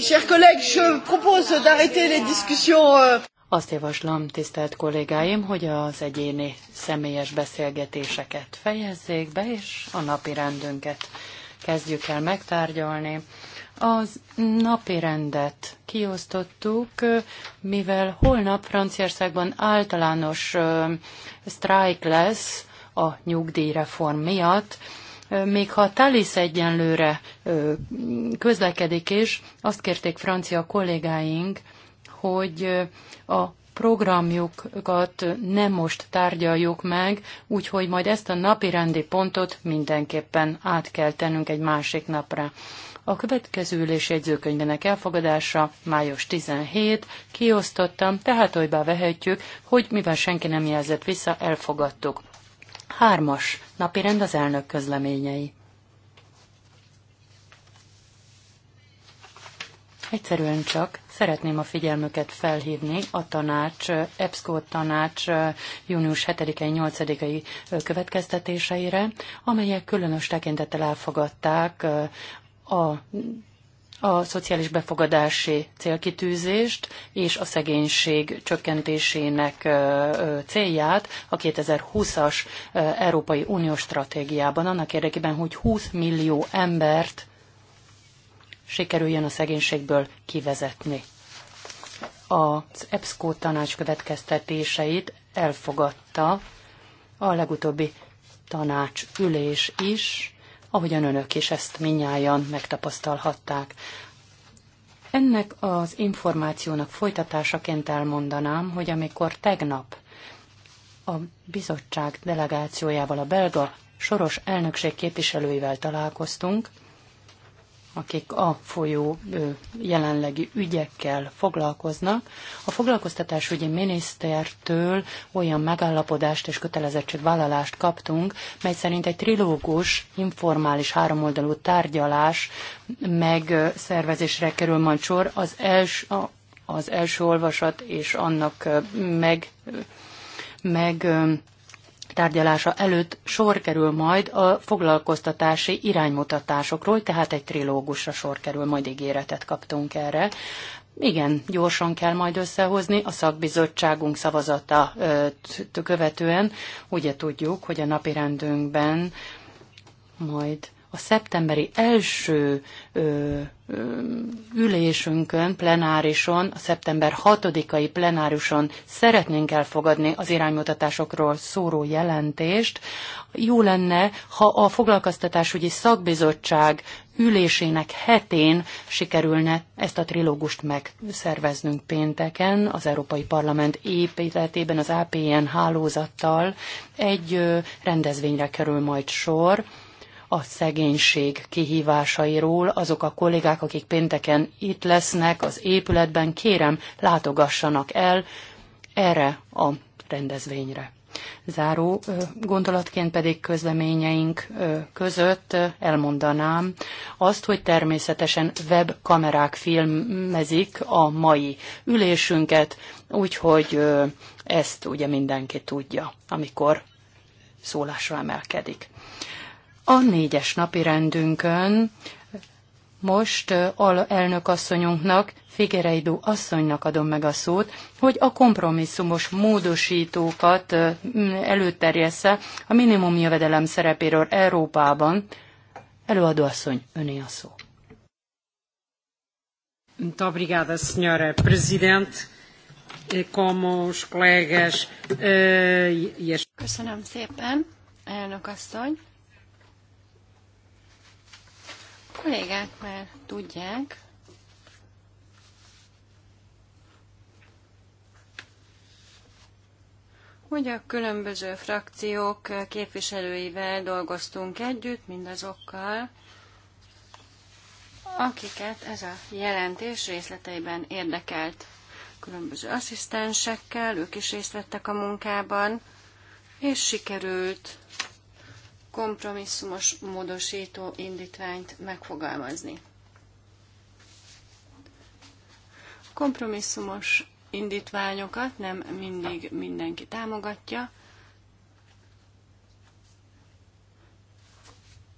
Chers collègues, je propose d'arrêter les discussions. Euh. Azt javaslom, tisztelt kollégáim, hogy az egyéni személyes beszélgetéseket fejezzék be, és a napi rendünket kezdjük el megtárgyalni. Az napi rendet kiosztottuk, mivel holnap Franciaországban általános sztrájk lesz a nyugdíjreform miatt, még ha Talis egyenlőre közlekedik is, azt kérték francia kollégáink, hogy a programjukat nem most tárgyaljuk meg, úgyhogy majd ezt a napi rendi pontot mindenképpen át kell tennünk egy másik napra. A következő ülés jegyzőkönyvének elfogadása május 17, kiosztottam, tehát olybá vehetjük, hogy mivel senki nem jelzett vissza, elfogadtuk. Hármas napirend az elnök közleményei. Egyszerűen csak szeretném a figyelmüket felhívni a tanács, EBSCO tanács június 7 8 i következtetéseire, amelyek különös tekintettel elfogadták a a szociális befogadási célkitűzést és a szegénység csökkentésének célját a 2020-as Európai Uniós stratégiában, annak érdekében, hogy 20 millió embert sikerüljön a szegénységből kivezetni. Az EBSCO tanács következtetéseit elfogadta a legutóbbi tanácsülés is, ahogyan önök is ezt minnyáján megtapasztalhatták. Ennek az információnak folytatásaként elmondanám, hogy amikor tegnap a bizottság delegációjával, a belga soros elnökség képviselőivel találkoztunk, akik a folyó jelenlegi ügyekkel foglalkoznak, a foglalkoztatásügyi minisztertől olyan megállapodást és kötelezettségvállalást kaptunk, mely szerint egy trilógus, informális háromoldalú tárgyalás megszervezésre kerül majd sor az els, az első olvasat és annak meg, meg tárgyalása előtt sor kerül majd a foglalkoztatási iránymutatásokról, tehát egy trilógusra sor kerül, majd ígéretet kaptunk erre. Igen, gyorsan kell majd összehozni a szakbizottságunk szavazata követően. Ugye tudjuk, hogy a napirendünkben majd a szeptemberi első ö, ö, ülésünkön, plenárison, a szeptember 6-ai plenárison szeretnénk elfogadni az iránymutatásokról szóró jelentést. Jó lenne, ha a foglalkoztatásügyi szakbizottság ülésének hetén sikerülne ezt a trilógust megszerveznünk pénteken az Európai Parlament épületében az APN hálózattal. Egy rendezvényre kerül majd sor a szegénység kihívásairól. Azok a kollégák, akik pénteken itt lesznek az épületben, kérem, látogassanak el erre a rendezvényre. Záró gondolatként pedig közleményeink között elmondanám azt, hogy természetesen webkamerák filmezik a mai ülésünket, úgyhogy ezt ugye mindenki tudja, amikor szólásra emelkedik. A négyes napi rendünkön most asszonyunknak Figereidó asszonynak adom meg a szót, hogy a kompromisszumos módosítókat előterjessze a minimum jövedelem szerepéről Európában. Előadó asszony, öné a szó. Muito obrigada, senhora Presidente. E como os colegas... Eh, e Köszönöm szépen, elnök asszony kollégák már tudják, hogy a különböző frakciók képviselőivel dolgoztunk együtt, mindazokkal, akiket ez a jelentés részleteiben érdekelt. Különböző asszisztensekkel, ők is részt vettek a munkában, és sikerült kompromisszumos módosító indítványt megfogalmazni. Kompromisszumos indítványokat nem mindig mindenki támogatja.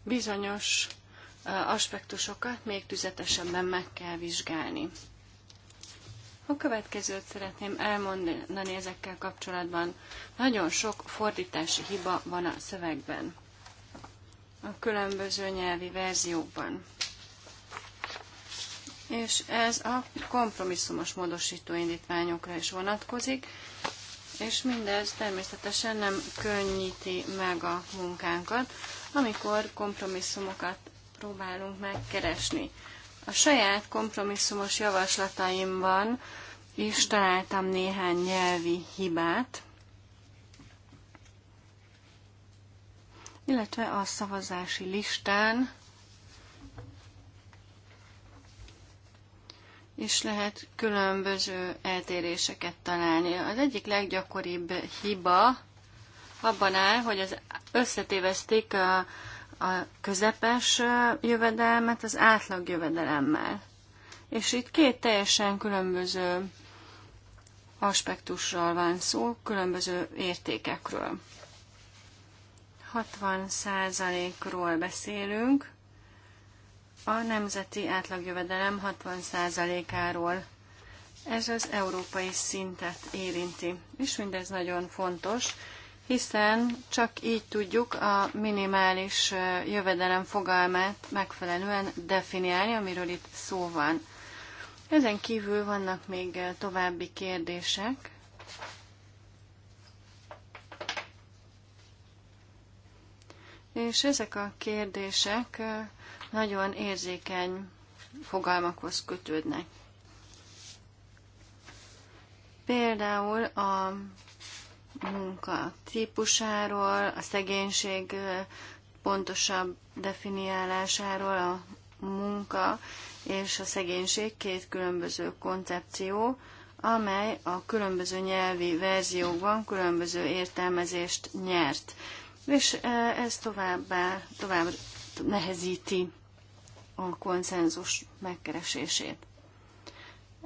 Bizonyos aspektusokat még tüzetesebben meg kell vizsgálni. A következőt szeretném elmondani ezekkel kapcsolatban. Nagyon sok fordítási hiba van a szövegben a különböző nyelvi verziókban. És ez a kompromisszumos módosító indítványokra is vonatkozik, és mindez természetesen nem könnyíti meg a munkánkat, amikor kompromisszumokat próbálunk megkeresni. A saját kompromisszumos javaslataimban is találtam néhány nyelvi hibát, illetve a szavazási listán is lehet különböző eltéréseket találni. Az egyik leggyakoribb hiba abban áll, hogy az összetévesztik a, a közepes jövedelmet az átlag jövedelemmel. És itt két teljesen különböző aspektusról van szó, különböző értékekről. 60%-ról beszélünk, a nemzeti átlagjövedelem 60%-áról. Ez az európai szintet érinti, és mindez nagyon fontos, hiszen csak így tudjuk a minimális jövedelem fogalmát megfelelően definiálni, amiről itt szó van. Ezen kívül vannak még további kérdések, És ezek a kérdések nagyon érzékeny fogalmakhoz kötődnek. Például a munka típusáról, a szegénység pontosabb definiálásáról, a munka és a szegénység két különböző koncepció, amely a különböző nyelvi verziókban különböző értelmezést nyert és e, ez továbbá, tovább nehezíti a konszenzus megkeresését.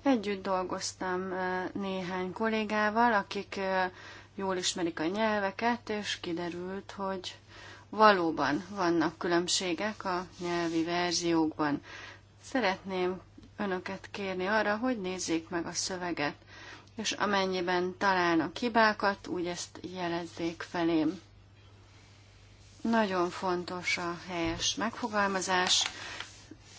Együtt dolgoztam e, néhány kollégával, akik e, jól ismerik a nyelveket, és kiderült, hogy valóban vannak különbségek a nyelvi verziókban. Szeretném önöket kérni arra, hogy nézzék meg a szöveget, és amennyiben találnak hibákat, úgy ezt jelezzék felém. Nagyon fontos a helyes megfogalmazás,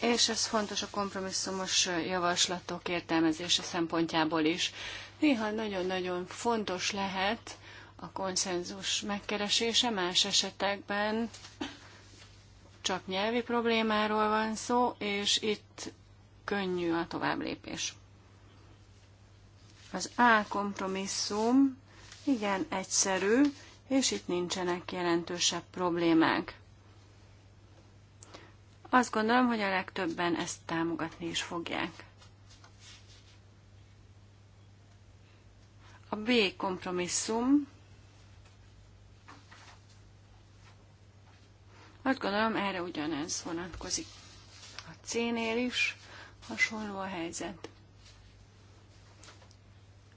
és ez fontos a kompromisszumos javaslatok értelmezése szempontjából is. Néha nagyon-nagyon fontos lehet a konszenzus megkeresése, más esetekben csak nyelvi problémáról van szó, és itt könnyű a továbblépés. Az A kompromisszum igen egyszerű, és itt nincsenek jelentősebb problémák. Azt gondolom, hogy a legtöbben ezt támogatni is fogják. A B kompromisszum Azt gondolom, erre ugyanez vonatkozik. A C-nél is hasonló a helyzet.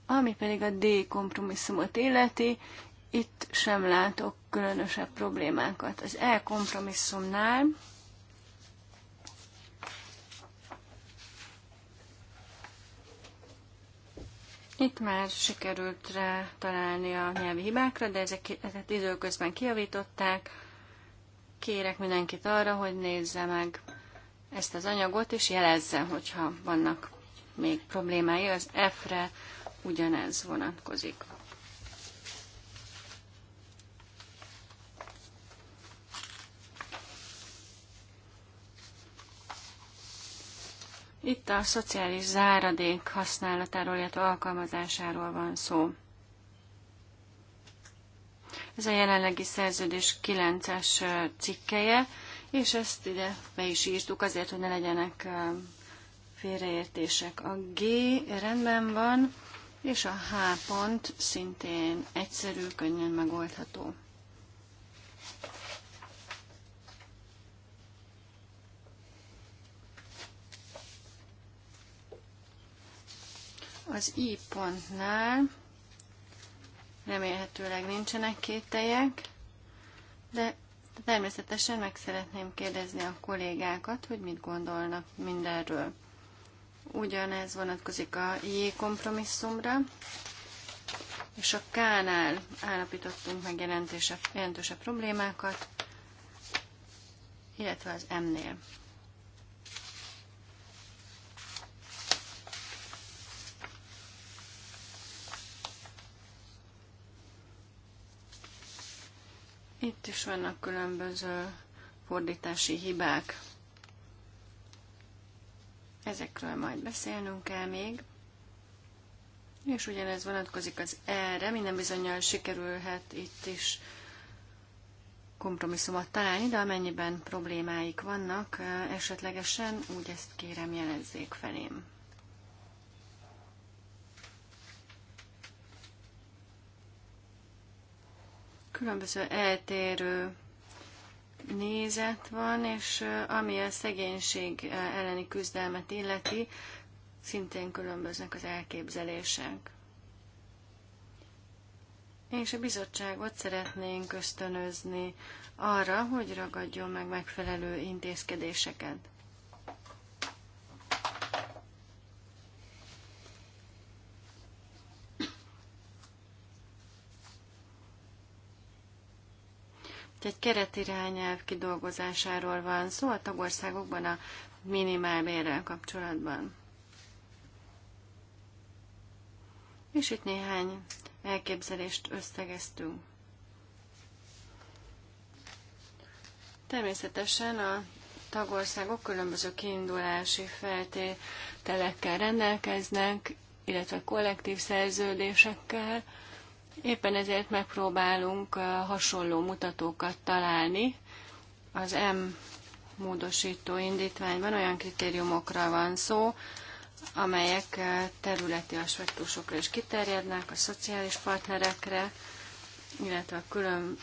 Ami pedig a D kompromisszumot illeti, itt sem látok különösebb problémákat. Az elkompromisszumnál Itt már sikerült rá találni a nyelvi hibákra, de ezeket időközben kiavították. Kérek mindenkit arra, hogy nézze meg ezt az anyagot, és jelezze, hogyha vannak még problémái. Az F-re ugyanez vonatkozik. Itt a szociális záradék használatáról, illetve alkalmazásáról van szó. Ez a jelenlegi szerződés 9-es cikkeje, és ezt ide be is írtuk azért, hogy ne legyenek félreértések. A G rendben van, és a H pont szintén egyszerű, könnyen megoldható. Az I pontnál remélhetőleg nincsenek kételjek, de természetesen meg szeretném kérdezni a kollégákat, hogy mit gondolnak mindenről. Ugyanez vonatkozik a J kompromisszumra, és a K-nál állapítottunk meg jelentősebb, jelentősebb problémákat, illetve az M-nél. Itt is vannak különböző fordítási hibák. Ezekről majd beszélnünk kell még. És ugyanez vonatkozik az erre, minden bizonyal sikerülhet itt is kompromisszumot találni, de amennyiben problémáik vannak esetlegesen, úgy ezt kérem jelezzék felém. különböző eltérő nézet van, és ami a szegénység elleni küzdelmet illeti, szintén különböznek az elképzelések. És a bizottságot szeretnénk ösztönözni arra, hogy ragadjon meg megfelelő intézkedéseket. egy keretirányelv kidolgozásáról van szó a tagországokban a minimálbérrel kapcsolatban. És itt néhány elképzelést összegeztünk. Természetesen a tagországok különböző kiindulási feltételekkel rendelkeznek, illetve kollektív szerződésekkel, Éppen ezért megpróbálunk hasonló mutatókat találni. Az M módosító indítványban olyan kritériumokra van szó, amelyek területi aspektusokra is kiterjednek, a szociális partnerekre, illetve a külön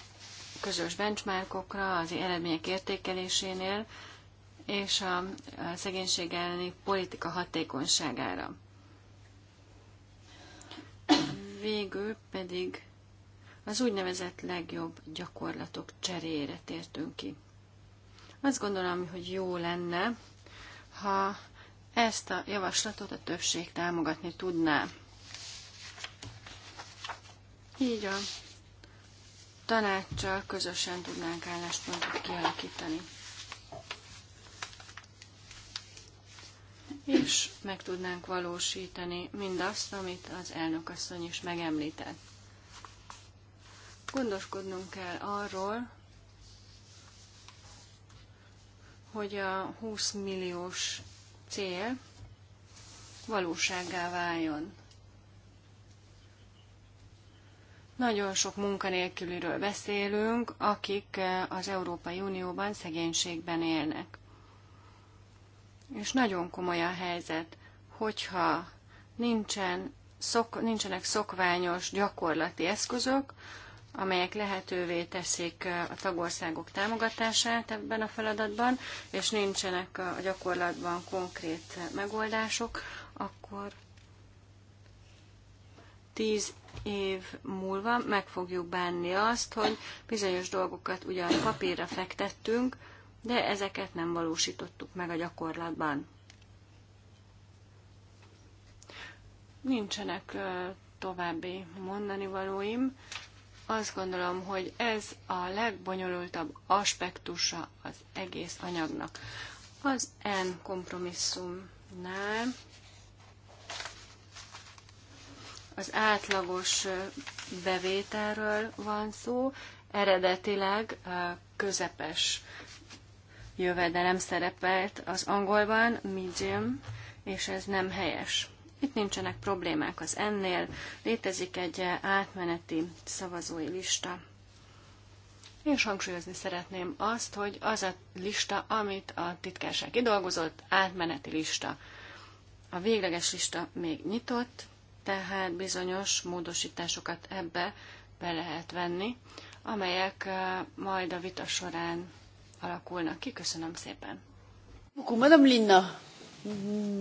közös benchmarkokra, az eredmények értékelésénél, és a szegénység elleni politika hatékonyságára végül pedig az úgynevezett legjobb gyakorlatok cseréjére tértünk ki. Azt gondolom, hogy jó lenne, ha ezt a javaslatot a többség támogatni tudná. Így a tanácssal közösen tudnánk álláspontot kialakítani. és meg tudnánk valósítani mindazt, amit az elnök asszony is megemlített. Gondoskodnunk kell arról, hogy a 20 milliós cél valósággá váljon. Nagyon sok munkanélküliről beszélünk, akik az Európai Unióban szegénységben élnek. És nagyon komoly a helyzet, hogyha nincsen, szok, nincsenek szokványos gyakorlati eszközök, amelyek lehetővé teszik a tagországok támogatását ebben a feladatban, és nincsenek a gyakorlatban konkrét megoldások, akkor tíz év múlva meg fogjuk bánni azt, hogy bizonyos dolgokat ugyan papírra fektettünk, de ezeket nem valósítottuk meg a gyakorlatban. Nincsenek további mondani valóim. Azt gondolom, hogy ez a legbonyolultabb aspektusa az egész anyagnak. Az N kompromisszumnál az átlagos bevételről van szó, eredetileg közepes jövedelem szerepelt az angolban, medium, és ez nem helyes. Itt nincsenek problémák az ennél, létezik egy átmeneti szavazói lista. És hangsúlyozni szeretném azt, hogy az a lista, amit a titkárság kidolgozott, átmeneti lista. A végleges lista még nyitott, tehát bizonyos módosításokat ebbe be lehet venni, amelyek majd a vita során alakulnak ki. Köszönöm szépen. Beaucoup, Madame Linna,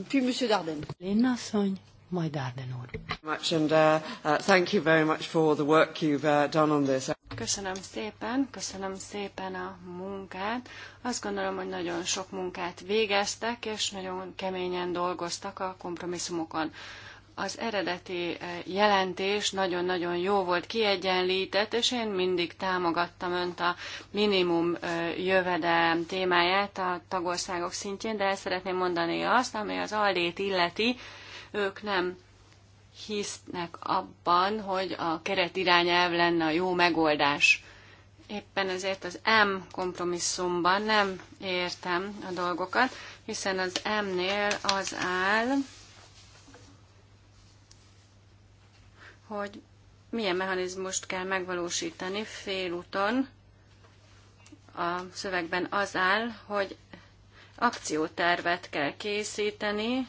puis Monsieur Darden. Linna asszony, majd Darden úr. And, uh, uh, thank you very much for the work you've uh, done on this. Köszönöm szépen, köszönöm szépen a munkát. Azt gondolom, hogy nagyon sok munkát végeztek, és nagyon keményen dolgoztak a kompromisszumokon. Az eredeti eh, jelentés nagyon-nagyon jó volt kiegyenlített, és én mindig támogattam önt a minimum eh, jövedelem témáját a tagországok szintjén, de el szeretném mondani azt, ami az aldét illeti, ők nem hisznek abban, hogy a keret irányelv lenne a jó megoldás. Éppen ezért az M kompromisszumban nem értem a dolgokat, hiszen az M-nél az áll, hogy milyen mechanizmust kell megvalósítani félúton. A szövegben az áll, hogy akciótervet kell készíteni,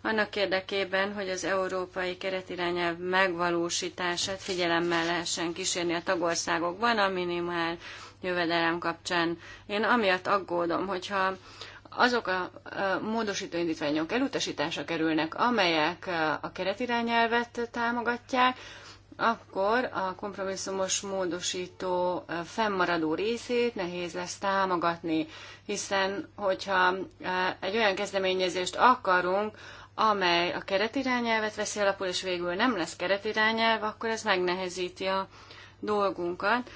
annak érdekében, hogy az európai keretirányelv megvalósítását figyelemmel lehessen kísérni a tagországokban a minimál jövedelem kapcsán. Én amiatt aggódom, hogyha azok a módosító indítványok elutasítása kerülnek, amelyek a keretirányelvet támogatják, akkor a kompromisszumos módosító fennmaradó részét nehéz lesz támogatni, hiszen hogyha egy olyan kezdeményezést akarunk, amely a keretirányelvet veszi alapul, és végül nem lesz keretirányelv, akkor ez megnehezíti a dolgunkat.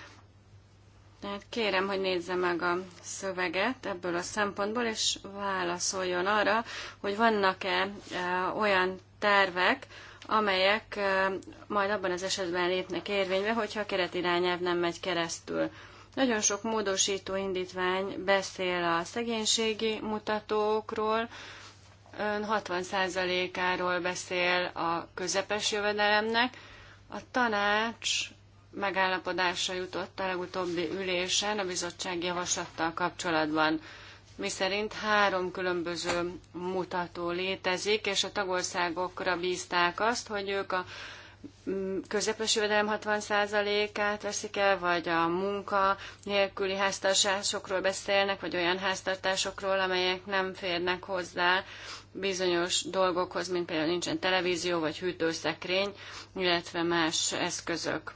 Tehát kérem, hogy nézze meg a szöveget ebből a szempontból, és válaszoljon arra, hogy vannak-e e, olyan tervek, amelyek e, majd abban az esetben lépnek érvénybe, hogyha a keretirányelv nem megy keresztül. Nagyon sok módosító indítvány beszél a szegénységi mutatókról, ön 60%-áról beszél a közepes jövedelemnek, a tanács megállapodásra jutott a legutóbbi ülésen a bizottság javaslattal kapcsolatban, miszerint három különböző mutató létezik, és a tagországokra bízták azt, hogy ők a közepes jövedelem 60%-át veszik el, vagy a munka nélküli háztartásokról beszélnek, vagy olyan háztartásokról, amelyek nem férnek hozzá bizonyos dolgokhoz, mint például nincsen televízió, vagy hűtőszekrény, illetve más eszközök.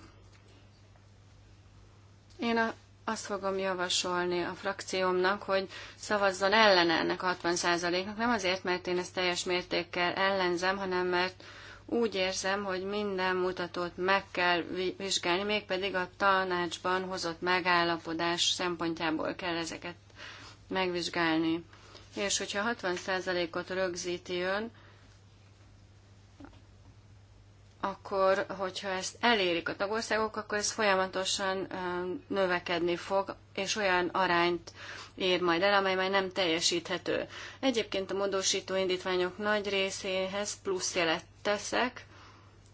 Én a, azt fogom javasolni a frakciómnak, hogy szavazzon ellene ennek a 60%-nak, nem azért, mert én ezt teljes mértékkel ellenzem, hanem mert úgy érzem, hogy minden mutatót meg kell vizsgálni, mégpedig a tanácsban hozott megállapodás szempontjából kell ezeket megvizsgálni. És hogyha 60%-ot rögzíti ön, akkor, hogyha ezt elérik a tagországok, akkor ez folyamatosan növekedni fog, és olyan arányt ér majd el, amely már nem teljesíthető. Egyébként a módosító indítványok nagy részéhez plusz jelet teszek,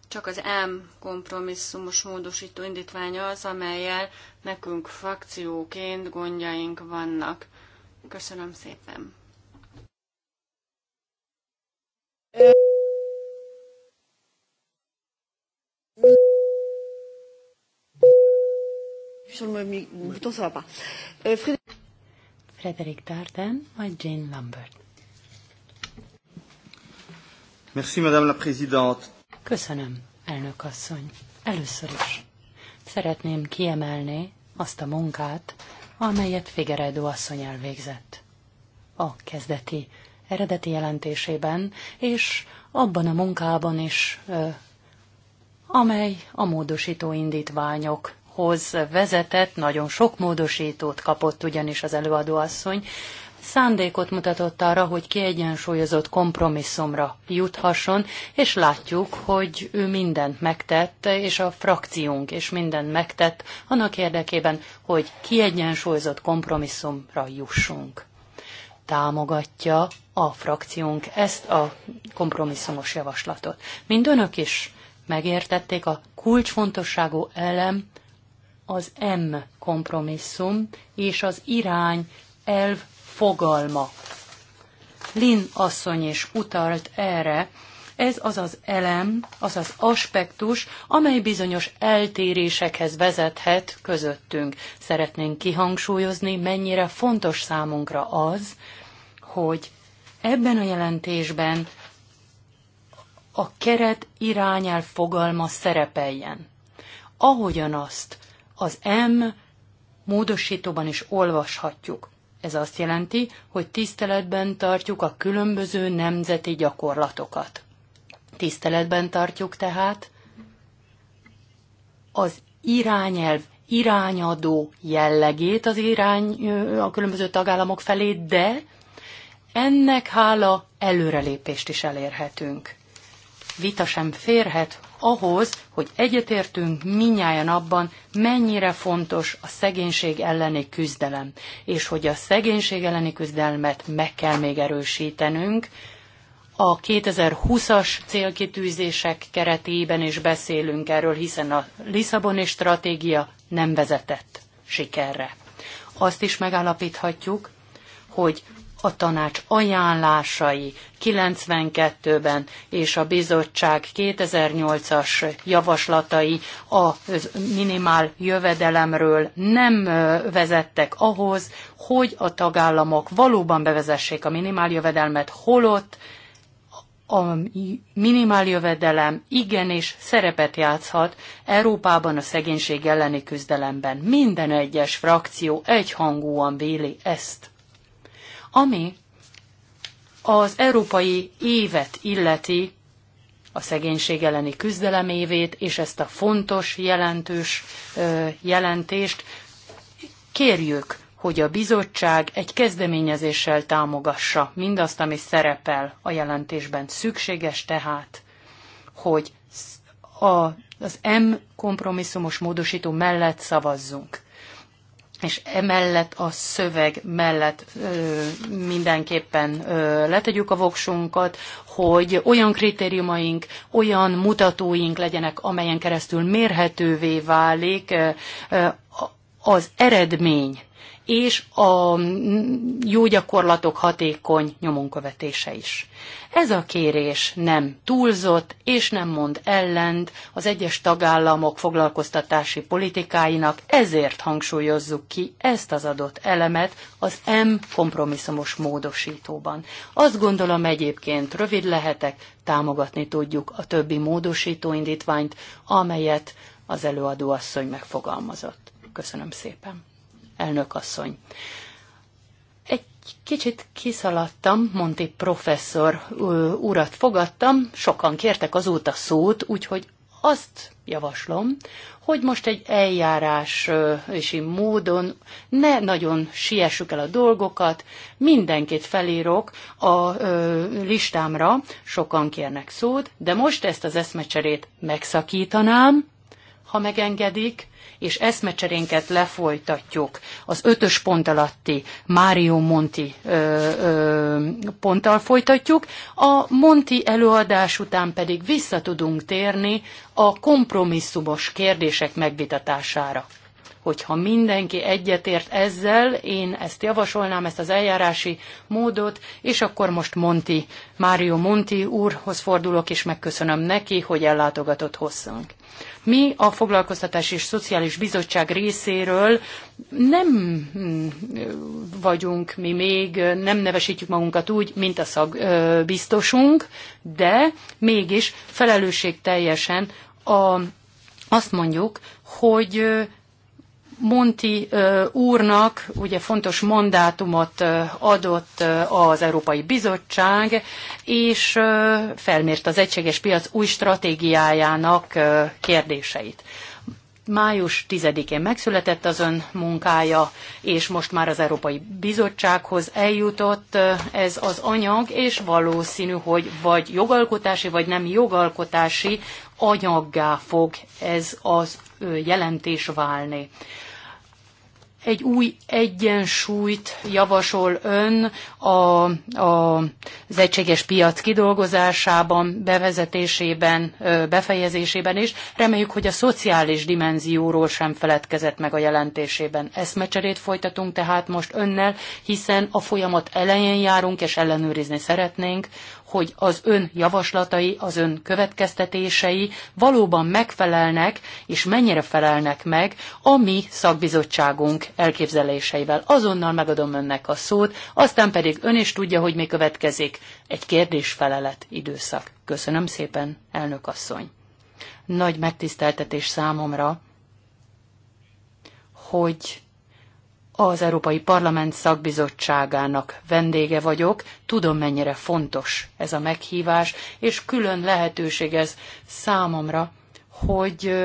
csak az M kompromisszumos módosító indítványa az, amelyel nekünk frakcióként gondjaink vannak. Köszönöm szépen! Sur le bouton, ça va pas. Euh, Frédéric... Frédéric Darden, Jane Lambert. Merci, Madame la Présidente. Köszönöm, elnök asszony. Először is szeretném kiemelni azt a munkát, amelyet Figueredo asszony elvégzett. A kezdeti eredeti jelentésében, és abban a munkában is ö, amely a módosító indítványokhoz vezetett, nagyon sok módosítót kapott ugyanis az előadóasszony, szándékot mutatott arra, hogy kiegyensúlyozott kompromisszumra juthasson, és látjuk, hogy ő mindent megtett, és a frakciónk is mindent megtett annak érdekében, hogy kiegyensúlyozott kompromisszumra jussunk. Támogatja a frakciónk ezt a kompromisszumos javaslatot. Mind önök is megértették, a kulcsfontosságú elem az M kompromisszum és az irány elv fogalma. Lin asszony is utalt erre, ez az az elem, az az aspektus, amely bizonyos eltérésekhez vezethet közöttünk. Szeretnénk kihangsúlyozni, mennyire fontos számunkra az, hogy ebben a jelentésben a keret irányel fogalma szerepeljen. Ahogyan azt az M módosítóban is olvashatjuk. Ez azt jelenti, hogy tiszteletben tartjuk a különböző nemzeti gyakorlatokat. Tiszteletben tartjuk tehát az irányelv irányadó jellegét az irány a különböző tagállamok felé, de ennek hála előrelépést is elérhetünk vita sem férhet ahhoz, hogy egyetértünk minnyáján abban, mennyire fontos a szegénység elleni küzdelem, és hogy a szegénység elleni küzdelmet meg kell még erősítenünk, a 2020-as célkitűzések keretében is beszélünk erről, hiszen a Lisszaboni stratégia nem vezetett sikerre. Azt is megállapíthatjuk, hogy a tanács ajánlásai 92-ben és a bizottság 2008-as javaslatai a minimál jövedelemről nem vezettek ahhoz, hogy a tagállamok valóban bevezessék a minimál jövedelmet, holott a jövedelem igenis szerepet játszhat Európában a szegénység elleni küzdelemben. Minden egyes frakció egyhangúan véli ezt. Ami az európai évet illeti, a szegénység elleni küzdelem évét, és ezt a fontos, jelentős jelentést kérjük, hogy a bizottság egy kezdeményezéssel támogassa mindazt, ami szerepel a jelentésben. Szükséges tehát, hogy a, az M kompromisszumos módosító mellett szavazzunk és emellett a szöveg mellett ö, mindenképpen ö, letegyük a voksunkat, hogy olyan kritériumaink, olyan mutatóink legyenek, amelyen keresztül mérhetővé válik ö, az eredmény és a jó gyakorlatok hatékony nyomonkövetése is. Ez a kérés nem túlzott, és nem mond ellent az egyes tagállamok foglalkoztatási politikáinak, ezért hangsúlyozzuk ki ezt az adott elemet az M kompromisszumos módosítóban. Azt gondolom egyébként rövid lehetek, támogatni tudjuk a többi módosító indítványt, amelyet az előadó asszony megfogalmazott. Köszönöm szépen elnök asszony. Egy kicsit kiszaladtam, Monti professzor urat fogadtam, sokan kértek azóta szót, úgyhogy azt javaslom, hogy most egy eljárási módon ne nagyon siessük el a dolgokat, mindenkit felírok a listámra, sokan kérnek szót, de most ezt az eszmecserét megszakítanám, ha megengedik, és eszmecserénket lefolytatjuk az ötös pont alatti Mário Monti ö, ö, ponttal folytatjuk. A Monti előadás után pedig vissza tudunk térni a kompromisszumos kérdések megvitatására hogyha mindenki egyetért ezzel, én ezt javasolnám, ezt az eljárási módot, és akkor most Monti, Mário Monti úrhoz fordulok, és megköszönöm neki, hogy ellátogatott hosszunk. Mi a Foglalkoztatás és Szociális Bizottság részéről nem mm, vagyunk mi még, nem nevesítjük magunkat úgy, mint a szagbiztosunk, de mégis felelősségteljesen a, azt mondjuk, hogy Monti úrnak ugye fontos mandátumot adott az Európai Bizottság, és felmért az egységes piac új stratégiájának kérdéseit május 10-én megszületett az ön munkája, és most már az Európai Bizottsághoz eljutott ez az anyag, és valószínű, hogy vagy jogalkotási, vagy nem jogalkotási anyaggá fog ez az jelentés válni egy új egyensúlyt javasol ön a, a, az egységes piac kidolgozásában, bevezetésében, befejezésében is. Reméljük, hogy a szociális dimenzióról sem feledkezett meg a jelentésében. Eszmecserét folytatunk tehát most önnel, hiszen a folyamat elején járunk, és ellenőrizni szeretnénk, hogy az ön javaslatai, az ön következtetései valóban megfelelnek, és mennyire felelnek meg a mi szakbizottságunk elképzeléseivel. Azonnal megadom önnek a szót, aztán pedig ön is tudja, hogy mi következik. Egy kérdésfelelet időszak. Köszönöm szépen, elnök asszony. Nagy megtiszteltetés számomra, hogy az Európai Parlament szakbizottságának vendége vagyok, tudom mennyire fontos ez a meghívás, és külön lehetőség ez számomra, hogy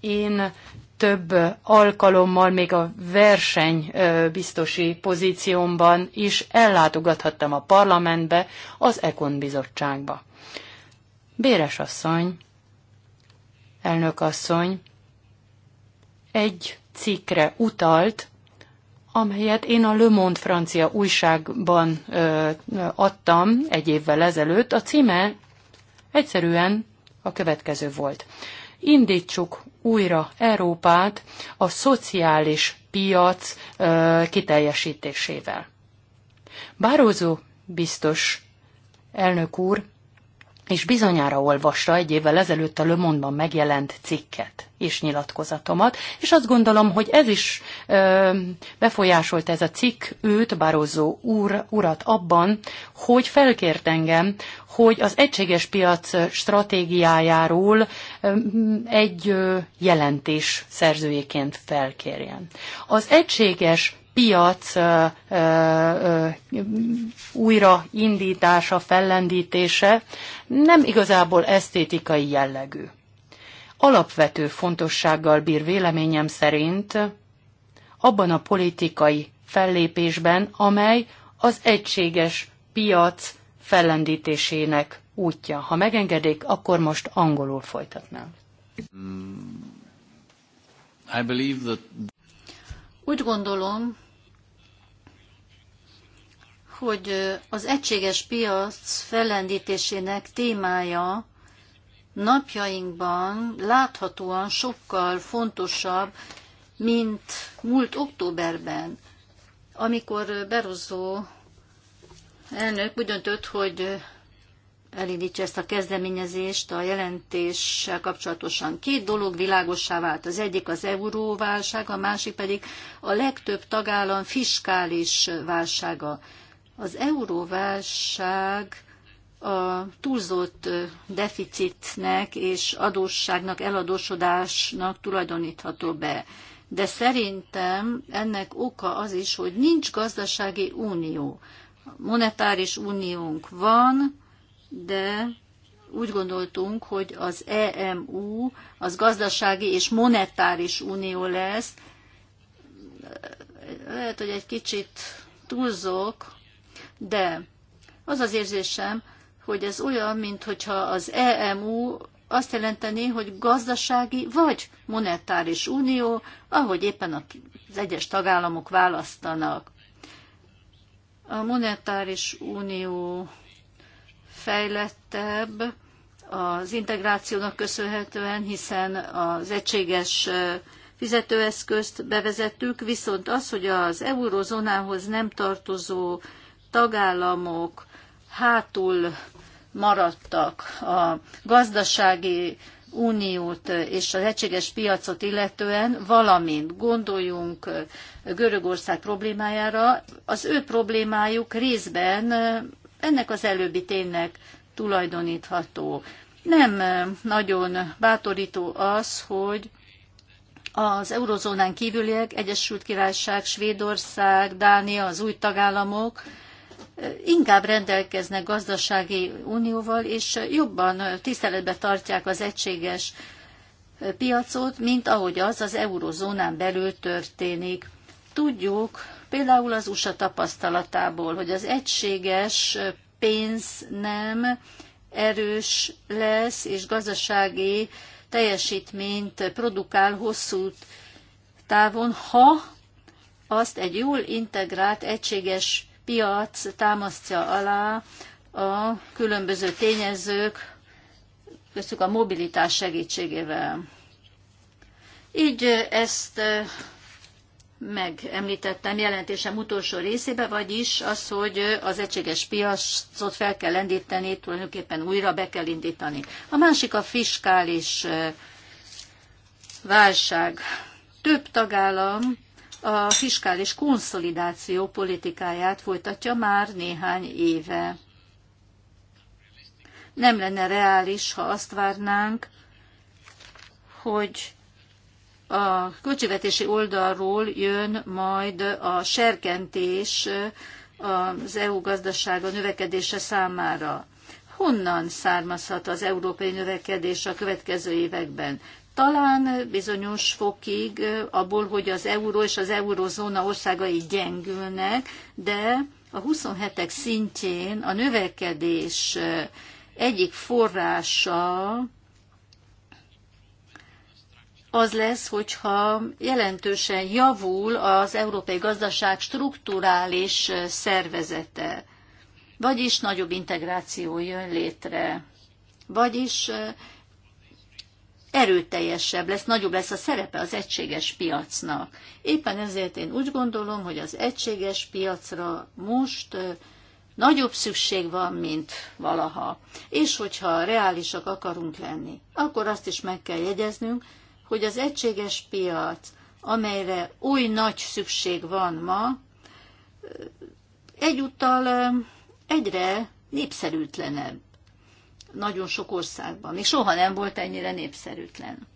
én több alkalommal még a verseny biztosi pozíciómban is ellátogathattam a parlamentbe, az Ekon bizottságba. Béres asszony, elnök asszony, egy cikkre utalt, amelyet én a Le Monde francia újságban ö, adtam egy évvel ezelőtt. A címe egyszerűen a következő volt. Indítsuk újra Európát a szociális piac ö, kiteljesítésével. Bározó biztos elnök úr, és bizonyára olvasta egy évvel ezelőtt a Le Monde-ban megjelent cikket és nyilatkozatomat, és azt gondolom, hogy ez is ö, befolyásolt ez a cikk őt, Barozó úr, urat abban, hogy felkért engem, hogy az egységes piac stratégiájáról egy jelentés szerzőjéként felkérjen. Az egységes piac ö, ö, újraindítása, fellendítése nem igazából esztétikai jellegű alapvető fontossággal bír véleményem szerint abban a politikai fellépésben, amely az egységes piac fellendítésének útja. Ha megengedik, akkor most angolul folytatnám. Mm, I believe that... Úgy gondolom, hogy az egységes piac fellendítésének témája napjainkban láthatóan sokkal fontosabb, mint múlt októberben, amikor Berozó elnök úgy döntött, hogy elindítja ezt a kezdeményezést a jelentéssel kapcsolatosan. Két dolog világossá vált. Az egyik az euróválság, a másik pedig a legtöbb tagállam fiskális válsága. Az euróválság a túlzott deficitnek és adósságnak, eladósodásnak tulajdonítható be. De szerintem ennek oka az is, hogy nincs gazdasági unió. Monetáris uniónk van, de úgy gondoltunk, hogy az EMU az gazdasági és monetáris unió lesz. Lehet, hogy egy kicsit túlzok, de az az érzésem, hogy ez olyan, mintha az EMU azt jelenteni, hogy gazdasági vagy monetáris unió, ahogy éppen az egyes tagállamok választanak. A monetáris unió fejlettebb az integrációnak köszönhetően, hiszen az egységes fizetőeszközt bevezettük, viszont az, hogy az eurozónához nem tartozó tagállamok hátul maradtak a gazdasági uniót és az egységes piacot illetően, valamint gondoljunk Görögország problémájára, az ő problémájuk részben ennek az előbbi ténynek tulajdonítható. Nem nagyon bátorító az, hogy az eurozónán kívüliek, Egyesült Királyság, Svédország, Dánia, az új tagállamok, inkább rendelkeznek gazdasági unióval, és jobban tiszteletbe tartják az egységes piacot, mint ahogy az az eurozónán belül történik. Tudjuk például az USA tapasztalatából, hogy az egységes pénz nem erős lesz, és gazdasági teljesítményt produkál hosszú távon, ha azt egy jól integrált, egységes piac támasztja alá a különböző tényezők, köztük a mobilitás segítségével. Így ezt megemlítettem jelentésem utolsó részébe, vagyis az, hogy az egységes piacot fel kell indítani, tulajdonképpen újra be kell indítani. A másik a fiskális válság. Több tagállam a fiskális konszolidáció politikáját folytatja már néhány éve. Nem lenne reális, ha azt várnánk, hogy a költségvetési oldalról jön majd a serkentés az EU gazdasága növekedése számára honnan származhat az európai növekedés a következő években? talán bizonyos fokig abból, hogy az euró és az eurozóna országai gyengülnek, de a 27-ek szintjén a növekedés egyik forrása az lesz, hogyha jelentősen javul az európai gazdaság strukturális szervezete, vagyis nagyobb integráció jön létre, vagyis erőteljesebb lesz, nagyobb lesz a szerepe az egységes piacnak. Éppen ezért én úgy gondolom, hogy az egységes piacra most nagyobb szükség van, mint valaha. És hogyha reálisak akarunk lenni, akkor azt is meg kell jegyeznünk, hogy az egységes piac, amelyre új nagy szükség van ma, egyúttal egyre népszerűtlenebb nagyon sok országban, még soha nem volt ennyire népszerűtlen.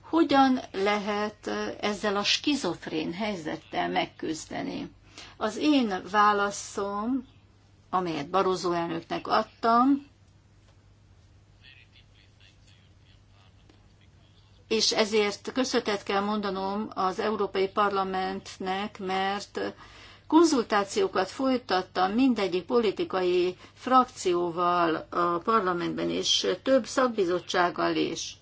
Hogyan lehet ezzel a skizofrén helyzettel megküzdeni? Az én válaszom, amelyet Barozó elnöknek adtam, és ezért köszönetet kell mondanom az Európai Parlamentnek, mert konzultációkat folytattam mindegyik politikai frakcióval a parlamentben, és több szakbizottsággal is.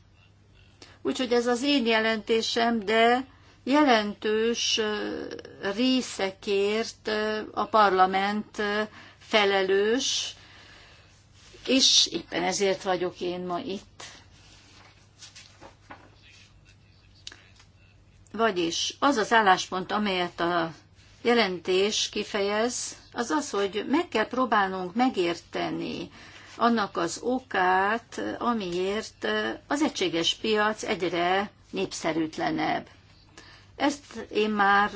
Úgyhogy ez az én jelentésem, de jelentős részekért a parlament felelős, és éppen ezért vagyok én ma itt. Vagyis az az álláspont, amelyet a jelentés kifejez, az az, hogy meg kell próbálnunk megérteni annak az okát, amiért az egységes piac egyre népszerűtlenebb. Ezt én már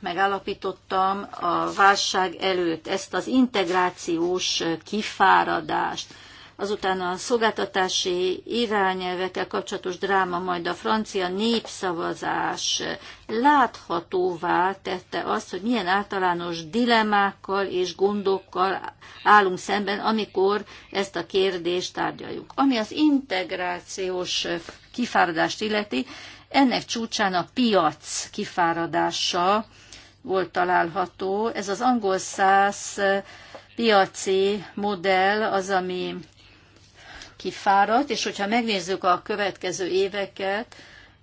megállapítottam a válság előtt, ezt az integrációs kifáradást, azután a szolgáltatási irányelvekkel kapcsolatos dráma, majd a francia népszavazás láthatóvá tette azt, hogy milyen általános dilemákkal és gondokkal állunk szemben, amikor ezt a kérdést tárgyaljuk. Ami az integrációs kifáradást illeti, ennek csúcsán a piac kifáradása volt található. Ez az angol száz piaci modell az, ami kifáradt, és hogyha megnézzük a következő éveket,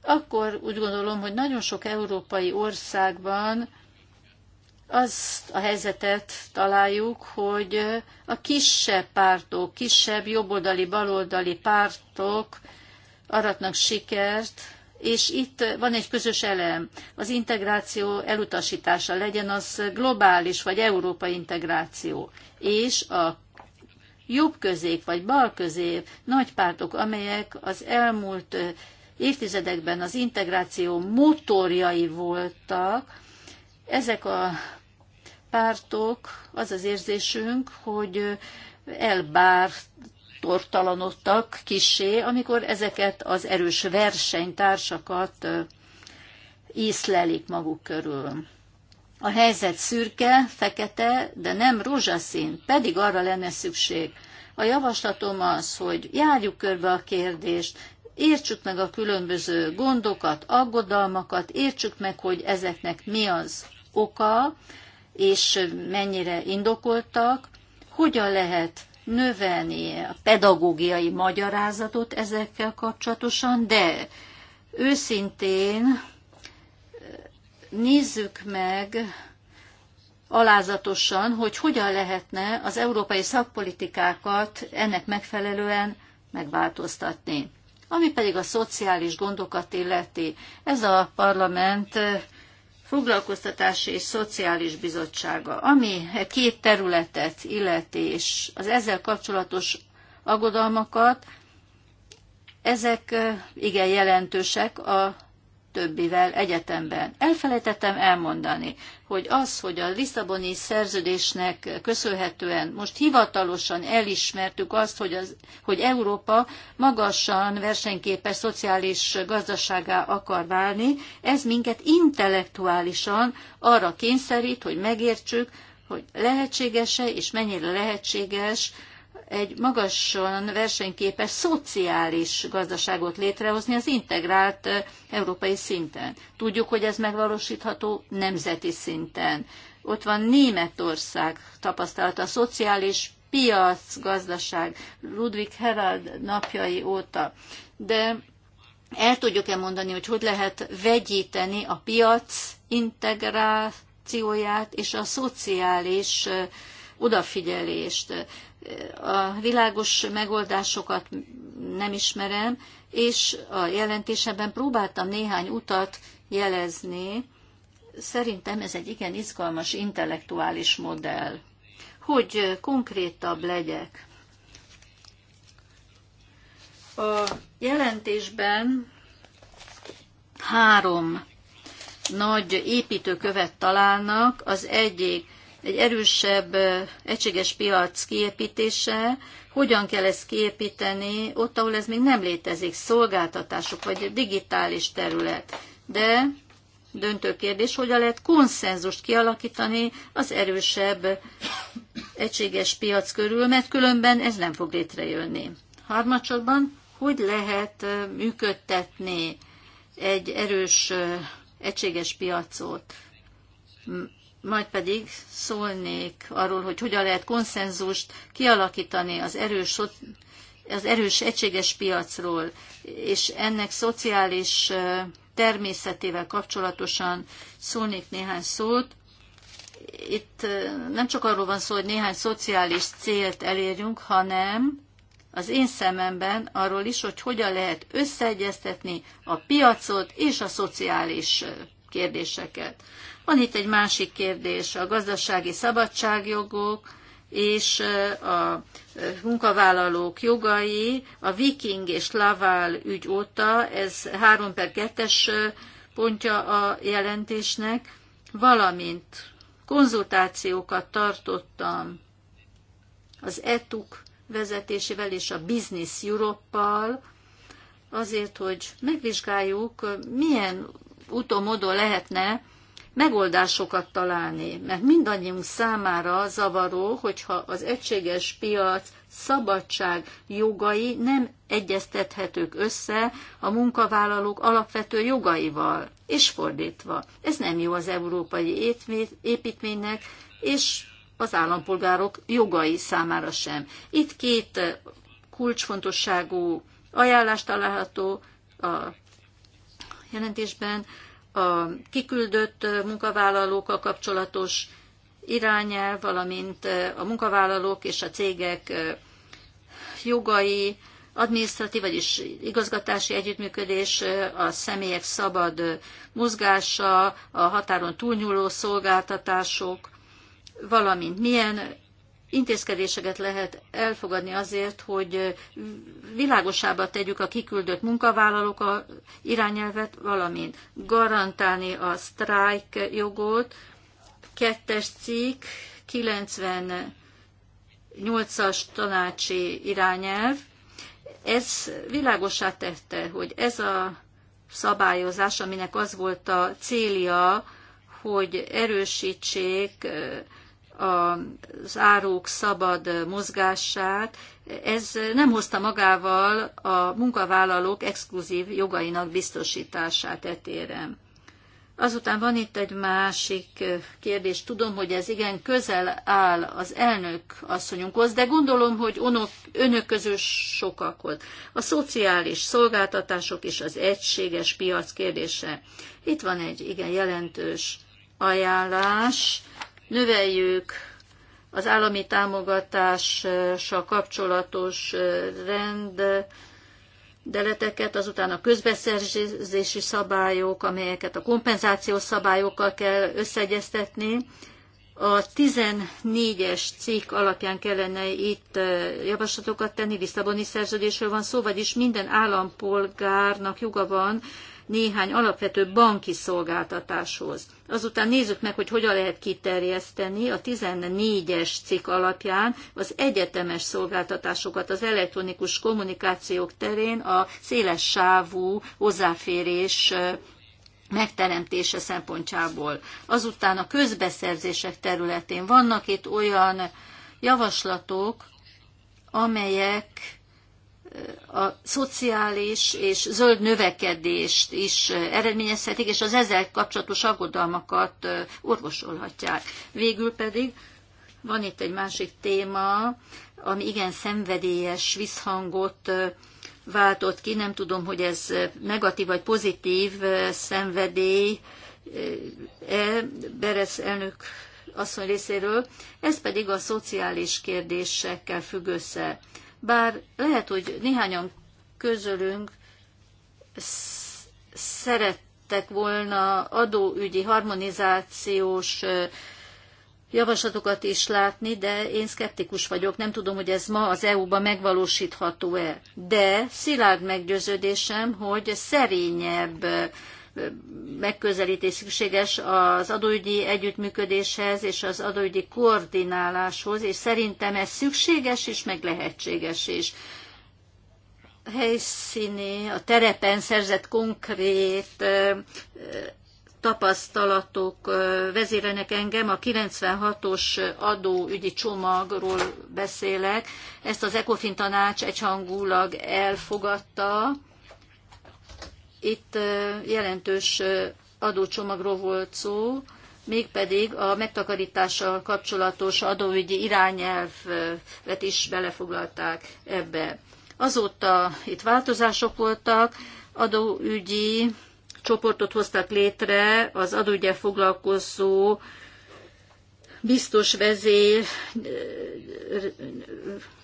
akkor úgy gondolom, hogy nagyon sok európai országban azt a helyzetet találjuk, hogy a kisebb pártok, kisebb jobboldali, baloldali pártok aratnak sikert, és itt van egy közös elem, az integráció elutasítása, legyen az globális vagy európai integráció, és a jobb közép vagy bal közép nagy pártok, amelyek az elmúlt évtizedekben az integráció motorjai voltak, ezek a pártok, az az érzésünk, hogy elbártortalanodtak kisé, amikor ezeket az erős versenytársakat észlelik maguk körül. A helyzet szürke, fekete, de nem rózsaszín, pedig arra lenne szükség. A javaslatom az, hogy járjuk körbe a kérdést, értsük meg a különböző gondokat, aggodalmakat, értsük meg, hogy ezeknek mi az oka, és mennyire indokoltak, hogyan lehet növelni a pedagógiai magyarázatot ezekkel kapcsolatosan, de őszintén nézzük meg alázatosan, hogy hogyan lehetne az európai szakpolitikákat ennek megfelelően megváltoztatni. Ami pedig a szociális gondokat illeti, ez a parlament eh, foglalkoztatási és szociális bizottsága, ami e két területet illeti, és az ezzel kapcsolatos aggodalmakat, ezek eh, igen jelentősek a többivel egyetemben. Elfelejtettem elmondani, hogy az, hogy a Lisszaboni szerződésnek köszönhetően most hivatalosan elismertük azt, hogy, az, hogy Európa magasan versenyképes szociális gazdaságá akar válni, ez minket intellektuálisan arra kényszerít, hogy megértsük, hogy lehetséges-e és mennyire lehetséges egy magasan versenyképes szociális gazdaságot létrehozni az integrált európai szinten. Tudjuk, hogy ez megvalósítható nemzeti szinten. Ott van Németország tapasztalata, a szociális piac, gazdaság, Ludwig Herald napjai óta. De el tudjuk-e mondani, hogy hogy lehet vegyíteni a piac integrációját és a szociális odafigyelést a világos megoldásokat nem ismerem, és a jelentésemben próbáltam néhány utat jelezni. Szerintem ez egy igen izgalmas intellektuális modell. Hogy konkrétabb legyek. A jelentésben három nagy építőkövet találnak. Az egyik egy erősebb egységes piac kiépítése, hogyan kell ezt kiépíteni ott, ahol ez még nem létezik, szolgáltatások vagy digitális terület. De döntő kérdés, hogyan lehet konszenzust kialakítani az erősebb egységes piac körül, mert különben ez nem fog létrejönni. Harmadsorban, hogy lehet működtetni egy erős egységes piacot majd pedig szólnék arról, hogy hogyan lehet konszenzust kialakítani az erős, az erős egységes piacról, és ennek szociális természetével kapcsolatosan szólnék néhány szót. Itt nem csak arról van szó, hogy néhány szociális célt elérjünk, hanem az én szememben arról is, hogy hogyan lehet összeegyeztetni a piacot és a szociális kérdéseket. Van itt egy másik kérdés, a gazdasági szabadságjogok és a munkavállalók jogai. A Viking és Laval ügy óta, ez 3 per 2-es pontja a jelentésnek, valamint konzultációkat tartottam az ETUK vezetésével és a Business Europe-pal, azért, hogy megvizsgáljuk, milyen úton, módon lehetne megoldásokat találni, mert mindannyiunk számára zavaró, hogyha az egységes piac szabadság jogai nem egyeztethetők össze a munkavállalók alapvető jogaival, és fordítva. Ez nem jó az európai építménynek, és az állampolgárok jogai számára sem. Itt két kulcsfontosságú ajánlást található a jelentésben a kiküldött munkavállalókkal kapcsolatos irányelv, valamint a munkavállalók és a cégek jogai, adminisztratív, vagyis igazgatási együttműködés, a személyek szabad mozgása, a határon túlnyúló szolgáltatások, valamint milyen intézkedéseket lehet elfogadni azért, hogy világosába tegyük a kiküldött munkavállalók a irányelvet, valamint garantálni a sztrájk jogot. Kettes cikk, 98-as tanácsi irányelv. Ez világosá tette, hogy ez a szabályozás, aminek az volt a célja, hogy erősítsék az áruk szabad mozgását, ez nem hozta magával a munkavállalók exkluzív jogainak biztosítását etérem. Azután van itt egy másik kérdés. Tudom, hogy ez igen közel áll az elnök asszonyunkhoz, de gondolom, hogy onok, önök közül volt. A szociális szolgáltatások és az egységes piac kérdése. Itt van egy igen jelentős ajánlás növeljük az állami támogatással kapcsolatos rend, deleteket, azután a közbeszerzési szabályok, amelyeket a kompenzációs szabályokkal kell összeegyeztetni. A 14-es cikk alapján kellene itt javaslatokat tenni, Lisszaboni szerződésről van szó, vagyis minden állampolgárnak joga van néhány alapvető banki szolgáltatáshoz. Azután nézzük meg, hogy hogyan lehet kiterjeszteni a 14-es cikk alapján az egyetemes szolgáltatásokat az elektronikus kommunikációk terén a széles sávú hozzáférés megteremtése szempontjából. Azután a közbeszerzések területén vannak itt olyan javaslatok, amelyek a szociális és zöld növekedést is eredményezhetik, és az ezzel kapcsolatos aggodalmakat orvosolhatják. Végül pedig van itt egy másik téma, ami igen szenvedélyes visszhangot váltott ki. Nem tudom, hogy ez negatív vagy pozitív szenvedély e Beresz elnök asszony részéről. Ez pedig a szociális kérdésekkel függ össze. Bár lehet, hogy néhányan közölünk szerettek volna adóügyi harmonizációs javaslatokat is látni, de én szkeptikus vagyok, nem tudom, hogy ez ma az EU-ban megvalósítható-e. De szilárd meggyőződésem, hogy szerényebb megközelítés szükséges az adóügyi együttműködéshez és az adóügyi koordináláshoz, és szerintem ez szükséges és meg lehetséges is. A helyszíni, a terepen szerzett konkrét tapasztalatok vezérenek engem. A 96-os adóügyi csomagról beszélek. Ezt az ECOFIN tanács egyhangulag elfogadta itt jelentős adócsomagról volt szó, mégpedig a megtakarítással kapcsolatos adóügyi irányelvet is belefoglalták ebbe. Azóta itt változások voltak, adóügyi csoportot hoztak létre, az adóügyel foglalkozó biztos vezér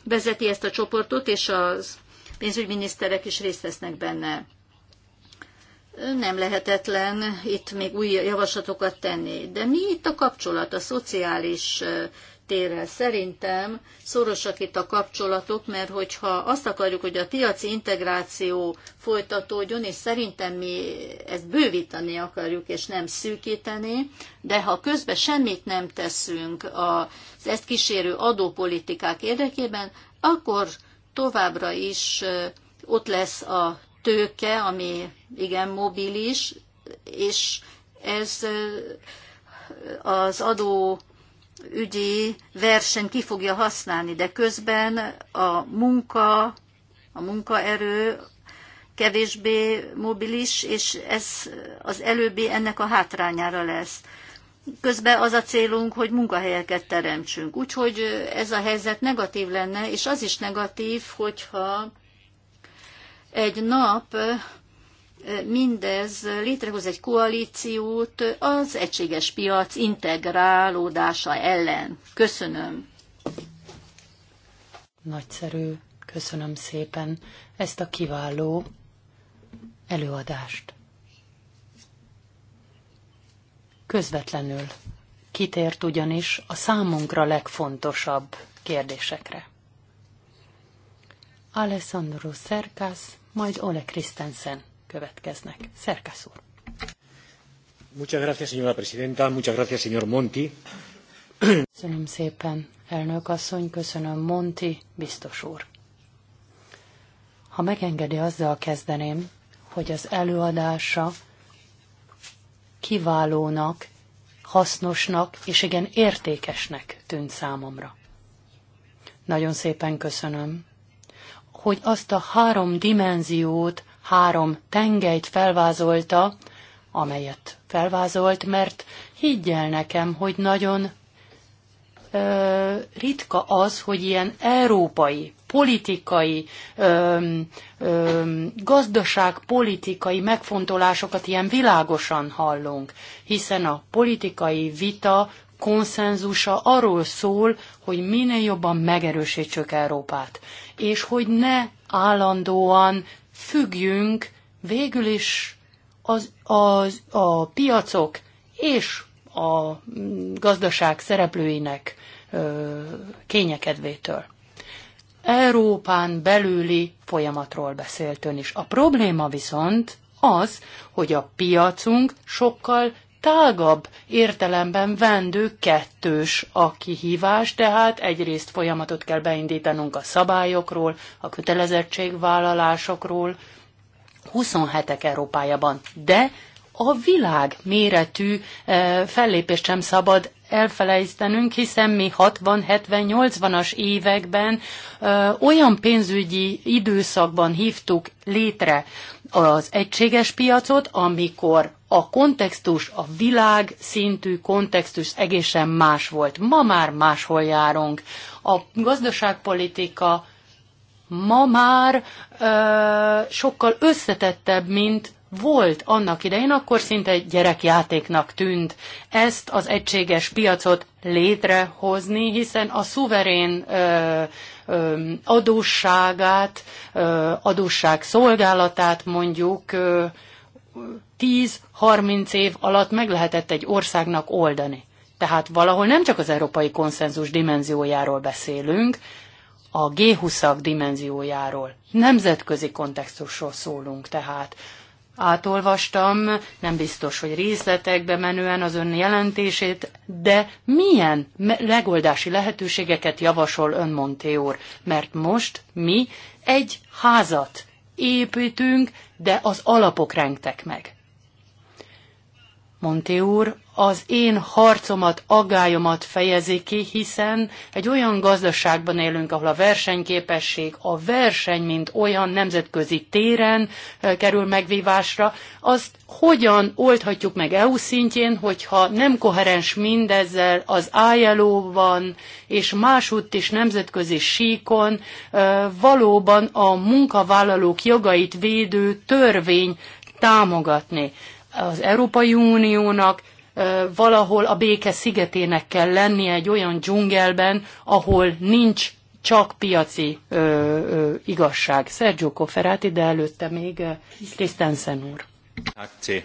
vezeti ezt a csoportot, és az pénzügyminiszterek is részt vesznek benne nem lehetetlen itt még új javaslatokat tenni. De mi itt a kapcsolat a szociális térrel? Szerintem szorosak itt a kapcsolatok, mert hogyha azt akarjuk, hogy a piaci integráció folytatódjon, és szerintem mi ezt bővíteni akarjuk, és nem szűkíteni, de ha közben semmit nem teszünk az ezt kísérő adópolitikák érdekében, akkor továbbra is ott lesz a tőke, ami igen mobilis, és ez az adó ügyi verseny ki fogja használni, de közben a munka, a munkaerő kevésbé mobilis, és ez az előbbi ennek a hátrányára lesz. Közben az a célunk, hogy munkahelyeket teremtsünk. Úgyhogy ez a helyzet negatív lenne, és az is negatív, hogyha egy nap mindez létrehoz egy koalíciót az egységes piac integrálódása ellen. Köszönöm. Nagyszerű, köszönöm szépen ezt a kiváló előadást. Közvetlenül kitért ugyanis a számunkra legfontosabb kérdésekre. Alessandro Szerkász, majd Ole Christensen következnek. Szerkasz úr! Muchas gracias, señora presidenta. Muchas gracias, señor Monti. Köszönöm szépen, elnök asszony, köszönöm Monti, biztos úr. Ha megengedi, azzal kezdeném, hogy az előadása kiválónak, hasznosnak és igen értékesnek tűnt számomra. Nagyon szépen köszönöm, hogy azt a három dimenziót három tengelyt felvázolta, amelyet felvázolt, mert higgyel nekem, hogy nagyon ö, ritka az, hogy ilyen európai, politikai, ö, ö, gazdaságpolitikai megfontolásokat ilyen világosan hallunk, hiszen a politikai vita konszenzusa arról szól, hogy minél jobban megerősítsük Európát, és hogy ne állandóan függjünk végül is az, az, a piacok és a mm, gazdaság szereplőinek ö, kényekedvétől. Európán belüli folyamatról beszélt ön is. A probléma viszont az, hogy a piacunk sokkal tágabb értelemben vendő kettős a kihívás, tehát egyrészt folyamatot kell beindítanunk a szabályokról, a kötelezettségvállalásokról, 27 Európájában, de a világ méretű eh, fellépést sem szabad elfelejtenünk, hiszen mi 60-70-80-as években e, olyan pénzügyi időszakban hívtuk létre az egységes piacot, amikor a kontextus, a világ szintű kontextus egészen más volt. Ma már máshol járunk. A gazdaságpolitika ma már ö, sokkal összetettebb, mint volt annak idején, akkor szinte gyerekjátéknak tűnt ezt az egységes piacot létrehozni, hiszen a szuverén ö, ö, adósságát, ö, adósság szolgálatát mondjuk ö, 10-30 év alatt meg lehetett egy országnak oldani. Tehát valahol nem csak az európai konszenzus dimenziójáról beszélünk, a G20-ak dimenziójáról, nemzetközi kontextusról szólunk tehát. Átolvastam, nem biztos, hogy részletekbe menően az ön jelentését, de milyen megoldási lehetőségeket javasol ön, Monté úr? Mert most mi egy házat építünk, de az alapok rengtek meg. Monté úr, az én harcomat, agályomat fejezi ki, hiszen egy olyan gazdaságban élünk, ahol a versenyképesség, a verseny, mint olyan nemzetközi téren kerül megvívásra, azt hogyan oldhatjuk meg EU szintjén, hogyha nem koherens mindezzel az ILO-ban és másutt is nemzetközi síkon valóban a munkavállalók jogait védő törvény támogatni az Európai Uniónak valahol a béke szigetének kell lennie egy olyan dzsungelben, ahol nincs csak piaci ö, ö, igazság. Sergio Cofferati, de előtte még Krisztensen úr. Eh,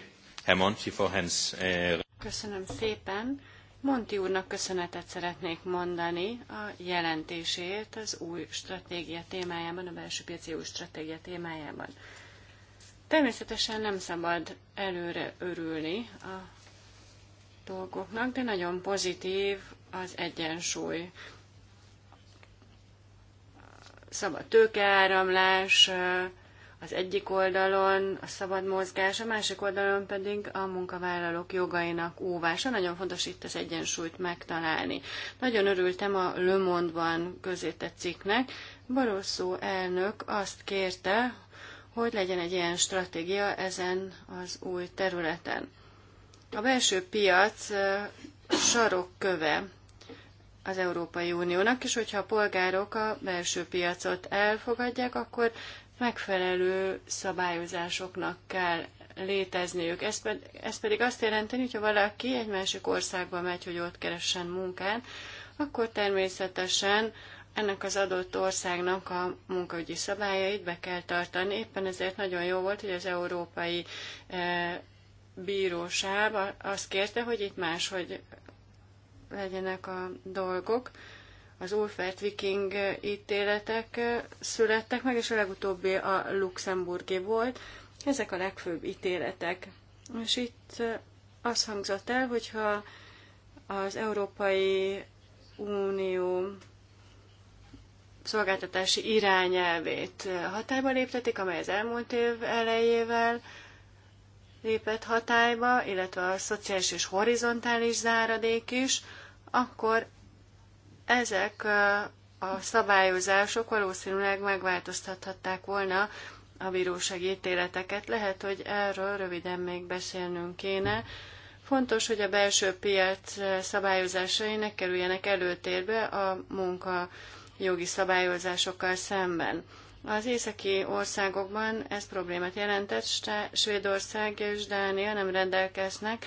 Köszönöm szépen. Monti úrnak köszönetet szeretnék mondani a jelentésért az új stratégia témájában, a belső piaci új stratégia témájában. Természetesen nem szabad előre örülni a dolgoknak, de nagyon pozitív az egyensúly. Szabad tőkeáramlás az egyik oldalon, a szabad mozgás, a másik oldalon pedig a munkavállalók jogainak óvása. Nagyon fontos itt az egyensúlyt megtalálni. Nagyon örültem a Le Monde-ban cikknek. Barosszó elnök azt kérte, hogy legyen egy ilyen stratégia ezen az új területen. A belső piac sarokköve az Európai Uniónak, és hogyha a polgárok a belső piacot elfogadják, akkor megfelelő szabályozásoknak kell létezniük. Ez, ped, ez pedig azt jelenti, hogyha valaki egy másik országba megy, hogy ott keressen munkát, akkor természetesen ennek az adott országnak a munkaügyi szabályait be kell tartani. Éppen ezért nagyon jó volt, hogy az Európai eh, Bíróság azt kérte, hogy itt máshogy legyenek a dolgok. Az Ulfert Viking eh, ítéletek eh, születtek meg, és a legutóbbi a Luxemburgé volt. Ezek a legfőbb ítéletek. És itt az hangzott el, hogyha az Európai Unió szolgáltatási irányelvét hatályba léptetik, amely az elmúlt év elejével lépett hatályba, illetve a szociális és horizontális záradék is, akkor ezek a szabályozások valószínűleg megváltoztathatták volna a bírósági ítéleteket. Lehet, hogy erről röviden még beszélnünk kéne. Fontos, hogy a belső piac szabályozásai ne kerüljenek előtérbe a munka jogi szabályozásokkal szemben. Az északi országokban ez problémát jelentett, Svédország és Dánia nem rendelkeznek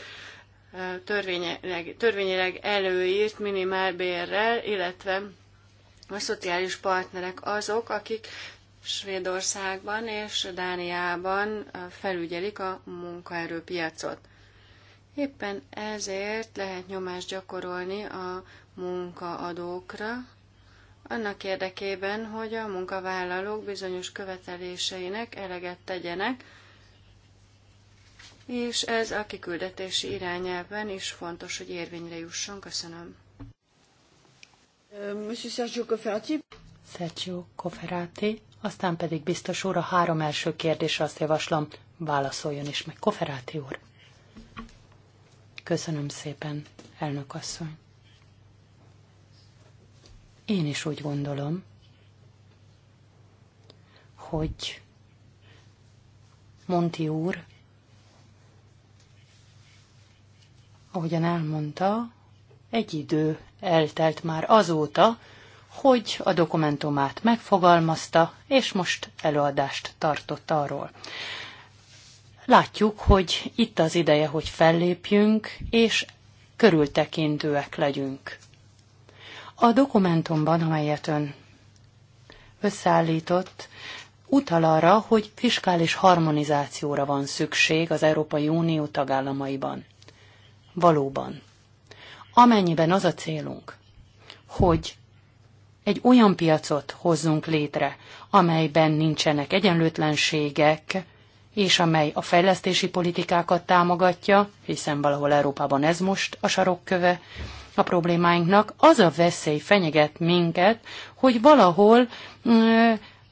törvényileg, törvényileg előírt minimálbérrel, illetve a szociális partnerek azok, akik Svédországban és Dániában felügyelik a munkaerőpiacot. Éppen ezért lehet nyomást gyakorolni a munkaadókra, annak érdekében, hogy a munkavállalók bizonyos követeléseinek eleget tegyenek, és ez a kiküldetési irányelven is fontos, hogy érvényre jusson. Köszönöm. Euh, monsieur Sergio Cofferati. Sergio Cofferati, aztán pedig biztos úr a három első kérdésre azt javaslom, válaszoljon is meg. Cofferati úr. Köszönöm szépen, elnök asszony. Én is úgy gondolom, hogy Monti úr, ahogyan elmondta, egy idő eltelt már azóta, hogy a dokumentumát megfogalmazta, és most előadást tartott arról. Látjuk, hogy itt az ideje, hogy fellépjünk, és körültekintőek legyünk a dokumentumban, amelyet ön összeállított, utal arra, hogy fiskális harmonizációra van szükség az Európai Unió tagállamaiban. Valóban. Amennyiben az a célunk, hogy egy olyan piacot hozzunk létre, amelyben nincsenek egyenlőtlenségek, és amely a fejlesztési politikákat támogatja, hiszen valahol Európában ez most a sarokköve, a problémáinknak, az a veszély fenyeget minket, hogy valahol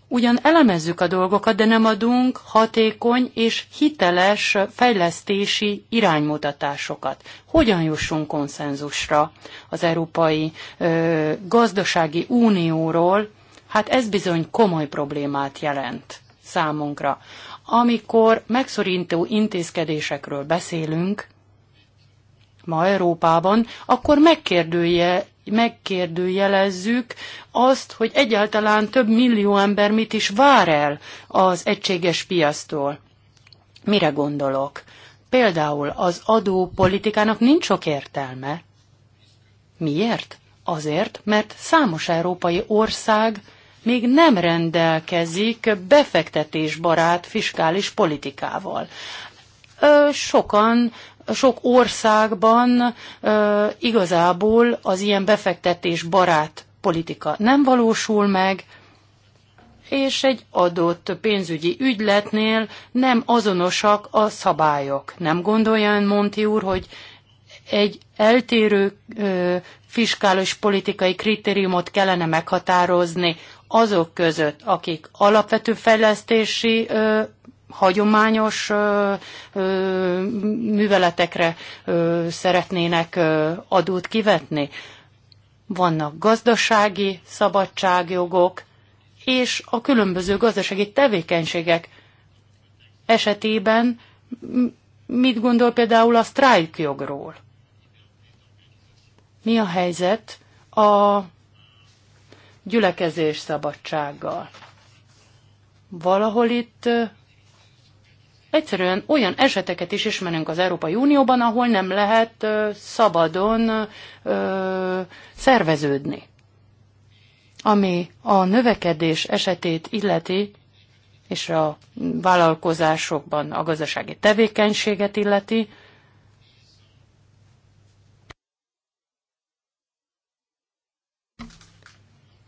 Ugyan elemezzük a dolgokat, de nem adunk hatékony és hiteles fejlesztési iránymutatásokat. Hogyan jussunk konszenzusra az Európai ö, Gazdasági Unióról? Hát ez bizony komoly problémát jelent számunkra. Amikor megszorító intézkedésekről beszélünk, ma Európában, akkor megkérdője, megkérdőjelezzük azt, hogy egyáltalán több millió ember mit is vár el az egységes piasztól. Mire gondolok? Például az adópolitikának nincs sok értelme. Miért? Azért, mert számos európai ország még nem rendelkezik befektetésbarát fiskális politikával. Sokan sok országban e, igazából az ilyen befektetés barát politika nem valósul meg, és egy adott pénzügyi ügyletnél nem azonosak a szabályok. Nem gondolja ön, Monti úr, hogy egy eltérő ö, fiskális politikai kritériumot kellene meghatározni azok között, akik alapvető fejlesztési ö, hagyományos ö, ö, műveletekre ö, szeretnének ö, adót kivetni. Vannak gazdasági szabadságjogok, és a különböző gazdasági tevékenységek esetében mit gondol például a sztrájkjogról? Mi a helyzet a gyülekezés szabadsággal? Valahol itt egyszerűen olyan eseteket is ismerünk az Európai Unióban, ahol nem lehet szabadon szerveződni. Ami a növekedés esetét illeti, és a vállalkozásokban a gazdasági tevékenységet illeti,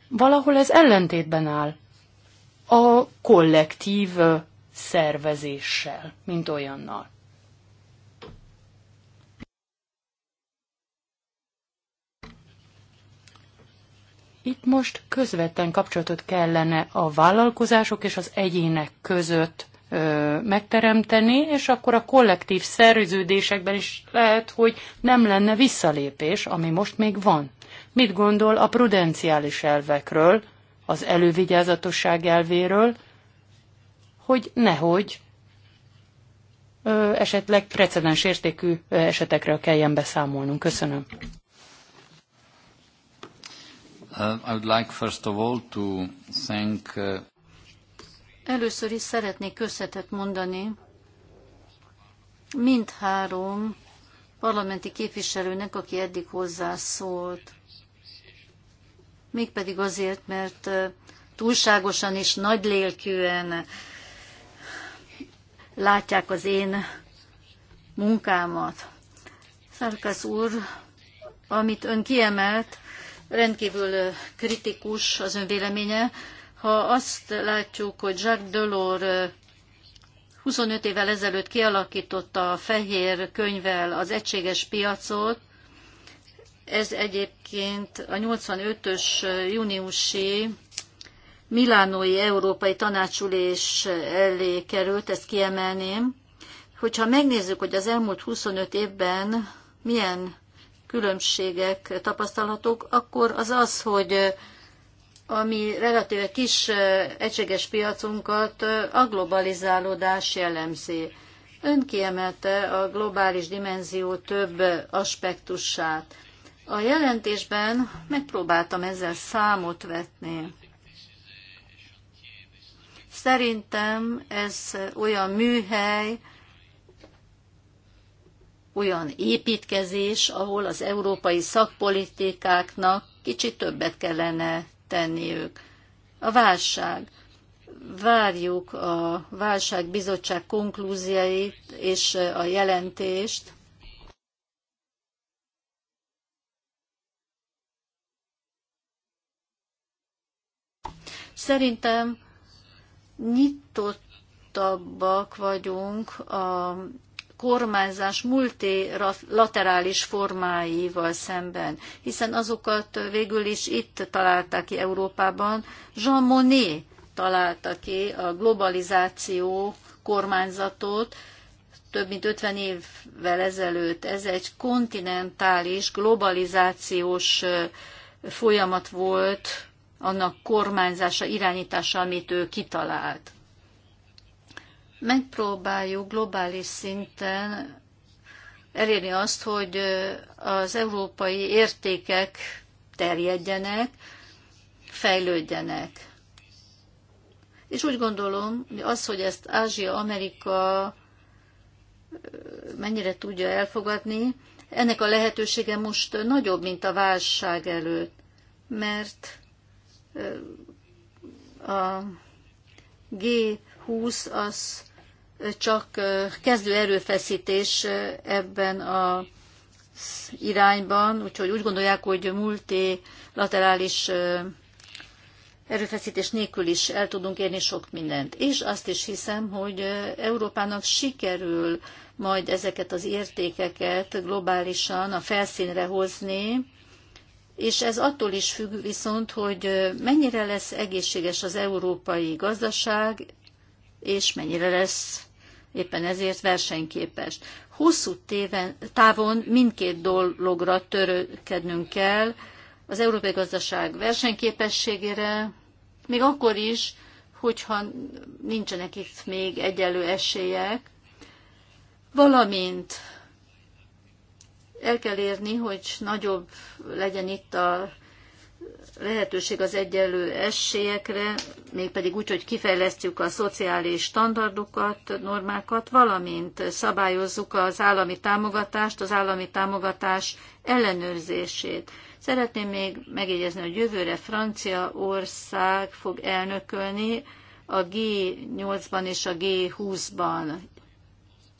valahol ez ellentétben áll a kollektív szervezéssel, mint olyannal. Itt most közvetlen kapcsolatot kellene a vállalkozások és az egyének között ö, megteremteni, és akkor a kollektív szerződésekben is lehet, hogy nem lenne visszalépés, ami most még van. Mit gondol a prudenciális elvekről, az elővigyázatosság elvéről, hogy nehogy ö, esetleg precedens értékű esetekről kelljen beszámolnunk. Köszönöm. Uh, I would like first of all to thank, uh... Először is szeretnék köszönetet mondani mindhárom parlamenti képviselőnek, aki eddig hozzászólt. Mégpedig azért, mert túlságosan és nagylélkűen látják az én munkámat. Szarkasz úr, amit ön kiemelt, rendkívül kritikus az ön véleménye. Ha azt látjuk, hogy Jacques Delors 25 évvel ezelőtt kialakította a fehér könyvvel az egységes piacot, ez egyébként a 85-ös júniusi Milánói Európai Tanácsülés elé került, ezt kiemelném. Hogyha megnézzük, hogy az elmúlt 25 évben milyen különbségek tapasztalhatók, akkor az az, hogy a mi relatíve kis eh, egységes piacunkat eh, a globalizálódás jellemzi. Ön kiemelte a globális dimenzió több aspektusát. A jelentésben megpróbáltam ezzel számot vetni. Szerintem ez olyan műhely, olyan építkezés, ahol az európai szakpolitikáknak kicsit többet kellene tenniük. A válság. Várjuk a válságbizottság konklúziait és a jelentést. Szerintem nyitottabbak vagyunk a kormányzás multilaterális formáival szemben, hiszen azokat végül is itt találták ki Európában. Jean Monnet találta ki a globalizáció kormányzatot, több mint 50 évvel ezelőtt. Ez egy kontinentális, globalizációs folyamat volt, annak kormányzása, irányítása, amit ő kitalált. Megpróbáljuk globális szinten elérni azt, hogy az európai értékek terjedjenek, fejlődjenek. És úgy gondolom, hogy az, hogy ezt Ázsia, Amerika mennyire tudja elfogadni, ennek a lehetősége most nagyobb, mint a válság előtt, mert a G20 az csak kezdő erőfeszítés ebben a irányban, úgyhogy úgy gondolják, hogy multilaterális erőfeszítés nélkül is el tudunk érni sok mindent. És azt is hiszem, hogy Európának sikerül majd ezeket az értékeket globálisan a felszínre hozni, és ez attól is függ viszont, hogy mennyire lesz egészséges az európai gazdaság, és mennyire lesz éppen ezért versenyképes. Hosszú téven, távon mindkét dologra törökednünk kell, az európai gazdaság versenyképességére, még akkor is, hogyha nincsenek itt még egyelő esélyek, valamint el kell érni, hogy nagyobb legyen itt a lehetőség az egyenlő esélyekre, mégpedig úgy, hogy kifejlesztjük a szociális standardokat, normákat, valamint szabályozzuk az állami támogatást, az állami támogatás ellenőrzését. Szeretném még megjegyezni, hogy jövőre Franciaország fog elnökölni a G8-ban és a G20-ban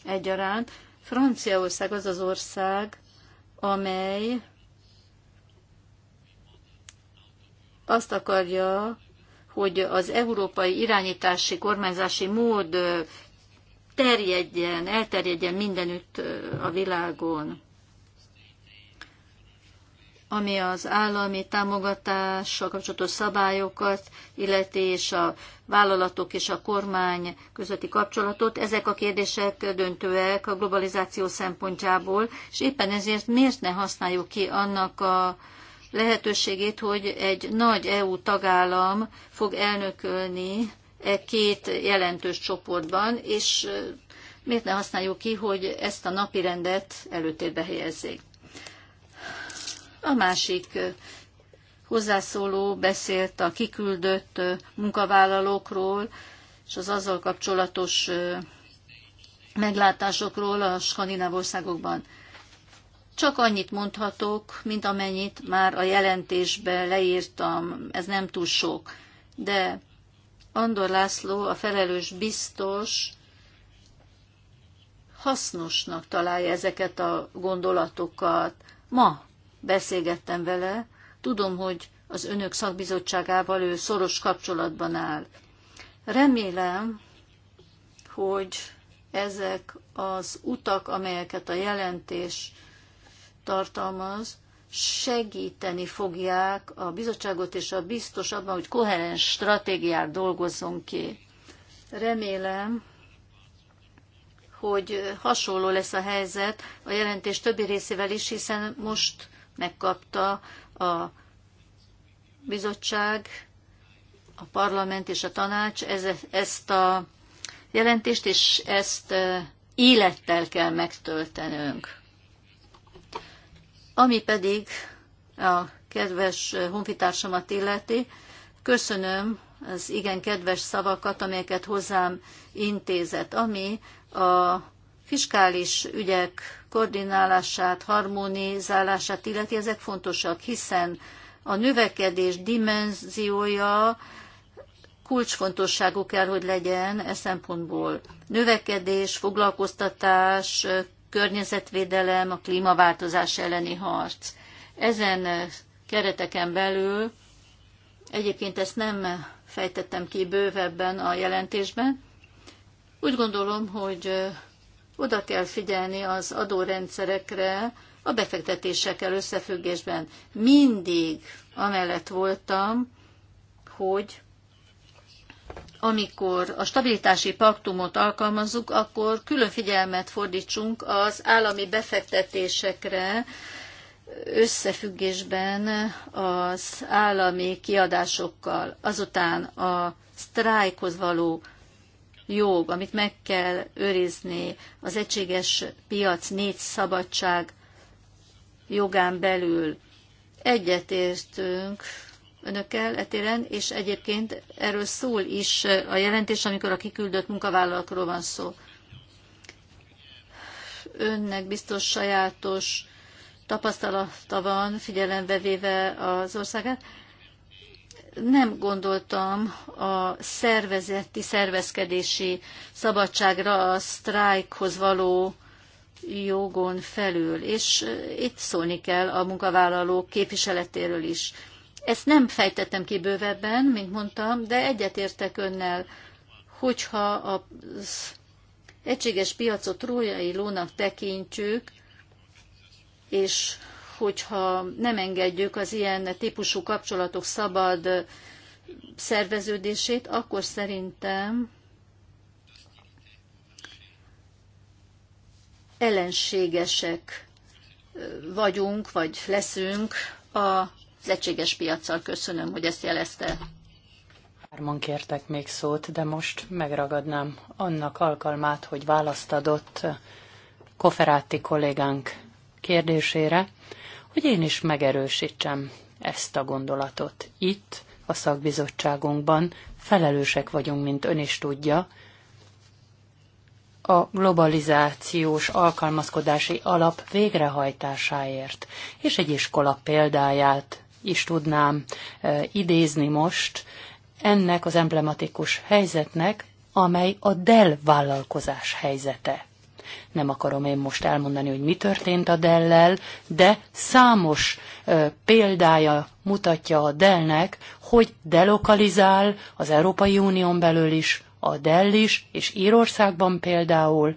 egyaránt. Franciaország az az ország, amely azt akarja, hogy az európai irányítási, kormányzási mód terjedjen, elterjedjen mindenütt a világon ami az állami támogatással kapcsolatos szabályokat, illeti és a vállalatok és a kormány közötti kapcsolatot. Ezek a kérdések döntőek a globalizáció szempontjából, és éppen ezért miért ne használjuk ki annak a lehetőségét, hogy egy nagy EU tagállam fog elnökölni e két jelentős csoportban, és miért ne használjuk ki, hogy ezt a napirendet előtérbe helyezzék. A másik hozzászóló beszélt a kiküldött munkavállalókról, és az azzal kapcsolatos meglátásokról a skandináv országokban. Csak annyit mondhatok, mint amennyit már a jelentésbe leírtam, ez nem túl sok, de Andor László, a felelős biztos, hasznosnak találja ezeket a gondolatokat. Ma beszélgettem vele, tudom, hogy az önök szakbizottságával ő szoros kapcsolatban áll. Remélem, hogy ezek az utak, amelyeket a jelentés tartalmaz, segíteni fogják a bizottságot és a biztos abban, hogy koherens stratégiát dolgozzon ki. Remélem, hogy hasonló lesz a helyzet a jelentés többi részével is, hiszen most megkapta a bizottság, a parlament és a tanács ezt a jelentést, és ezt élettel kell megtöltenünk. Ami pedig a kedves honfitársamat illeti, köszönöm az igen kedves szavakat, amelyeket hozzám intézett, ami a fiskális ügyek koordinálását, harmonizálását illeti, ezek fontosak, hiszen a növekedés dimenziója kulcsfontosságú kell, hogy legyen e szempontból. Növekedés, foglalkoztatás, környezetvédelem, a klímaváltozás elleni harc. Ezen kereteken belül, egyébként ezt nem fejtettem ki bővebben a jelentésben, úgy gondolom, hogy oda kell figyelni az adórendszerekre, a befektetésekkel összefüggésben. Mindig amellett voltam, hogy amikor a stabilitási paktumot alkalmazzuk, akkor külön figyelmet fordítsunk az állami befektetésekre, összefüggésben az állami kiadásokkal, azután a sztrájkhoz való jog, amit meg kell őrizni az egységes piac négy szabadság jogán belül. Egyetértünk önökkel etéren, és egyébként erről szól is a jelentés, amikor a kiküldött munkavállalókról van szó. Önnek biztos sajátos tapasztalata van, figyelembe véve az országát nem gondoltam a szervezeti, szervezkedési szabadságra, a sztrájkhoz való jogon felül, és eh, itt szólni kell a munkavállalók képviseletéről is. Ezt nem fejtettem ki bővebben, mint mondtam, de egyetértek önnel, hogyha az egységes piacot rójai lónak tekintjük, és hogyha nem engedjük az ilyen típusú kapcsolatok szabad szerveződését, akkor szerintem ellenségesek vagyunk, vagy leszünk a egységes piaccal. Köszönöm, hogy ezt jelezte. Hárman kértek még szót, de most megragadnám annak alkalmát, hogy választ adott Koferáti kollégánk kérdésére, hogy én is megerősítsem ezt a gondolatot. Itt, a szakbizottságunkban felelősek vagyunk, mint ön is tudja, a globalizációs alkalmazkodási alap végrehajtásáért, és egy iskola példáját is tudnám e, idézni most ennek az emblematikus helyzetnek, amely a Dell vállalkozás helyzete. Nem akarom én most elmondani, hogy mi történt a Dellel, de számos ö, példája mutatja a Dellnek, hogy delokalizál az Európai Unión belül is, a Dell is, és Írországban például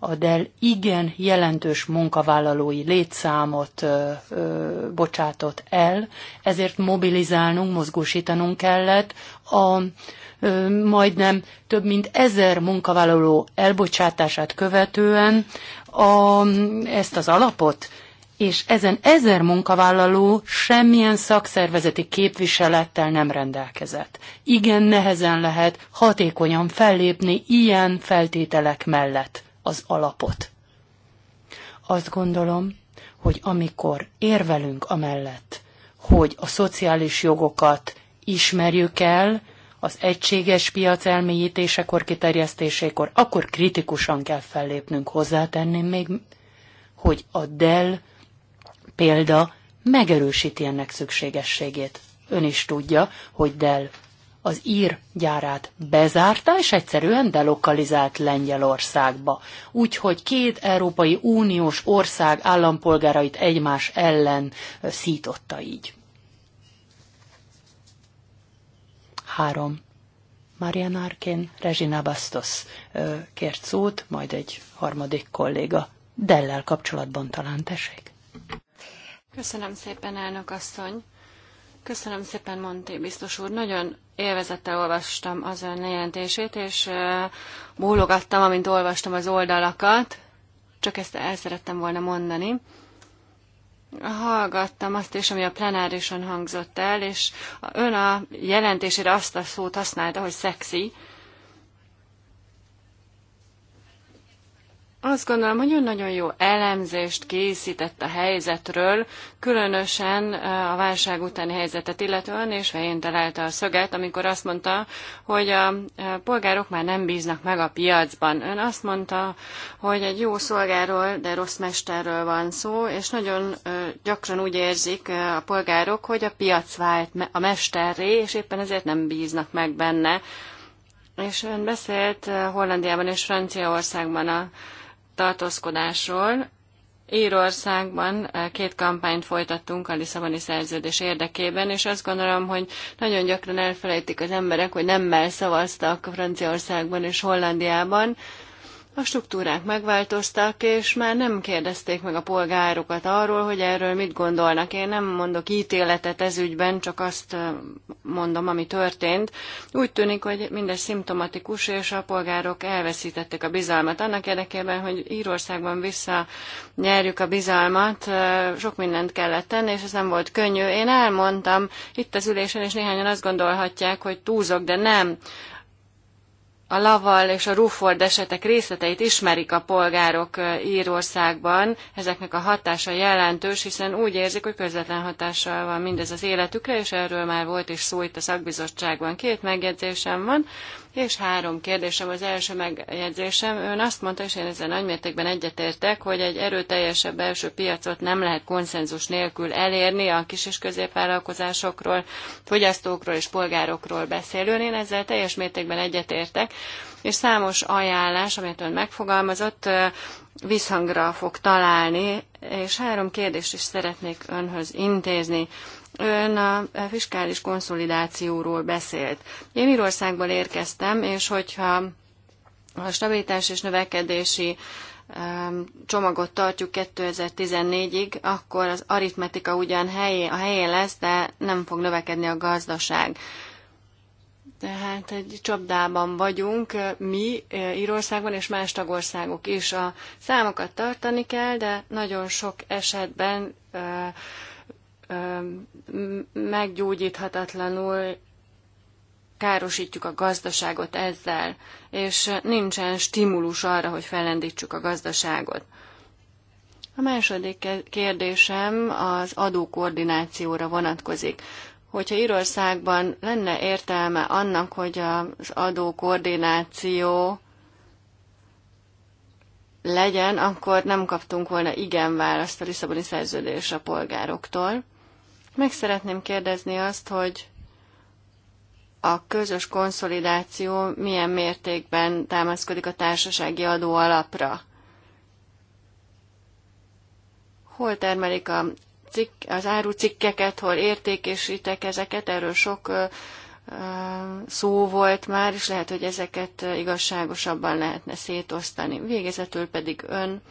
a Dell igen jelentős munkavállalói létszámot ö, ö, bocsátott el, ezért mobilizálnunk, mozgósítanunk kellett a majdnem több mint ezer munkavállaló elbocsátását követően a, ezt az alapot, és ezen ezer munkavállaló semmilyen szakszervezeti képviselettel nem rendelkezett. Igen, nehezen lehet hatékonyan fellépni ilyen feltételek mellett az alapot. Azt gondolom, hogy amikor érvelünk amellett, hogy a szociális jogokat ismerjük el, az egységes piac elmélyítésekor, kiterjesztésékor, akkor kritikusan kell fellépnünk. Hozzátenném még, hogy a Dell példa megerősíti ennek szükségességét. Ön is tudja, hogy Dell az ír gyárát bezárta, és egyszerűen delokalizált Lengyelországba. Úgyhogy két Európai Uniós ország állampolgárait egymás ellen szította így. Három. Marian Arkin, Regina Bastos kért szót, majd egy harmadik kolléga. Dellel kapcsolatban talán tessék. Köszönöm szépen, elnök asszony. Köszönöm szépen, Monté biztos úr. Nagyon élvezettel olvastam az ön jelentését, és bólogattam, amint olvastam az oldalakat. Csak ezt el szerettem volna mondani hallgattam azt is, ami a plenárison hangzott el, és ön a jelentésére azt a szót használta, hogy szexi. Azt gondolom, hogy ő nagyon jó elemzést készített a helyzetről, különösen a válság utáni helyzetet illetően, és fején találta a szöget, amikor azt mondta, hogy a polgárok már nem bíznak meg a piacban. Ön azt mondta, hogy egy jó szolgáról, de rossz mesterről van szó, és nagyon gyakran úgy érzik a polgárok, hogy a piac vált a mesterré, és éppen ezért nem bíznak meg benne. És ön beszélt Hollandiában és Franciaországban a tartózkodásról. Írországban eh, két kampányt folytattunk a Lisszaboni szerződés érdekében, és azt gondolom, hogy nagyon gyakran elfelejtik az emberek, hogy nemmel szavaztak Franciaországban és Hollandiában, a struktúrák megváltoztak, és már nem kérdezték meg a polgárokat arról, hogy erről mit gondolnak. Én nem mondok ítéletet ez ügyben, csak azt mondom, ami történt. Úgy tűnik, hogy mindez szimptomatikus, és a polgárok elveszítették a bizalmat. Annak érdekében, hogy Írországban visszanyerjük a bizalmat, sok mindent kellett tenni, és ez nem volt könnyű. Én elmondtam itt az ülésen, és néhányan azt gondolhatják, hogy túlzok, de nem a Laval és a Rufford esetek részleteit ismerik a polgárok Írországban. Ezeknek a hatása jelentős, hiszen úgy érzik, hogy közvetlen hatással van mindez az életükre, és erről már volt is szó itt a szakbizottságban. Két megjegyzésem van. És három kérdésem, az első megjegyzésem. Ön azt mondta, és én ezzel nagymértékben egyetértek, hogy egy erőteljesebb belső piacot nem lehet konszenzus nélkül elérni a kis és középvállalkozásokról, fogyasztókról és polgárokról beszélőn. Én ezzel teljes mértékben egyetértek, és számos ajánlás, amit ön megfogalmazott, visszhangra fog találni, és három kérdést is szeretnék önhöz intézni. Ön a fiskális konszolidációról beszélt. Én Írországból érkeztem, és hogyha a stabilitás és növekedési csomagot tartjuk 2014-ig, akkor az aritmetika ugyan helyé, a helyén lesz, de nem fog növekedni a gazdaság. Tehát egy csapdában vagyunk mi e, Írországban és más tagországok is. A számokat tartani kell, de nagyon sok esetben e, meggyógyíthatatlanul károsítjuk a gazdaságot ezzel, és nincsen stimulus arra, hogy fellendítsük a gazdaságot. A második kérdésem az adókoordinációra vonatkozik. Hogyha Írországban lenne értelme annak, hogy az adókoordináció legyen, akkor nem kaptunk volna igen választ a Lisszaboni szerződés a polgároktól. Meg szeretném kérdezni azt, hogy a közös konszolidáció milyen mértékben támaszkodik a társasági adó alapra. Hol termelik a cikk, az árucikkeket, hol értékesítek ezeket, erről sok ö, ö, szó volt már, és lehet, hogy ezeket igazságosabban lehetne szétosztani. Végezetül pedig ön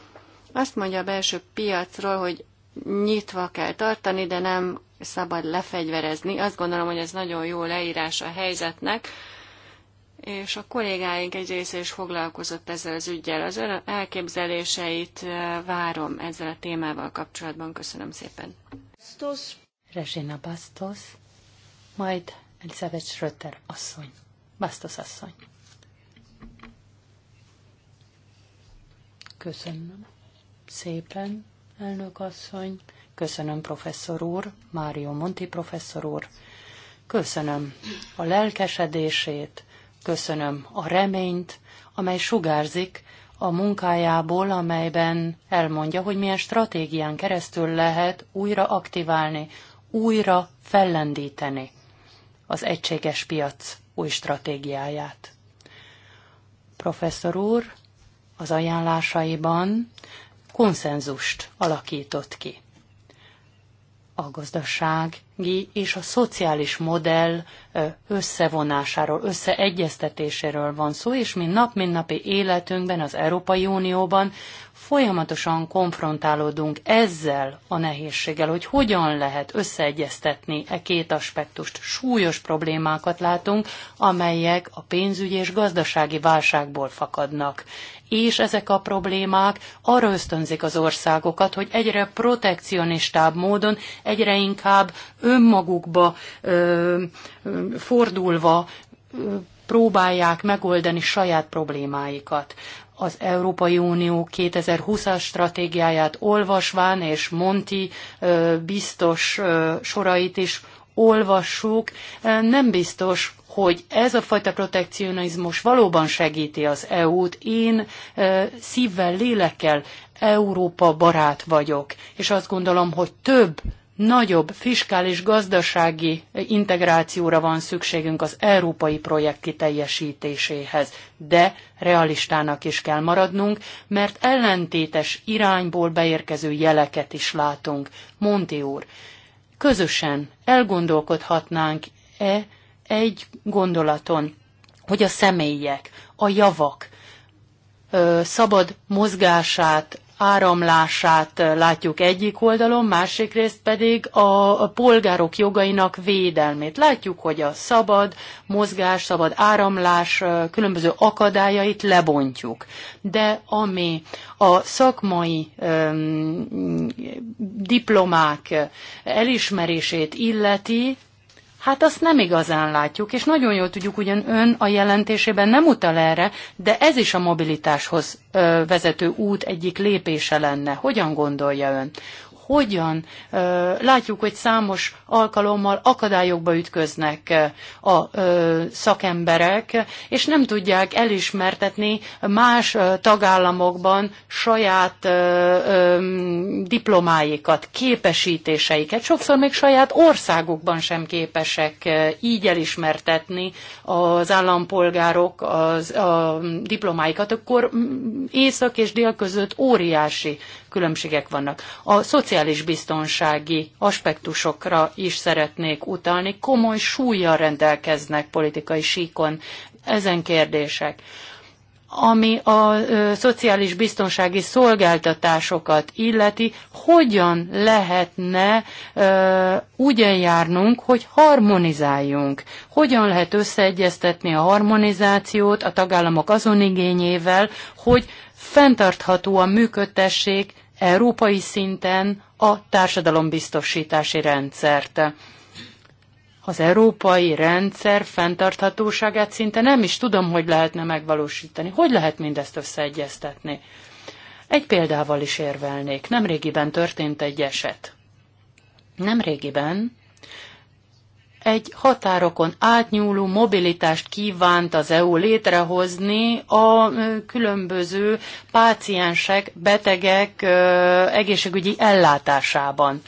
azt mondja a belső piacról, hogy nyitva kell tartani, de nem szabad lefegyverezni. Azt gondolom, hogy ez nagyon jó leírás a helyzetnek, és a kollégáink egy része is foglalkozott ezzel az ügyel. Az ön elképzeléseit eh, várom ezzel a témával kapcsolatban. Köszönöm szépen. Bastos. Regina Bastos, majd Elizabeth Schröter asszony. Bastos asszony. Köszönöm szépen elnök asszony. Köszönöm, professzor úr, Mário Monti professzor úr. Köszönöm a lelkesedését, köszönöm a reményt, amely sugárzik a munkájából, amelyben elmondja, hogy milyen stratégián keresztül lehet újra aktiválni, újra fellendíteni az egységes piac új stratégiáját. Professzor úr az ajánlásaiban konszenzust alakított ki. A gazdaság és a szociális modell összevonásáról, összeegyeztetéséről van szó, és mi nap napi életünkben az Európai Unióban folyamatosan konfrontálódunk ezzel a nehézséggel, hogy hogyan lehet összeegyeztetni e két aspektust. Súlyos problémákat látunk, amelyek a pénzügyi és gazdasági válságból fakadnak. És ezek a problémák arra ösztönzik az országokat, hogy egyre protekcionistább módon, egyre inkább önmagukba fordulva próbálják megoldani saját problémáikat az Európai Unió 2020-as stratégiáját olvasván, és Monti biztos sorait is olvassuk, nem biztos, hogy ez a fajta protekcionizmus valóban segíti az EU-t. Én szívvel, lélekkel Európa barát vagyok, és azt gondolom, hogy több nagyobb fiskális gazdasági integrációra van szükségünk az európai projekt kiteljesítéséhez, de realistának is kell maradnunk, mert ellentétes irányból beérkező jeleket is látunk. Monti úr, közösen elgondolkodhatnánk-e egy gondolaton, hogy a személyek, a javak, szabad mozgását áramlását látjuk egyik oldalon, másik részt pedig a polgárok jogainak védelmét. Látjuk, hogy a szabad mozgás, szabad áramlás különböző akadályait lebontjuk. De ami a szakmai öm, diplomák elismerését illeti, Hát azt nem igazán látjuk, és nagyon jól tudjuk, ugyan ön a jelentésében nem utal erre, de ez is a mobilitáshoz vezető út egyik lépése lenne. Hogyan gondolja ön? hogyan látjuk, hogy számos alkalommal akadályokba ütköznek a szakemberek, és nem tudják elismertetni más tagállamokban saját diplomáikat, képesítéseiket. Sokszor még saját országukban sem képesek így elismertetni az állampolgárok az, a diplomáikat, akkor mm, észak és dél között óriási különbségek vannak. A szociális biztonsági aspektusokra is szeretnék utalni, komoly súlyjal rendelkeznek politikai síkon ezen kérdések ami a ö, szociális biztonsági szolgáltatásokat illeti, hogyan lehetne ö, úgy eljárnunk, hogy harmonizáljunk. Hogyan lehet összeegyeztetni a harmonizációt a tagállamok azon igényével, hogy fenntarthatóan működtessék európai szinten a társadalombiztosítási rendszert. Az európai rendszer fenntarthatóságát szinte nem is tudom, hogy lehetne megvalósítani. Hogy lehet mindezt összeegyeztetni? Egy példával is érvelnék. Nemrégiben történt egy eset. Nemrégiben egy határokon átnyúló mobilitást kívánt az EU létrehozni a különböző páciensek, betegek egészségügyi ellátásában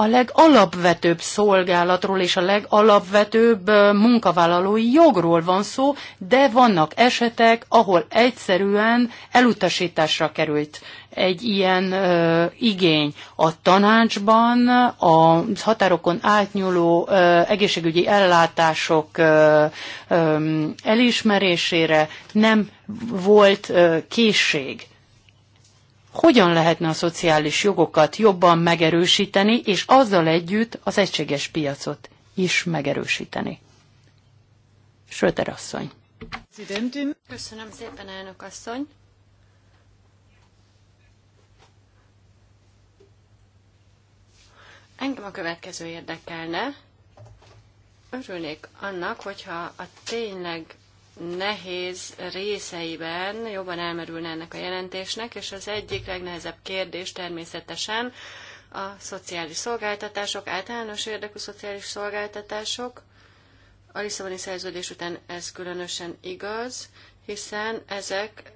a legalapvetőbb szolgálatról és a legalapvetőbb munkavállalói jogról van szó, de vannak esetek, ahol egyszerűen elutasításra került egy ilyen ö, igény. A tanácsban a határokon átnyúló ö, egészségügyi ellátások ö, ö, elismerésére nem volt ö, készség hogyan lehetne a szociális jogokat jobban megerősíteni, és azzal együtt az egységes piacot is megerősíteni. Söter asszony. Köszönöm szépen, elnök asszony. Engem a következő érdekelne. Örülnék annak, hogyha a tényleg nehéz részeiben jobban elmerülne ennek a jelentésnek, és az egyik legnehezebb kérdés természetesen a szociális szolgáltatások, általános érdekű szociális szolgáltatások. A Lisszaboni szerződés után ez különösen igaz, hiszen ezek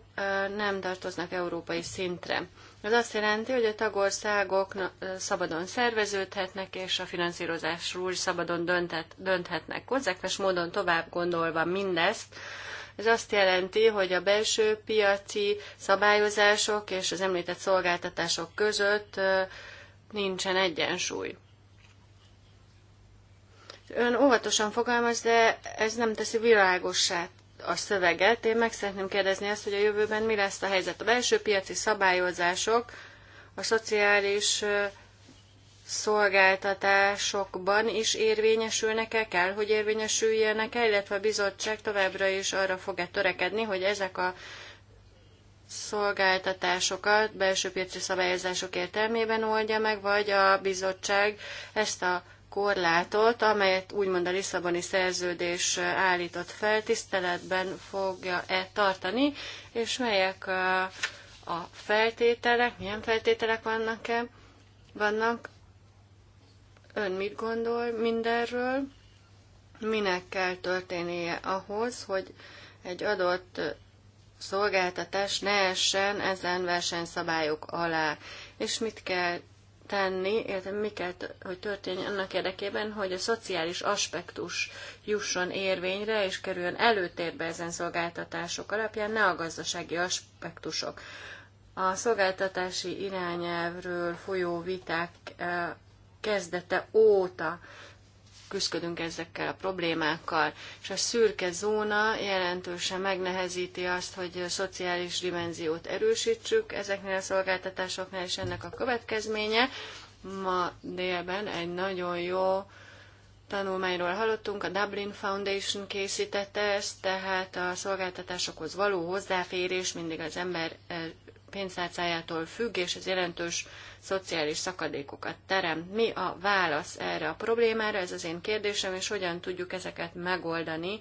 nem tartoznak európai szintre. Ez azt jelenti, hogy a tagországok szabadon szerveződhetnek, és a finanszírozásról is szabadon dönthet, dönthetnek. Konzekves módon tovább gondolva mindezt, ez azt jelenti, hogy a belső piaci szabályozások és az említett szolgáltatások között nincsen egyensúly. Ön óvatosan fogalmaz, de ez nem teszi világossá a szöveget. Én meg szeretném kérdezni azt, hogy a jövőben mi lesz a helyzet. A belső piaci szabályozások a szociális szolgáltatásokban is érvényesülnek-e, kell, hogy érvényesüljenek-e, illetve a bizottság továbbra is arra fog-e törekedni, hogy ezek a szolgáltatásokat belső piaci szabályozások értelmében oldja meg, vagy a bizottság ezt a korlátot, amelyet úgymond a Lisszaboni szerződés állított fel, tiszteletben fogja-e tartani, és melyek a feltételek, milyen feltételek vannak-e, vannak. Ön mit gondol mindenről? Minek kell történnie ahhoz, hogy egy adott szolgáltatás ne essen ezen versenyszabályok alá, és mit kell tenni, illetve mi kell, hogy történjen annak érdekében, hogy a szociális aspektus jusson érvényre, és kerüljön előtérbe ezen szolgáltatások alapján, ne a gazdasági aspektusok. A szolgáltatási irányelvről folyó viták eh, kezdete óta küzdködünk ezekkel a problémákkal, és a szürke zóna jelentősen megnehezíti azt, hogy a szociális dimenziót erősítsük ezeknél a szolgáltatásoknál, és ennek a következménye ma délben egy nagyon jó tanulmányról hallottunk, a Dublin Foundation készítette ezt, tehát a szolgáltatásokhoz való hozzáférés mindig az ember pénztárcájától függ, és ez jelentős szociális szakadékokat terem. Mi a válasz erre a problémára? Ez az én kérdésem, és hogyan tudjuk ezeket megoldani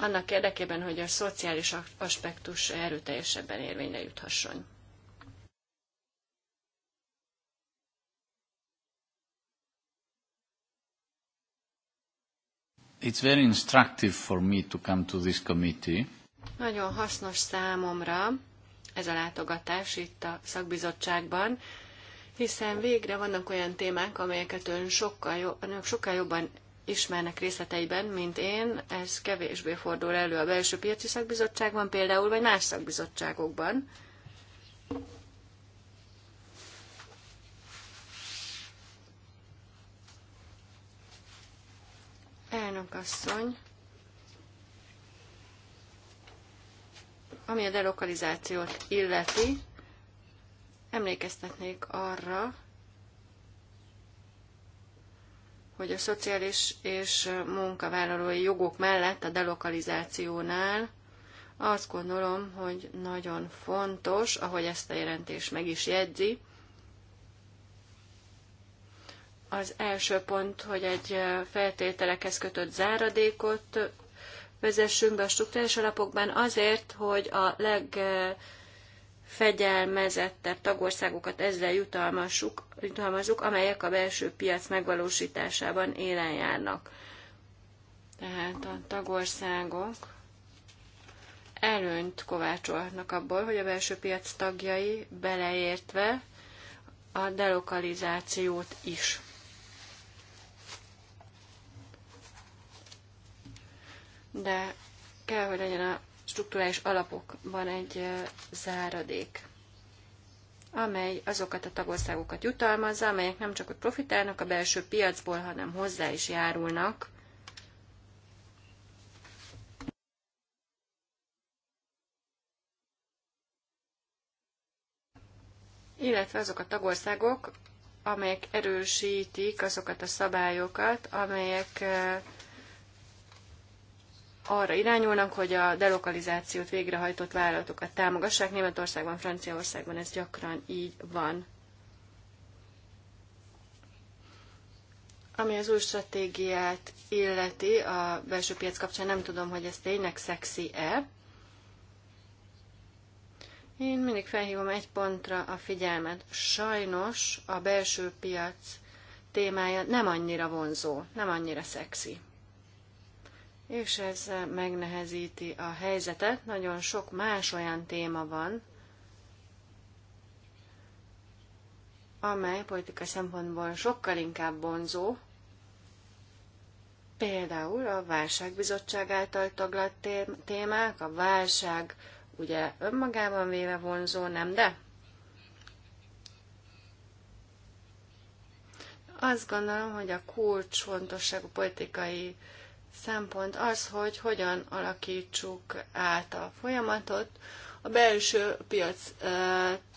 annak érdekében, hogy a szociális aspektus erőteljesebben érvényre juthasson. It's very instructive for me to come to this committee. Nagyon hasznos számomra, ez a látogatás itt a szakbizottságban, hiszen végre vannak olyan témák, amelyeket ön sokkal, jobb, önök sokkal jobban ismernek részleteiben, mint én. Ez kevésbé fordul elő a belső piaci szakbizottságban például, vagy más szakbizottságokban. Elnök asszony. Ami a delokalizációt illeti, emlékeztetnék arra, hogy a szociális és munkavállalói jogok mellett a delokalizációnál azt gondolom, hogy nagyon fontos, ahogy ezt a jelentés meg is jegyzi, az első pont, hogy egy feltételekhez kötött záradékot vezessünk be a struktúrális alapokban azért, hogy a fegyelmezettebb tagországokat ezzel jutalmazzuk, jutalmazzuk amelyek a belső piac megvalósításában élen járnak. Tehát a tagországok előnyt kovácsolhatnak abból, hogy a belső piac tagjai beleértve a delokalizációt is. de kell, hogy legyen a strukturális alapokban egy záradék, amely azokat a tagországokat jutalmazza, amelyek nem csak hogy profitálnak a belső piacból, hanem hozzá is járulnak illetve azok a tagországok, amelyek erősítik azokat a szabályokat, amelyek arra irányulnak, hogy a delokalizációt végrehajtott vállalatokat támogassák. Németországban, Franciaországban ez gyakran így van. Ami az új stratégiát illeti a belső piac kapcsán, nem tudom, hogy ez tényleg szexi-e. Én mindig felhívom egy pontra a figyelmet. Sajnos a belső piac témája nem annyira vonzó, nem annyira szexi és ez megnehezíti a helyzetet. Nagyon sok más olyan téma van, amely politika szempontból sokkal inkább bonzó, például a válságbizottság által taglalt témák, a válság ugye önmagában véve vonzó, nem de? Azt gondolom, hogy a fontosságú politikai szempont az, hogy hogyan alakítsuk át a folyamatot. A belső piac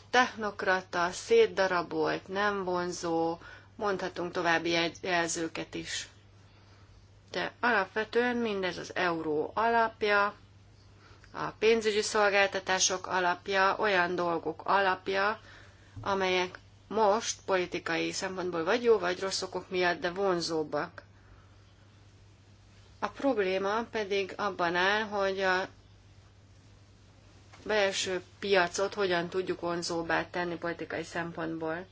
technokrata, szétdarabolt, nem vonzó, mondhatunk további jelzőket is. De alapvetően mindez az euró alapja, a pénzügyi szolgáltatások alapja, olyan dolgok alapja, amelyek most politikai szempontból vagy jó, vagy rossz okok miatt, de vonzóbbak. A probléma pedig abban áll, hogy a belső piacot hogyan tudjuk vonzóbbá tenni politikai szempontból.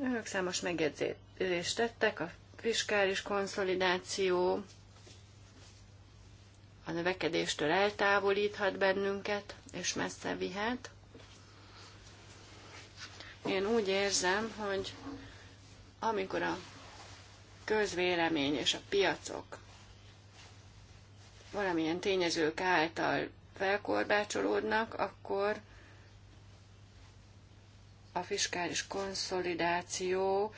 Önök számos megjegyzést tettek, a fiskális konszolidáció a növekedéstől eltávolíthat bennünket, és messze vihet. Én úgy érzem, hogy amikor a közvélemény és a piacok valamilyen tényezők által felkorbácsolódnak, akkor a fiskális konszolidáció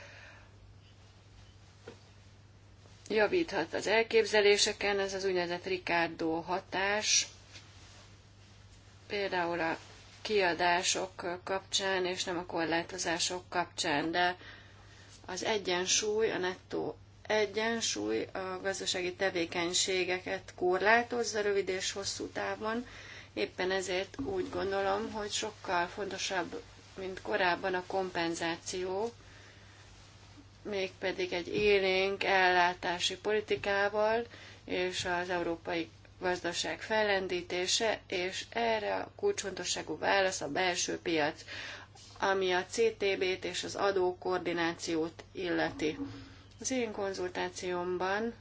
javíthat az elképzeléseken, ez az úgynevezett Ricardo hatás, például a kiadások kapcsán, és nem a korlátozások kapcsán, de az egyensúly, a nettó egyensúly a gazdasági tevékenységeket korlátozza rövid és hosszú távon. Éppen ezért úgy gondolom, hogy sokkal fontosabb, mint korábban a kompenzáció, mégpedig egy élénk ellátási politikával és az európai gazdaság fellendítése, és erre a kulcsfontosságú válasz a belső piac ami a CTB-t és az adókoordinációt illeti. Az én konzultációmban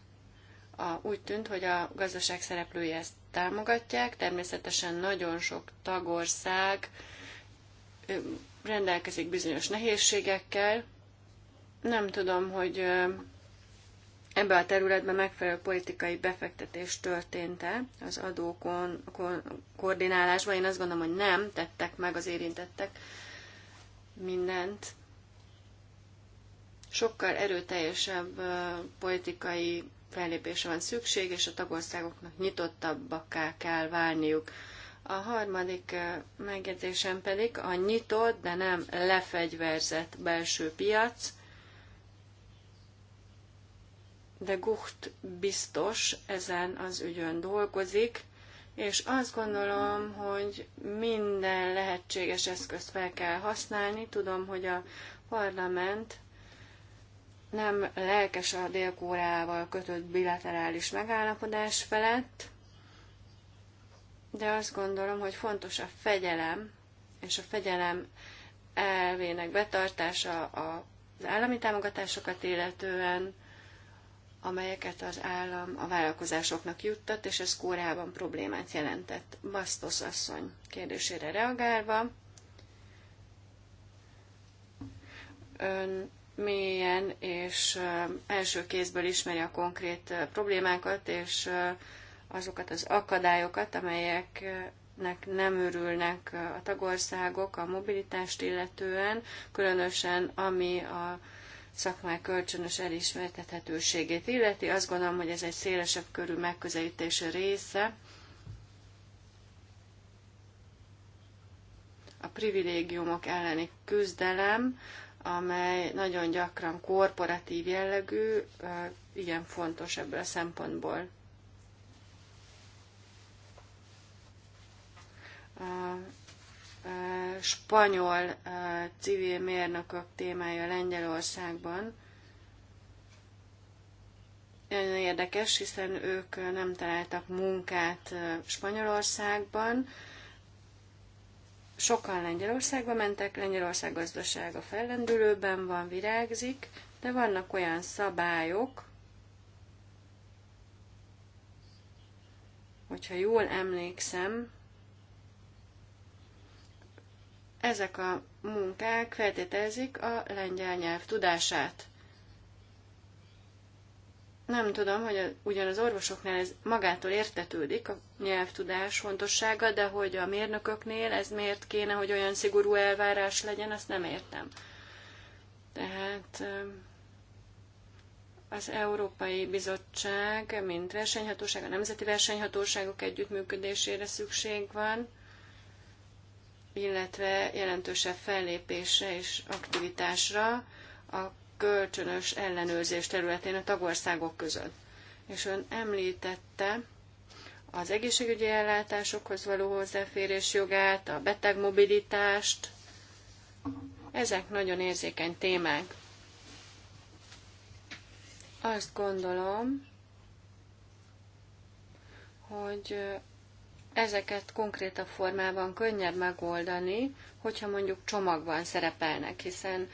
a, úgy tűnt, hogy a gazdaság szereplői ezt támogatják. Természetesen nagyon sok tagország rendelkezik bizonyos nehézségekkel. Nem tudom, hogy ebbe a területben megfelelő politikai befektetés történt-e az adókon, ko, koordinálásban. Én azt gondolom, hogy nem tettek meg az érintettek mindent. Sokkal erőteljesebb politikai fellépése van szükség, és a tagországoknak nyitottabbakká kell válniuk. A harmadik megjegyzésem pedig a nyitott, de nem lefegyverzett belső piac. De Gucht biztos ezen az ügyön dolgozik, és azt gondolom, hogy minden lehetséges eszközt fel kell használni. Tudom, hogy a parlament nem lelkes a dél kötött bilaterális megállapodás felett, de azt gondolom, hogy fontos a fegyelem, és a fegyelem elvének betartása az állami támogatásokat illetően, amelyeket az állam a vállalkozásoknak juttat, és ez korábban problémát jelentett. Basztos asszony kérdésére reagálva, ön mélyen és első kézből ismeri a konkrét problémákat, és azokat az akadályokat, amelyeknek nem örülnek a tagországok a mobilitást illetően, különösen ami a szakmák kölcsönös elismertethetőségét illeti. Azt gondolom, hogy ez egy szélesebb körű megközelítés része. A privilégiumok elleni küzdelem, amely nagyon gyakran korporatív jellegű, igen fontos ebből a szempontból. A spanyol civil mérnökök témája Lengyelországban. Nagyon érdekes, hiszen ők nem találtak munkát Spanyolországban. Sokan Lengyelországba mentek, Lengyelország gazdasága fellendülőben van, virágzik, de vannak olyan szabályok, hogyha jól emlékszem, ezek a munkák feltételezik a lengyel nyelv tudását. Nem tudom, hogy a, ugyan az orvosoknál ez magától értetődik, a nyelvtudás fontossága, de hogy a mérnököknél ez miért kéne, hogy olyan szigorú elvárás legyen, azt nem értem. Tehát az Európai Bizottság, mint versenyhatóság, a nemzeti versenyhatóságok együttműködésére szükség van, illetve jelentősebb fellépésre és aktivitásra a kölcsönös ellenőrzés területén a tagországok között. És ön említette az egészségügyi ellátásokhoz való hozzáférés jogát, a beteg mobilitást. Ezek nagyon érzékeny témák. Azt gondolom, hogy ezeket konkrétabb formában könnyebb megoldani, hogyha mondjuk csomagban szerepelnek, hiszen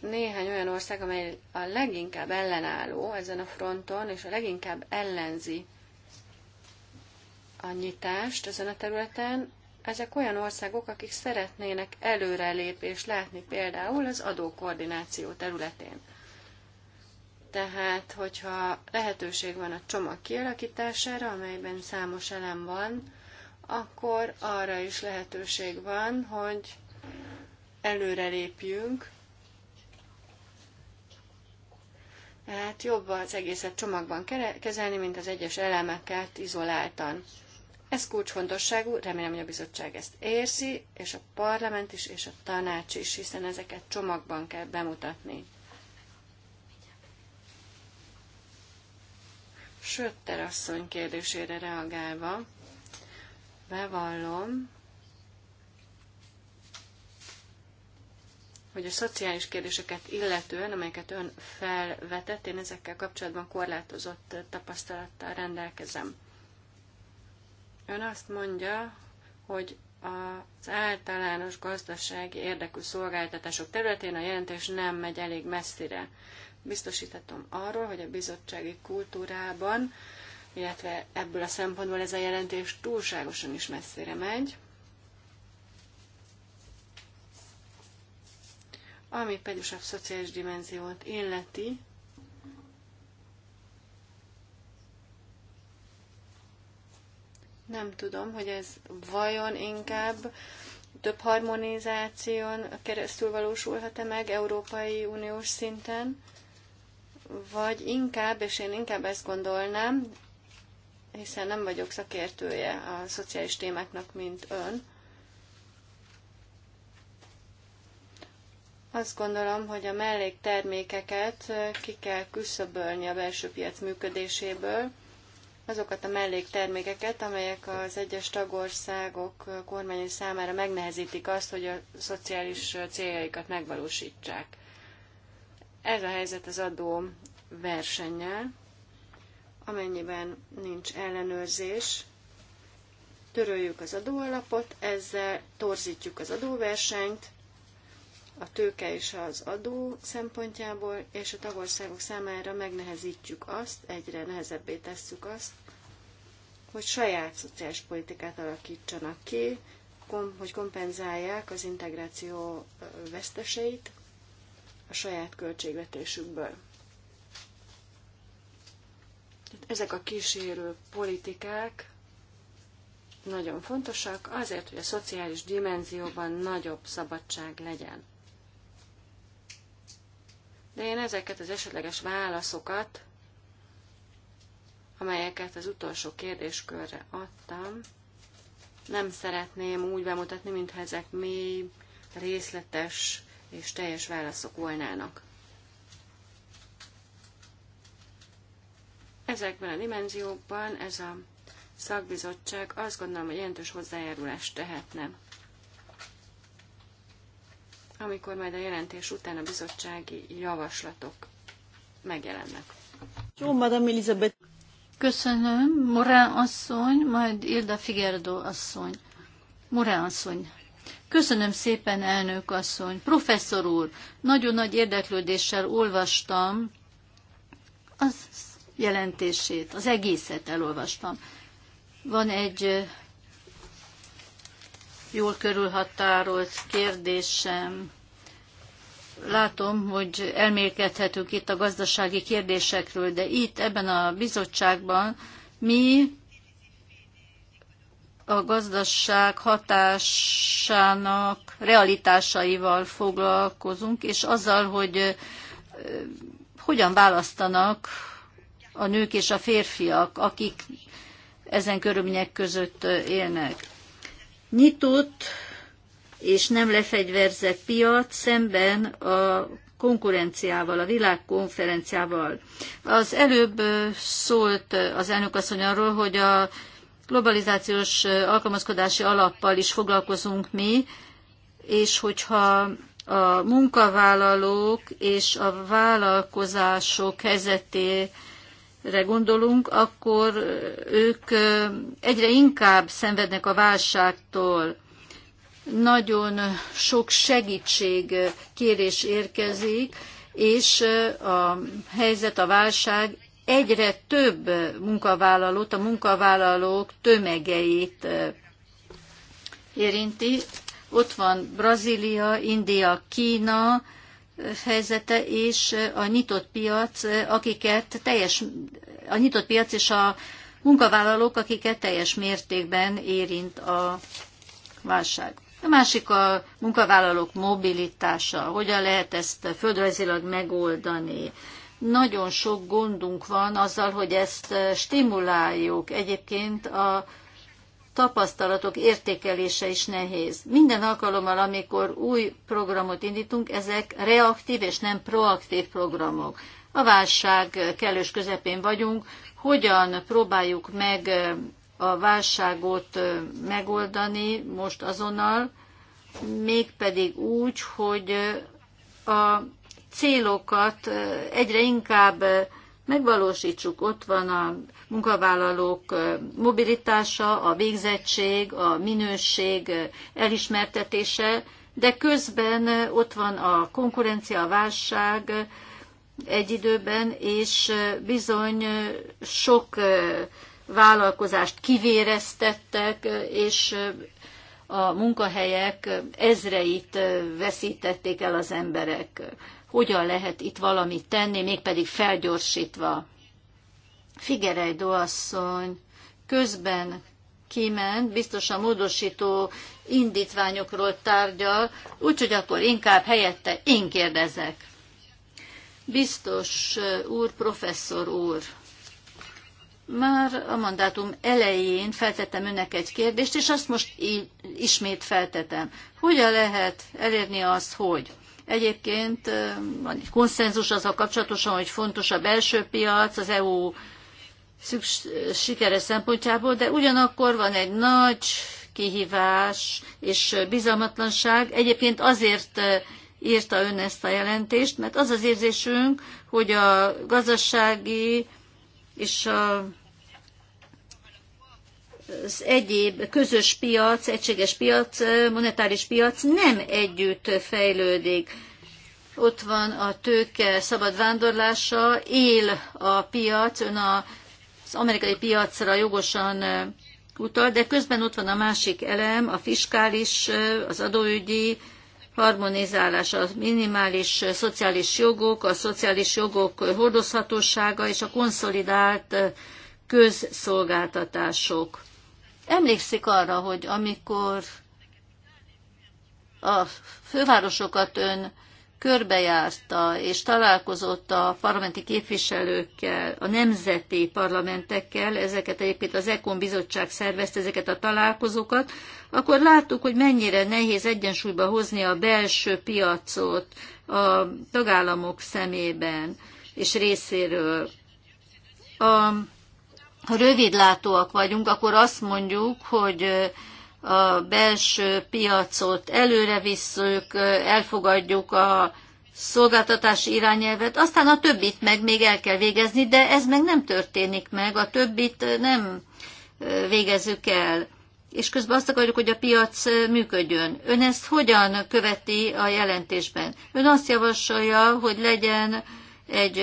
néhány olyan ország, amely a leginkább ellenálló ezen a fronton, és a leginkább ellenzi a nyitást ezen a területen, ezek olyan országok, akik szeretnének előrelépést látni például az adókoordináció területén. Tehát, hogyha lehetőség van a csomag kialakítására, amelyben számos elem van, akkor arra is lehetőség van, hogy előrelépjünk. Tehát jobb az egészet csomagban kezelni, mint az egyes elemeket izoláltan. Ez kulcsfontosságú, remélem, hogy a bizottság ezt érzi, és a parlament is, és a tanács is, hiszen ezeket csomagban kell bemutatni. Sötter asszony kérdésére reagálva, bevallom, hogy a szociális kérdéseket illetően, amelyeket ön felvetett, én ezekkel kapcsolatban korlátozott tapasztalattal rendelkezem. Ön azt mondja, hogy az általános gazdasági érdekű szolgáltatások területén a jelentés nem megy elég messzire biztosítatom arról, hogy a bizottsági kultúrában, illetve ebből a szempontból ez a jelentés túlságosan is messzire megy, ami pedig a szociális dimenziót illeti, nem tudom, hogy ez vajon inkább több harmonizáción keresztül valósulhat-e meg Európai Uniós szinten, vagy inkább, és én inkább ezt gondolnám, hiszen nem vagyok szakértője a szociális témáknak, mint ön, Azt gondolom, hogy a melléktermékeket eh, ki kell küszöbölni a belső piac működéséből, azokat a melléktermékeket, amelyek az egyes tagországok eh, kormányai számára megnehezítik azt, hogy a szociális eh, céljaikat megvalósítsák. Ez a helyzet az adó versennyel, amennyiben nincs ellenőrzés, töröljük az adóalapot, ezzel torzítjuk az adóversenyt, a tőke és az adó szempontjából, és a tagországok számára megnehezítjük azt, egyre nehezebbé tesszük azt, hogy saját szociális politikát alakítsanak ki, hogy kompenzálják az integráció veszteseit, a saját költségvetésükből. Tehát ezek a kísérő politikák nagyon fontosak azért, hogy a szociális dimenzióban nagyobb szabadság legyen. De én ezeket az esetleges válaszokat, amelyeket az utolsó kérdéskörre adtam, nem szeretném úgy bemutatni, mintha ezek mély, részletes és teljes válaszok volnának. Ezekben a dimenziókban ez a szakbizottság azt gondolom, hogy jelentős hozzájárulást tehetne. Amikor majd a jelentés után a bizottsági javaslatok megjelennek. Jó, Madame Elizabeth. Köszönöm, Morán asszony, majd Ilda Figerdo asszony. Morán asszony, Köszönöm szépen, elnök asszony. Professzor úr, nagyon nagy érdeklődéssel olvastam az jelentését, az egészet elolvastam. Van egy jól körülhatárolt kérdésem. Látom, hogy elmélkedhetünk itt a gazdasági kérdésekről, de itt ebben a bizottságban mi a gazdaság hatásának realitásaival foglalkozunk, és azzal, hogy hogyan választanak a nők és a férfiak, akik ezen körülmények között élnek. Nyitott és nem lefegyverzett piac szemben a konkurenciával, a világkonferenciával. Az előbb szólt az elnök asszony arról, hogy a globalizációs alkalmazkodási alappal is foglalkozunk mi, és hogyha a munkavállalók és a vállalkozások helyzetére gondolunk, akkor ők egyre inkább szenvednek a válságtól. Nagyon sok segítség kérés érkezik, és a helyzet, a válság egyre több munkavállalót, a munkavállalók tömegeit érinti. Ott van Brazília, India, Kína helyzete és a nyitott piac, akiket teljes, a nyitott piac és a munkavállalók, akiket teljes mértékben érint a válság. A másik a munkavállalók mobilitása. Hogyan lehet ezt földrajzilag megoldani? Nagyon sok gondunk van azzal, hogy ezt eh, stimuláljuk. Egyébként a tapasztalatok értékelése is nehéz. Minden alkalommal, amikor új programot indítunk, ezek reaktív és nem proaktív programok. A válság kellős közepén vagyunk, hogyan próbáljuk meg eh, a válságot eh, megoldani most azonnal, mégpedig úgy, hogy a célokat egyre inkább megvalósítsuk. Ott van a munkavállalók mobilitása, a végzettség, a minőség elismertetése, de közben ott van a konkurencia, a válság egy időben, és bizony sok vállalkozást kivéreztettek, és a munkahelyek ezreit veszítették el az emberek hogyan lehet itt valamit tenni, mégpedig felgyorsítva. Figerejdo doasszony, közben kiment, biztos a módosító indítványokról tárgyal, úgyhogy akkor inkább helyette én kérdezek. Biztos úr, professzor úr, már a mandátum elején feltettem önnek egy kérdést, és azt most ismét feltetem. Hogyan lehet elérni azt, hogy Egyébként van egy konszenzus azzal kapcsolatosan, hogy fontos a belső piac, az EU szüks- sikere szempontjából, de ugyanakkor van egy nagy kihívás és bizalmatlanság. Egyébként azért írta ön ezt a jelentést, mert az az érzésünk, hogy a gazdasági és a az egyéb közös piac, egységes piac, monetáris piac nem együtt fejlődik. Ott van a tőke szabad vándorlása, él a piac, ön a, az amerikai piacra jogosan utal, de közben ott van a másik elem, a fiskális, az adóügyi harmonizálás, a minimális szociális jogok, a szociális jogok hordozhatósága és a konszolidált közszolgáltatások. Emlékszik arra, hogy amikor a fővárosokat ön körbejárta és találkozott a parlamenti képviselőkkel, a nemzeti parlamentekkel, ezeket egyébként az EKON bizottság szervezte ezeket a találkozókat, akkor láttuk, hogy mennyire nehéz egyensúlyba hozni a belső piacot a tagállamok szemében és részéről. A rövidlátóak vagyunk, akkor azt mondjuk, hogy a belső piacot előre visszük, elfogadjuk a szolgáltatási irányelvet, aztán a többit meg még el kell végezni, de ez meg nem történik meg, a többit nem végezzük el. És közben azt akarjuk, hogy a piac működjön. Ön ezt hogyan követi a jelentésben? Ön azt javasolja, hogy legyen egy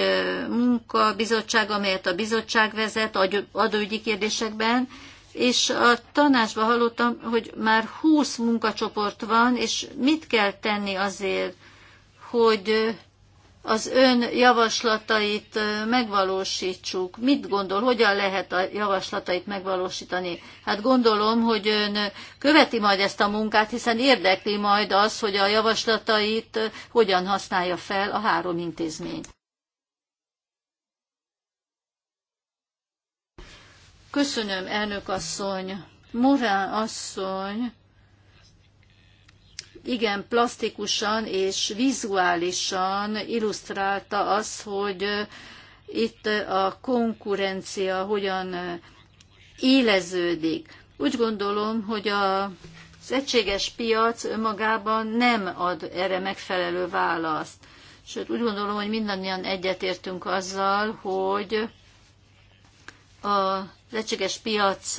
munkabizottság, amelyet a bizottság vezet adóügyi kérdésekben, és a tanácsban hallottam, hogy már 20 munkacsoport van, és mit kell tenni azért, hogy az ön javaslatait megvalósítsuk. Mit gondol, hogyan lehet a javaslatait megvalósítani? Hát gondolom, hogy ön követi majd ezt a munkát, hiszen érdekli majd az, hogy a javaslatait hogyan használja fel a három intézmény. Köszönöm, elnök asszony. Morán asszony igen plastikusan és vizuálisan illusztrálta azt, hogy itt a konkurencia hogyan éleződik. Úgy gondolom, hogy a az egységes piac önmagában nem ad erre megfelelő választ. Sőt, úgy gondolom, hogy mindannyian egyetértünk azzal, hogy a lehetséges piac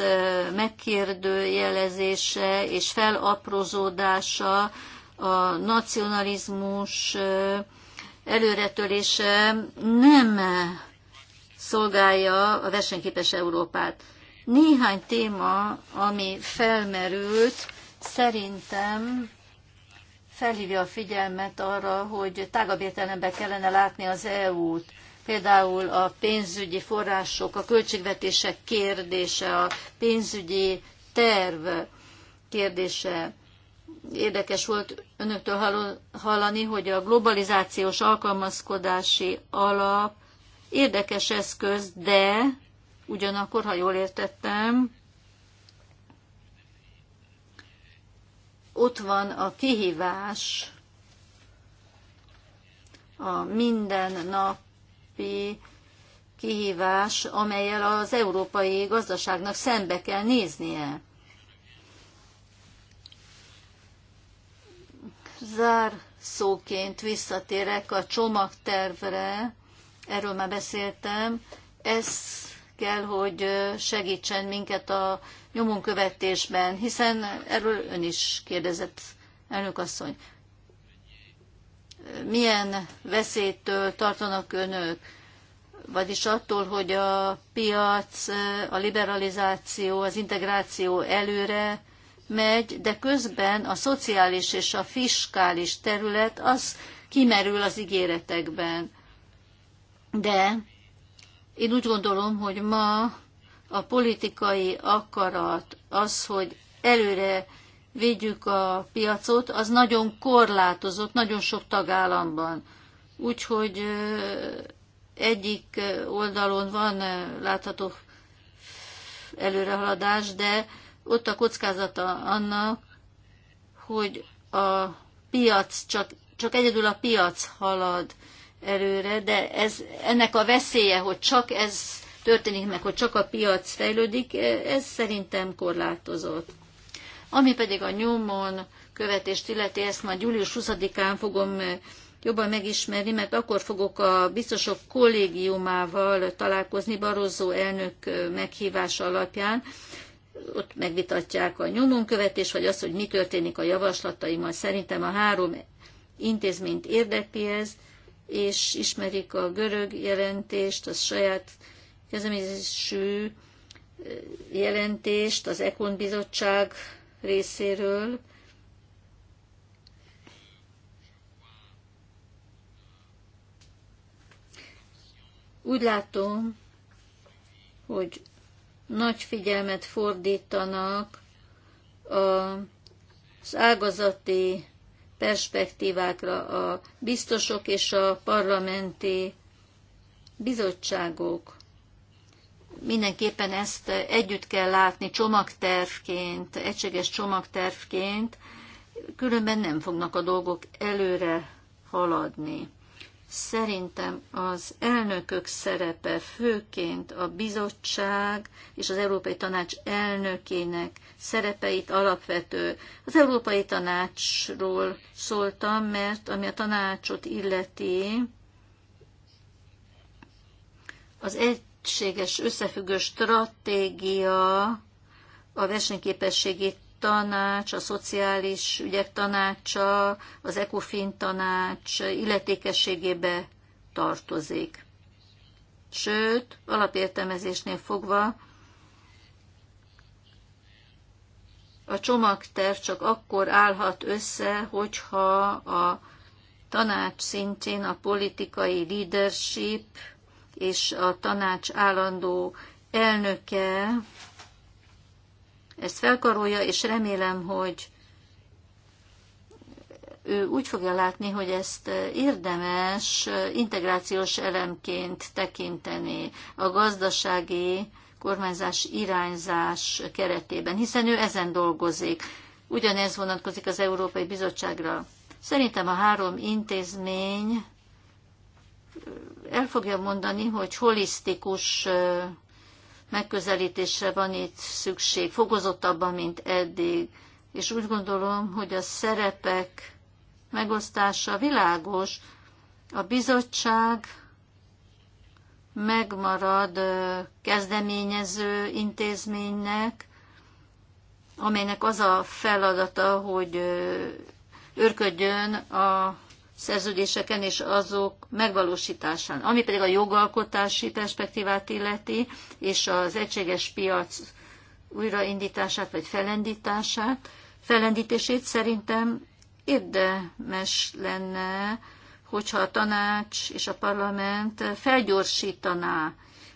megkérdőjelezése és felaprózódása, a nacionalizmus előretörése nem szolgálja a versenyképes Európát. Néhány téma, ami felmerült, szerintem felhívja a figyelmet arra, hogy tágabb értelemben kellene látni az EU-t például a pénzügyi források, a költségvetések kérdése, a pénzügyi terv kérdése. Érdekes volt önöktől hallani, hogy a globalizációs alkalmazkodási alap érdekes eszköz, de ugyanakkor, ha jól értettem, ott van a kihívás, a minden nap kihívás, amelyel az európai gazdaságnak szembe kell néznie. Zár szóként visszatérek a csomagtervre, erről már beszéltem, ez kell, hogy segítsen minket a nyomon követésben, hiszen erről ön is kérdezett, elnök asszony milyen veszélytől tartanak önök, vagyis attól, hogy a piac, a liberalizáció, az integráció előre megy, de közben a szociális és a fiskális terület az kimerül az ígéretekben. De én úgy gondolom, hogy ma a politikai akarat, az, hogy előre védjük a piacot, az nagyon korlátozott, nagyon sok tagállamban. Úgyhogy egyik oldalon van látható előrehaladás, de ott a kockázata annak, hogy a piac csak, csak egyedül a piac halad előre, de ez, ennek a veszélye, hogy csak ez történik meg, hogy csak a piac fejlődik, ez szerintem korlátozott. Ami pedig a nyomon követést illeti, ezt majd július 20-án fogom eh, jobban megismerni, mert akkor fogok a biztosok kollégiumával találkozni Barozó elnök eh, meghívása alapján. Ott megvitatják a nyomonkövetés, vagy az, hogy mi történik a javaslataimmal. Szerintem a három intézményt érdekli ez, és ismerik a görög jelentést, a saját kezdeményezésű eh, jelentést, az Ekon bizottság részéről. Úgy látom, hogy nagy figyelmet fordítanak az ágazati perspektívákra a biztosok és a parlamenti bizottságok mindenképpen ezt együtt kell látni csomagtervként, egységes csomagtervként, különben nem fognak a dolgok előre haladni. Szerintem az elnökök szerepe főként a bizottság és az Európai Tanács elnökének szerepeit alapvető. Az Európai Tanácsról szóltam, mert ami a tanácsot illeti, az egy egységes összefüggő stratégia a versenyképességi tanács, a szociális ügyek tanácsa, az ECOFIN tanács illetékességébe tartozik. Sőt, alapértelmezésnél fogva a csomagterv csak akkor állhat össze, hogyha a tanács szintjén a politikai leadership és a tanács állandó elnöke ezt felkarolja, és remélem, hogy ő úgy fogja látni, hogy ezt érdemes integrációs elemként tekinteni a gazdasági kormányzás irányzás keretében, hiszen ő ezen dolgozik. Ugyanez vonatkozik az Európai Bizottságra. Szerintem a három intézmény el fogja mondani, hogy holisztikus megközelítésre van itt szükség, fokozottabban, mint eddig. És úgy gondolom, hogy a szerepek megosztása világos. A bizottság megmarad kezdeményező intézménynek, amelynek az a feladata, hogy őrködjön a szerződéseken és azok megvalósításán. Ami pedig a jogalkotási perspektívát illeti, és az egységes piac újraindítását vagy felendítását, felendítését szerintem érdemes lenne, hogyha a tanács és a parlament felgyorsítaná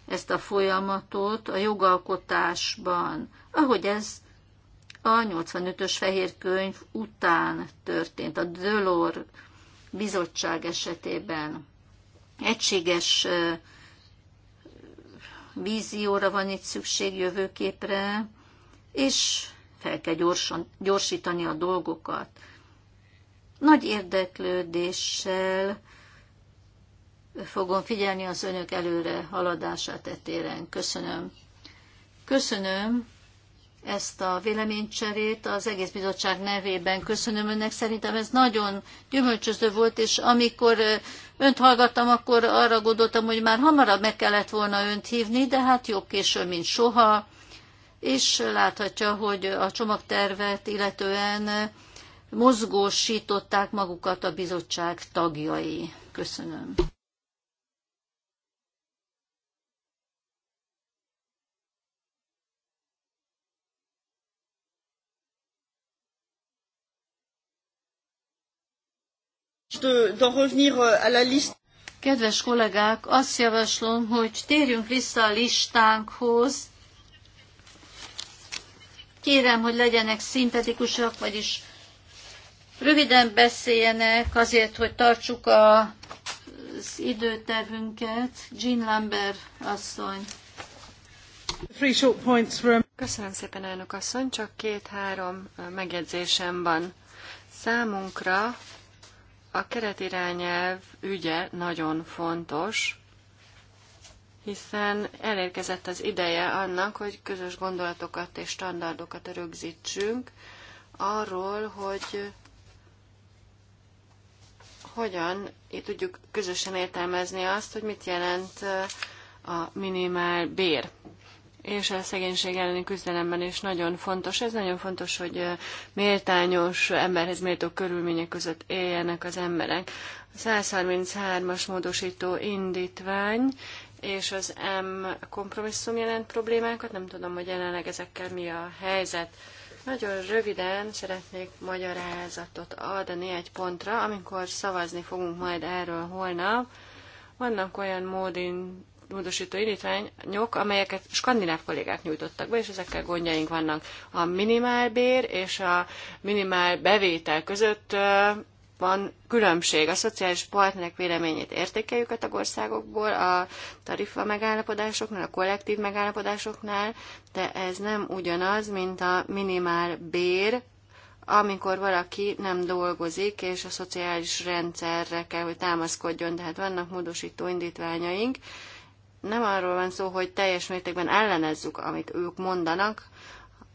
ezt a folyamatot a jogalkotásban, ahogy ez a 85-ös fehér könyv után történt, a Delors bizottság esetében. Egységes vízióra van itt szükség jövőképre, és fel kell gyorsan, gyorsítani a dolgokat. Nagy érdeklődéssel fogom figyelni az önök előre haladását etéren. Köszönöm. Köszönöm ezt a véleménycserét az egész bizottság nevében köszönöm önnek. Szerintem ez nagyon gyümölcsöző volt, és amikor önt hallgattam, akkor arra gondoltam, hogy már hamarabb meg kellett volna önt hívni, de hát jobb késő, mint soha. És láthatja, hogy a csomagtervet illetően mozgósították magukat a bizottság tagjai. Köszönöm. Euh, Kedves kollégák, azt javaslom, hogy térjünk vissza a listánkhoz. Kérem, hogy legyenek szintetikusak, vagyis röviden beszéljenek azért, hogy tartsuk a, az időtervünket. Jean Lambert asszony. Köszönöm szépen, elnök asszony, csak két-három megjegyzésem van. Számunkra a keretirányelv ügye nagyon fontos, hiszen elérkezett az ideje annak, hogy közös gondolatokat és standardokat rögzítsünk arról, hogy hogyan így tudjuk közösen értelmezni azt, hogy mit jelent a minimál bér és a szegénység elleni küzdelemben is nagyon fontos. Ez nagyon fontos, hogy méltányos, emberhez méltó körülmények között éljenek az emberek. A 133-as módosító indítvány és az M kompromisszum jelent problémákat. Nem tudom, hogy jelenleg ezekkel mi a helyzet. Nagyon röviden szeretnék magyarázatot adni egy pontra, amikor szavazni fogunk majd erről holnap. Vannak olyan módin, módosító indítványok, amelyeket skandináv kollégák nyújtottak be, és ezekkel gondjaink vannak. A minimálbér és a minimál bevétel között van különbség. A szociális partnerek véleményét értékeljük a tagországokból, a tarifa megállapodásoknál, a kollektív megállapodásoknál, de ez nem ugyanaz, mint a minimál bér, amikor valaki nem dolgozik, és a szociális rendszerre kell, hogy támaszkodjon. Tehát vannak módosító indítványaink, nem arról van szó, hogy teljes mértékben ellenezzük, amit ők mondanak,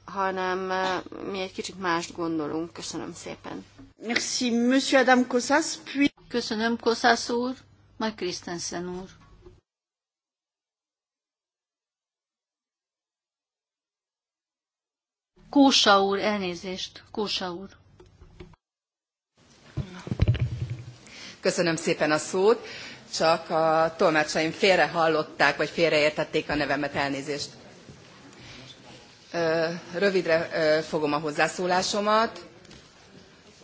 hanem eh, mi egy kicsit mást gondolunk. Köszönöm szépen. Merci, Monsieur Adam Kossas, puis... Köszönöm, Kossas úr, majd Krisztensen úr. Kósa úr, elnézést, Kósa úr. Köszönöm szépen a szót csak a tolmácsaim félrehallották, vagy félreértették a nevemet, elnézést. Rövidre fogom a hozzászólásomat.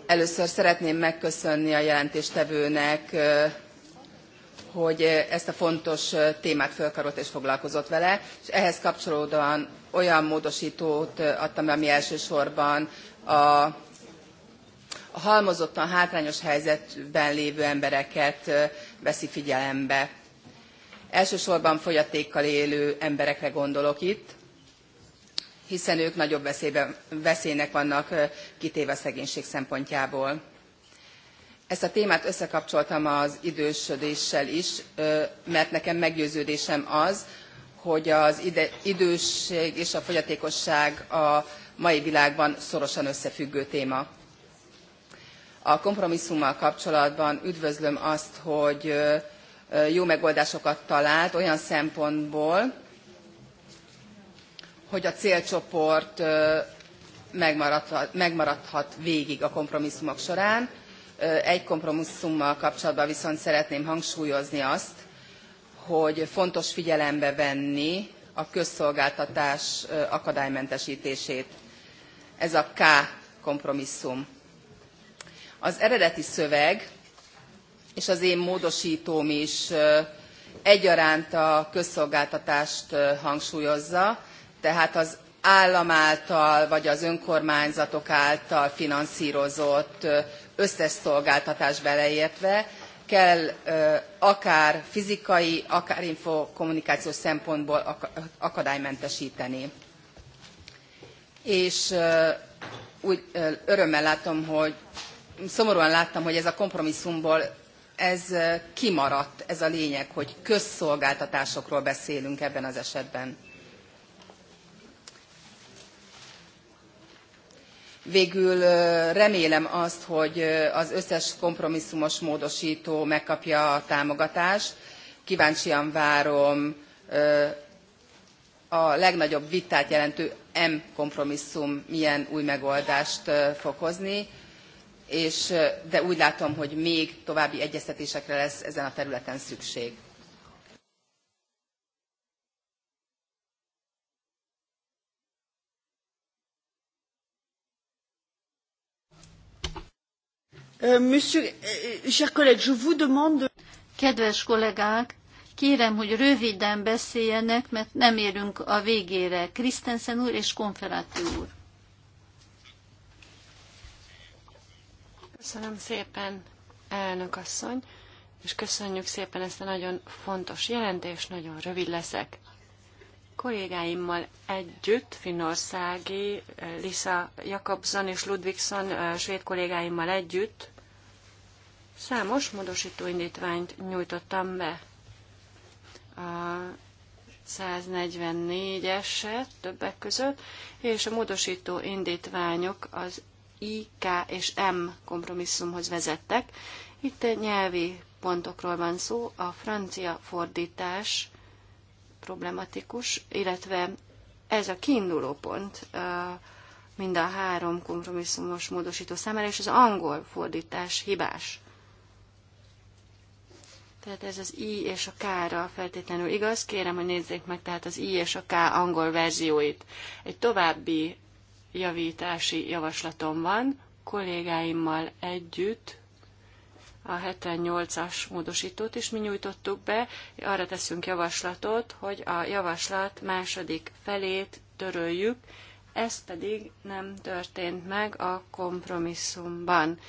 Először szeretném megköszönni a jelentéstevőnek, hogy ezt a fontos témát fölkarolt és foglalkozott vele, és ehhez kapcsolódóan olyan módosítót adtam, ami elsősorban a halmozottan hátrányos helyzetben lévő embereket veszi figyelembe. Elsősorban fogyatékkal élő emberekre gondolok itt, hiszen ők nagyobb veszélynek vannak kitéve a szegénység szempontjából. Ezt a témát összekapcsoltam az idősödéssel is, mert nekem meggyőződésem az, hogy az ide, idősség és a fogyatékosság a mai világban szorosan összefüggő téma. A kompromisszummal kapcsolatban üdvözlöm azt, hogy jó megoldásokat talált olyan szempontból, hogy a célcsoport megmaradhat, végig a kompromisszumok során. Egy kompromisszummal kapcsolatban viszont szeretném hangsúlyozni azt, hogy fontos figyelembe venni a közszolgáltatás akadálymentesítését. Ez a K kompromisszum. Az eredeti szöveg és az én módosítóm is egyaránt a közszolgáltatást hangsúlyozza, tehát az állam által vagy az önkormányzatok által finanszírozott összes szolgáltatás beleértve kell akár fizikai, akár infokommunikációs szempontból akadálymentesíteni. És úgy örömmel látom, hogy szomorúan láttam, hogy ez a kompromisszumból ez kimaradt, ez a lényeg, hogy közszolgáltatásokról beszélünk ebben az esetben. Végül remélem azt, hogy az összes kompromisszumos módosító megkapja a támogatást. Kíváncsian várom a legnagyobb vitát jelentő M kompromisszum milyen új megoldást fog hozni és, de úgy látom, hogy még további egyeztetésekre lesz ezen a területen szükség. Euh, euh, Kedves kollégák, kérem, hogy röviden beszéljenek, mert nem érünk a végére. Krisztensen úr és Konferáti úr. Köszönöm szépen, elnök asszony, és köszönjük szépen ezt a nagyon fontos jelentést, nagyon rövid leszek. Kollégáimmal együtt, Finországi, eh, Lisa Jakobson és Ludvigson eh, svéd kollégáimmal együtt számos módosító indítványt nyújtottam be. A 144-eset többek között, és a módosító indítványok az I, K és M kompromisszumhoz vezettek. Itt nyelvi pontokról van szó, a francia fordítás problematikus, illetve ez a kiinduló pont mind a három kompromisszumos módosító számára, és az angol fordítás hibás. Tehát ez az I és a K-ra feltétlenül igaz. Kérem, hogy nézzék meg tehát az I és a K angol verzióit. Egy további javítási javaslatom van, kollégáimmal együtt a 78-as módosítót is mi nyújtottuk be, arra teszünk javaslatot, hogy a javaslat második felét töröljük, ez pedig nem történt meg a kompromisszumban.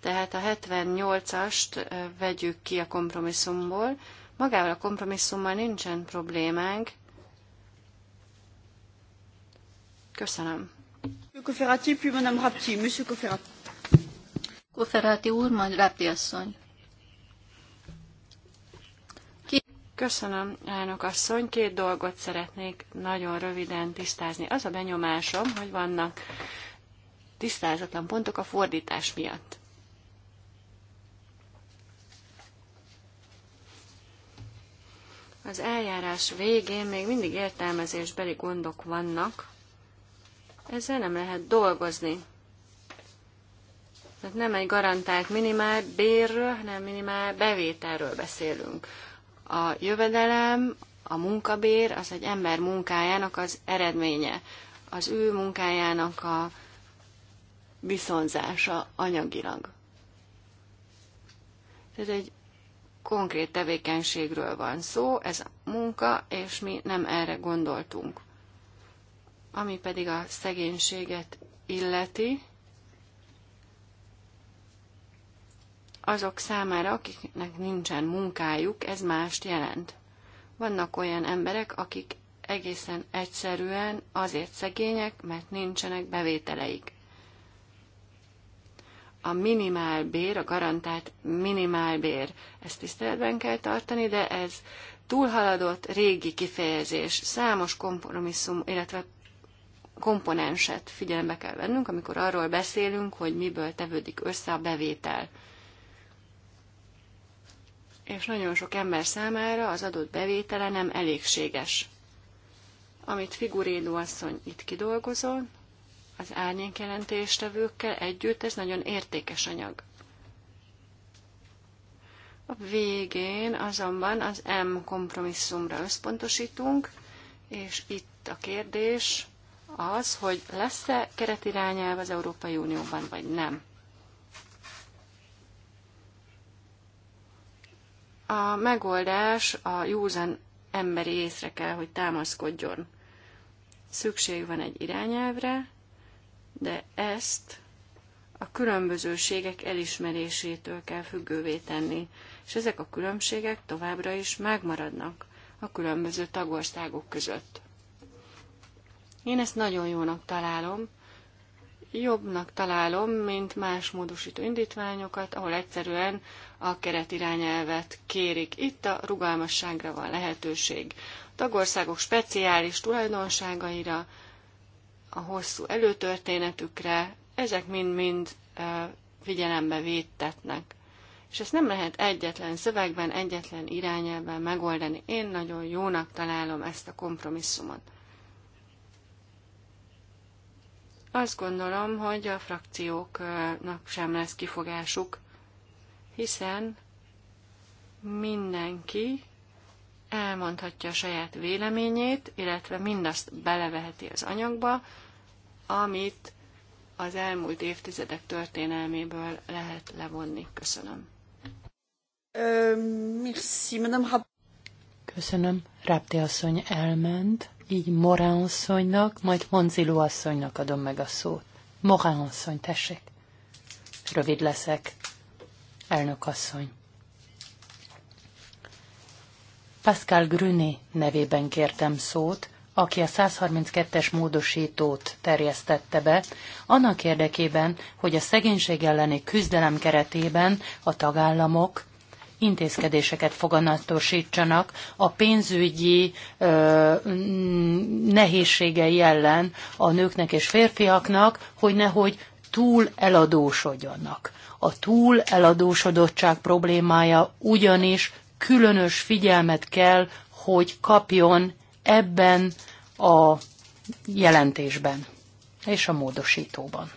Tehát a 78-ast vegyük ki a kompromisszumból, magával a kompromisszummal nincsen problémánk. Köszönöm. Koferati, puis Madame Rapti. Monsieur Koferati. Koferati úr, majd Rapti asszony. Köszönöm, elnök asszony. Két dolgot szeretnék nagyon röviden tisztázni. Az a benyomásom, hogy vannak tisztázatlan pontok a fordítás miatt. Az eljárás végén még mindig értelmezésbeli gondok vannak, ezzel nem lehet dolgozni. Tehát nem egy garantált minimál bérről, hanem minimál bevételről beszélünk. A jövedelem, a munkabér az egy ember munkájának az eredménye, az ő munkájának a viszonzása anyagilag. Tehát egy konkrét tevékenységről van szó, ez a munka, és mi nem erre gondoltunk. Ami pedig a szegénységet illeti, azok számára, akiknek nincsen munkájuk, ez mást jelent. Vannak olyan emberek, akik egészen egyszerűen azért szegények, mert nincsenek bevételeik. A minimálbér, a garantált minimálbér, ezt tiszteletben kell tartani, de ez túlhaladott régi kifejezés. Számos kompromisszum, illetve komponenset figyelembe kell vennünk, amikor arról beszélünk, hogy miből tevődik össze a bevétel. És nagyon sok ember számára az adott bevétele nem elégséges. Amit Figurédó asszony itt kidolgozol, az árnyék jelentéstevőkkel együtt, ez nagyon értékes anyag. A végén azonban az M kompromisszumra összpontosítunk, és itt a kérdés, az, hogy lesz-e keretirányelv az Európai Unióban, vagy nem. A megoldás a józan emberi észre kell, hogy támaszkodjon. Szükség van egy irányelvre, de ezt a különbözőségek elismerésétől kell függővé tenni, és ezek a különbségek továbbra is megmaradnak a különböző tagországok között. Én ezt nagyon jónak találom, jobbnak találom, mint más módosító indítványokat, ahol egyszerűen a keretirányelvet kérik. Itt a rugalmasságra van lehetőség. A tagországok speciális tulajdonságaira, a hosszú előtörténetükre, ezek mind-mind figyelembe védtetnek. És ezt nem lehet egyetlen szövegben, egyetlen irányelben megoldani. Én nagyon jónak találom ezt a kompromisszumot. Azt gondolom, hogy a frakcióknak sem lesz kifogásuk, hiszen mindenki elmondhatja a saját véleményét, illetve mindazt beleveheti az anyagba, amit az elmúlt évtizedek történelméből lehet levonni. Köszönöm. Köszönöm. Rápti asszony elment így Morán asszonynak, majd Monziló asszonynak adom meg a szót. Morán asszony, tessék. Rövid leszek, elnök asszony. Pascal Grüné nevében kértem szót, aki a 132-es módosítót terjesztette be, annak érdekében, hogy a szegénység elleni küzdelem keretében a tagállamok intézkedéseket foganatosítsanak a pénzügyi ö, nehézségei ellen a nőknek és férfiaknak, hogy nehogy túl eladósodjanak. A túl eladósodottság problémája ugyanis különös figyelmet kell, hogy kapjon ebben a jelentésben és a módosítóban.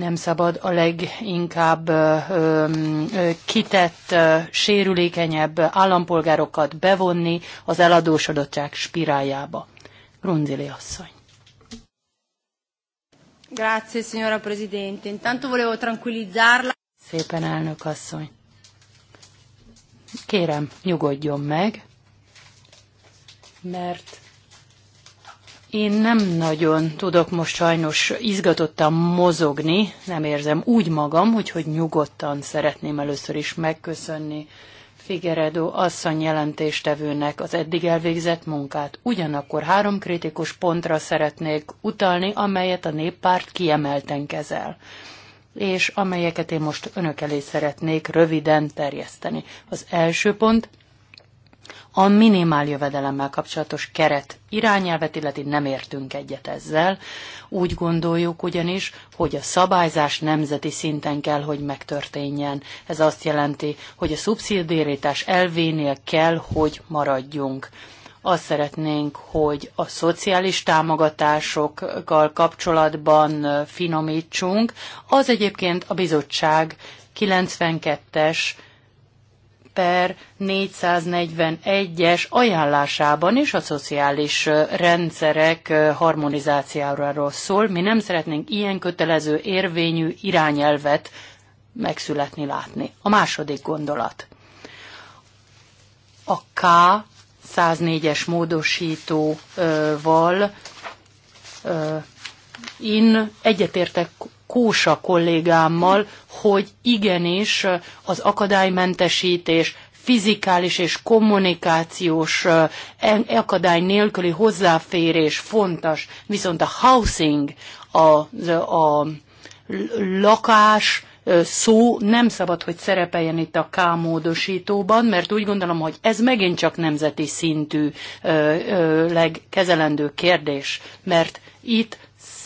nem szabad a leginkább ö, ö, kitett, ö, sérülékenyebb állampolgárokat bevonni az eladósodottság spiráljába. Grundzili asszony. Grazie, signora Presidente. Intanto volevo tranquillizzarla. Szépen elnök asszony. Kérem, nyugodjon meg, mert én nem nagyon tudok most sajnos izgatottan mozogni, nem érzem úgy magam, hogy hogy nyugodtan szeretném először is megköszönni Figueredo asszony jelentéstevőnek az eddig elvégzett munkát. Ugyanakkor három kritikus pontra szeretnék utalni, amelyet a néppárt kiemelten kezel és amelyeket én most önök elé szeretnék röviden terjeszteni. Az első pont a minimál jövedelemmel kapcsolatos keret irányelvet, illeti nem értünk egyet ezzel. Úgy gondoljuk ugyanis, hogy a szabályzás nemzeti szinten kell, hogy megtörténjen. Ez azt jelenti, hogy a szubszidiaritás elvénél kell, hogy maradjunk azt szeretnénk, hogy a szociális támogatásokkal kapcsolatban finomítsunk. Az egyébként a bizottság 92-es per 441-es ajánlásában is a szociális rendszerek harmonizációjáról szól. Mi nem szeretnénk ilyen kötelező érvényű irányelvet megszületni látni. A második gondolat. A K 104-es módosítóval in egyetértek Kósa kollégámmal, hogy igenis az akadálymentesítés fizikális és kommunikációs akadály nélküli hozzáférés fontos, viszont a housing, a, a lakás, szó nem szabad, hogy szerepeljen itt a K-módosítóban, mert úgy gondolom, hogy ez megint csak nemzeti szintű legkezelendő kérdés, mert itt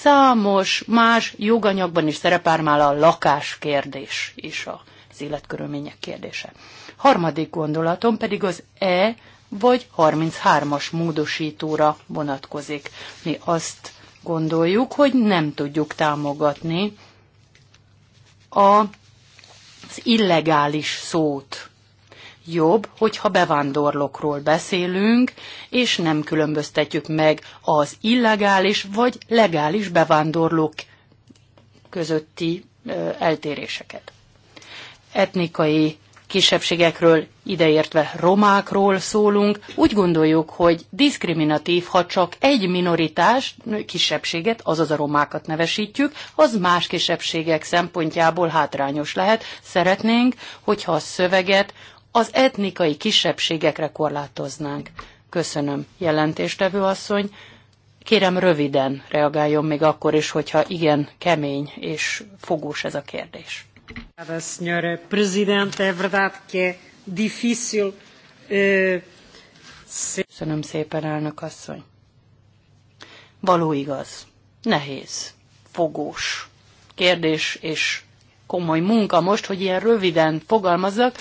Számos más joganyagban is szerepel már a lakáskérdés is az életkörülmények kérdése. Harmadik gondolatom pedig az E vagy 33-as módosítóra vonatkozik. Mi azt gondoljuk, hogy nem tudjuk támogatni a, az illegális szót jobb, hogyha bevándorlókról beszélünk, és nem különböztetjük meg az illegális vagy legális bevándorlók közötti eltéréseket. Etnikai kisebbségekről, ideértve romákról szólunk, úgy gondoljuk, hogy diszkriminatív, ha csak egy minoritás, kisebbséget, azaz a romákat nevesítjük, az más kisebbségek szempontjából hátrányos lehet. Szeretnénk, hogyha a szöveget az etnikai kisebbségekre korlátoznánk. Köszönöm, jelentéstevő asszony. Kérem röviden reagáljon még akkor is, hogyha igen kemény és fogós ez a kérdés. Senhora Presidente, é verdade que é difícil. Eh, Köszönöm szépen, elnök asszony. Való igaz. Nehéz, fogós kérdés és komoly munka most, hogy ilyen röviden fogalmazzak,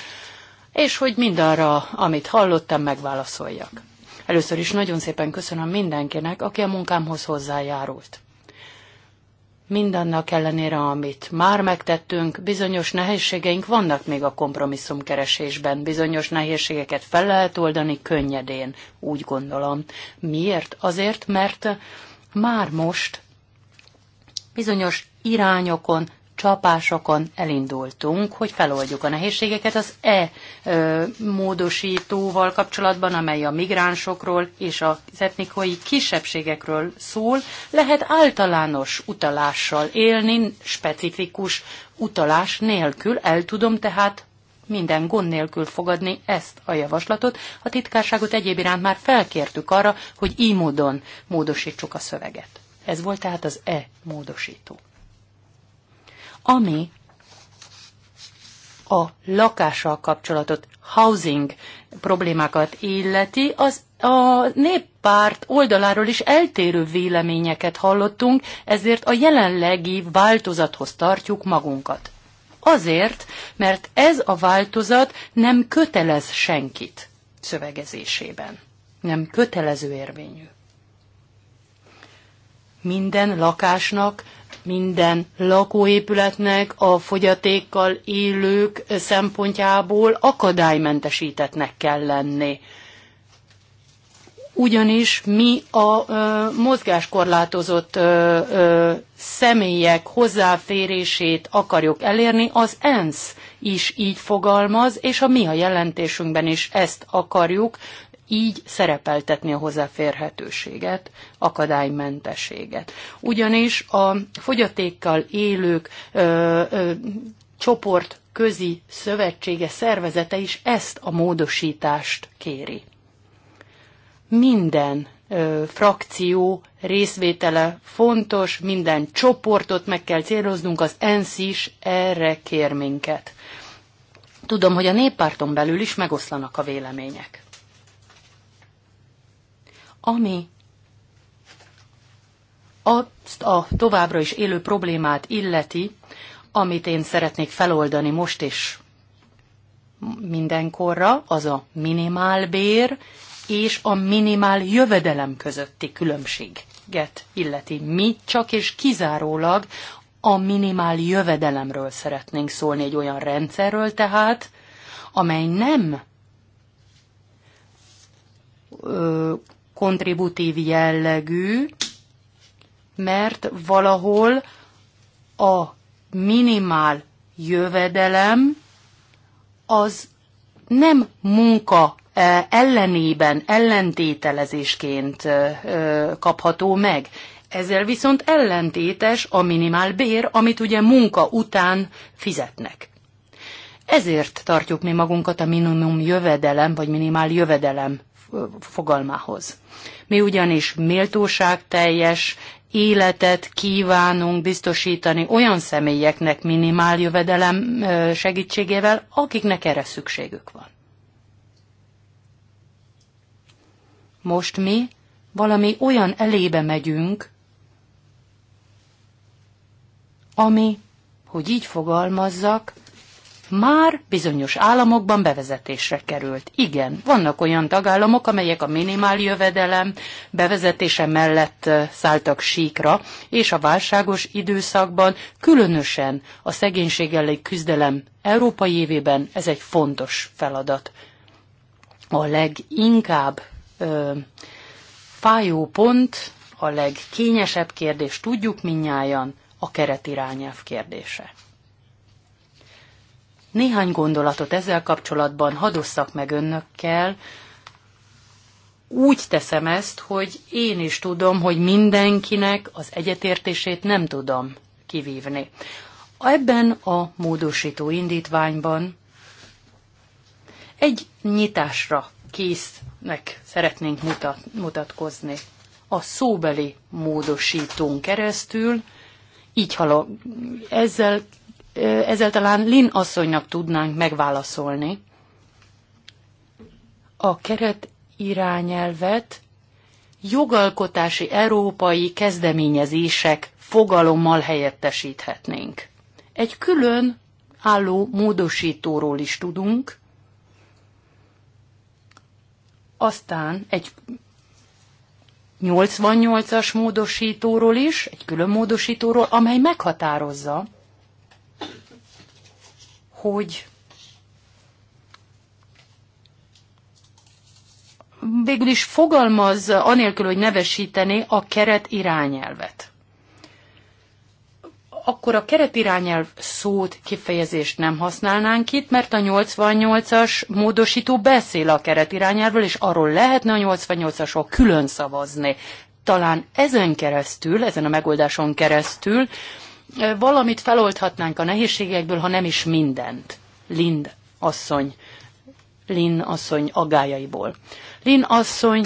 és hogy mindarra, amit hallottam, megválaszoljak. Először is nagyon szépen köszönöm mindenkinek, aki a munkámhoz hozzájárult. Mindannak ellenére, amit már megtettünk, bizonyos nehézségeink vannak még a kompromisszumkeresésben, bizonyos nehézségeket fel lehet oldani könnyedén, úgy gondolom. Miért? Azért, mert már most bizonyos irányokon csapásokon elindultunk, hogy feloldjuk a nehézségeket az E módosítóval kapcsolatban, amely a migránsokról és az etnikai kisebbségekről szól, lehet általános utalással élni, specifikus utalás nélkül, el tudom tehát minden gond nélkül fogadni ezt a javaslatot. A titkárságot egyéb iránt már felkértük arra, hogy így módon módosítsuk a szöveget. Ez volt tehát az E módosító ami a lakással kapcsolatot, housing problémákat illeti, az a néppárt oldaláról is eltérő véleményeket hallottunk, ezért a jelenlegi változathoz tartjuk magunkat. Azért, mert ez a változat nem kötelez senkit szövegezésében. Nem kötelező érvényű. Minden lakásnak minden lakóépületnek a fogyatékkal élők szempontjából akadálymentesítetnek kell lenni. Ugyanis mi a ö, mozgáskorlátozott ö, ö, személyek hozzáférését akarjuk elérni, az ENSZ is így fogalmaz, és a mi a jelentésünkben is ezt akarjuk, így szerepeltetni a hozzáférhetőséget, akadálymentességet. Ugyanis a fogyatékkal élők ö, ö, csoport közi szövetsége szervezete is ezt a módosítást kéri. Minden ö, frakció részvétele fontos, minden csoportot meg kell céloznunk, az ENSZ is erre kér minket. Tudom, hogy a néppárton belül is megoszlanak a vélemények. Ami azt a továbbra is élő problémát illeti, amit én szeretnék feloldani most is mindenkorra, az a bér és a minimál jövedelem közötti különbséget illeti. Mi csak és kizárólag a minimál jövedelemről szeretnénk szólni, egy olyan rendszerről tehát, amely nem kontributív jellegű, mert valahol a minimál jövedelem az nem munka e, ellenében, ellentételezésként e, e, kapható meg. Ezzel viszont ellentétes a minimál bér, amit ugye munka után fizetnek. Ezért tartjuk mi magunkat a minimum jövedelem, vagy minimál jövedelem fogalmához. Mi ugyanis méltóság teljes életet kívánunk biztosítani olyan személyeknek minimál jövedelem segítségével, akiknek erre szükségük van. Most mi valami olyan elébe megyünk, ami, hogy így fogalmazzak, már bizonyos államokban bevezetésre került. Igen, vannak olyan tagállamok, amelyek a minimál jövedelem bevezetése mellett szálltak síkra, és a válságos időszakban, különösen a szegénység elleni küzdelem európai évében ez egy fontos feladat. A leginkább ö, fájó pont, a legkényesebb kérdés, tudjuk minnyáján, a keretirányelv kérdése. Néhány gondolatot ezzel kapcsolatban hadosszak meg önökkel. Úgy teszem ezt, hogy én is tudom, hogy mindenkinek az egyetértését nem tudom kivívni. Ebben a módosító indítványban egy nyitásra késznek szeretnénk mutat, mutatkozni. A szóbeli módosítón keresztül, így halog, ezzel ezzel talán Lin asszonynak tudnánk megválaszolni. A keret irányelvet jogalkotási európai kezdeményezések fogalommal helyettesíthetnénk. Egy külön álló módosítóról is tudunk, aztán egy 88-as módosítóról is, egy külön módosítóról, amely meghatározza, hogy végül is fogalmaz, anélkül, hogy nevesítené a keret irányelvet. Akkor a keret irányelv szót, kifejezést nem használnánk itt, mert a 88-as módosító beszél a keret irányelvről, és arról lehetne a 88-asról külön szavazni. Talán ezen keresztül, ezen a megoldáson keresztül valamit feloldhatnánk a nehézségekből, ha nem is mindent. Lind asszony, Lin asszony agájaiból. Lin asszony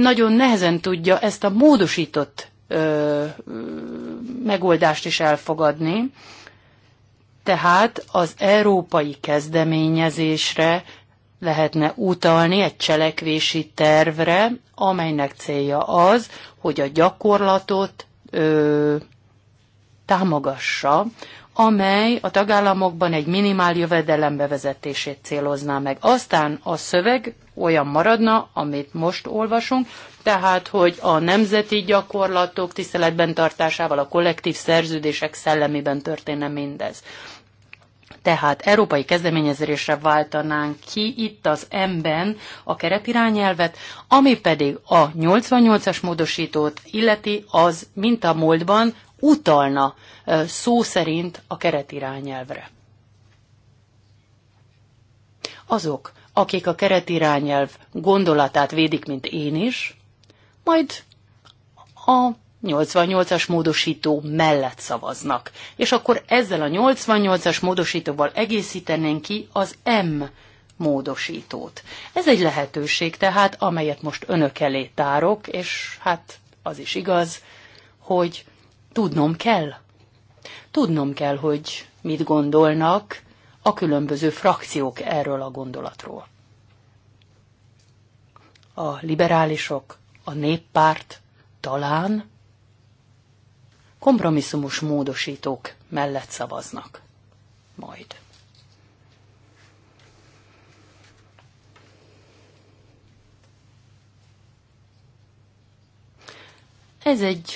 nagyon nehezen tudja ezt a módosított ö, megoldást is elfogadni, tehát az európai kezdeményezésre lehetne utalni egy cselekvési tervre, amelynek célja az, hogy a gyakorlatot ö, támogassa, amely a tagállamokban egy minimál jövedelem bevezetését célozná meg. Aztán a szöveg olyan maradna, amit most olvasunk, tehát, hogy a nemzeti gyakorlatok tiszteletben tartásával, a kollektív szerződések szellemében történne mindez. Tehát európai kezdeményezésre váltanánk ki itt az M-ben a keretirányelvet, ami pedig a 88-as módosítót illeti, az, mint a múltban, utalna szó szerint a keretirányelvre. Azok, akik a keretirányelv gondolatát védik, mint én is, majd a 88-as módosító mellett szavaznak. És akkor ezzel a 88-as módosítóval egészítenénk ki az M módosítót. Ez egy lehetőség tehát, amelyet most önök elé tárok, és hát az is igaz, hogy Tudnom kell. Tudnom kell, hogy mit gondolnak a különböző frakciók erről a gondolatról. A liberálisok, a néppárt talán kompromisszumos módosítók mellett szavaznak. Majd. Ez egy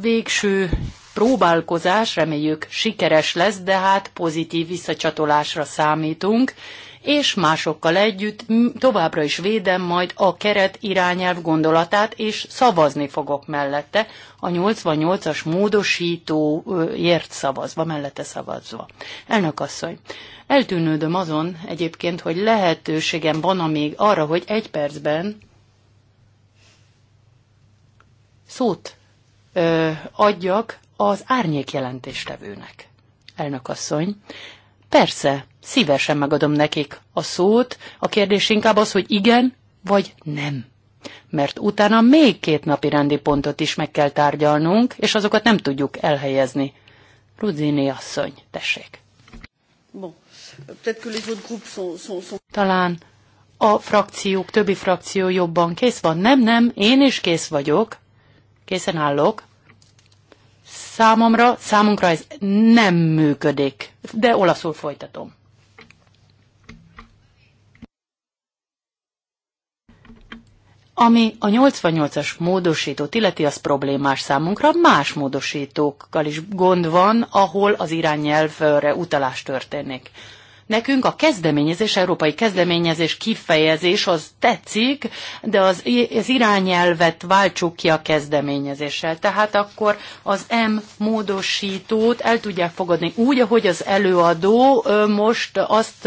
végső próbálkozás, reméljük sikeres lesz, de hát pozitív visszacsatolásra számítunk, és másokkal együtt továbbra is védem majd a keret irányelv gondolatát, és szavazni fogok mellette, a 88-as módosítóért szavazva, mellette szavazva. Elnök asszony, eltűnődöm azon egyébként, hogy lehetőségem van még arra, hogy egy percben szót ö, adjak az árnyék jelentéstevőnek. Elnök asszony, persze, szívesen megadom nekik a szót, a kérdés inkább az, hogy igen vagy nem. Mert utána még két napi rendi pontot is meg kell tárgyalnunk, és azokat nem tudjuk elhelyezni. Rudzini asszony, tessék. Talán a frakciók, többi frakció jobban kész van. Nem, nem, én is kész vagyok készen állok. Számomra, számunkra ez nem működik, de olaszul folytatom. Ami a 88-as módosítót illeti, az problémás számunkra, más módosítókkal is gond van, ahol az irányelvre utalás történik. Nekünk a kezdeményezés, európai kezdeményezés kifejezés az tetszik, de az, az irányelvet váltsuk ki a kezdeményezéssel. Tehát akkor az M módosítót el tudják fogadni úgy, ahogy az előadó most azt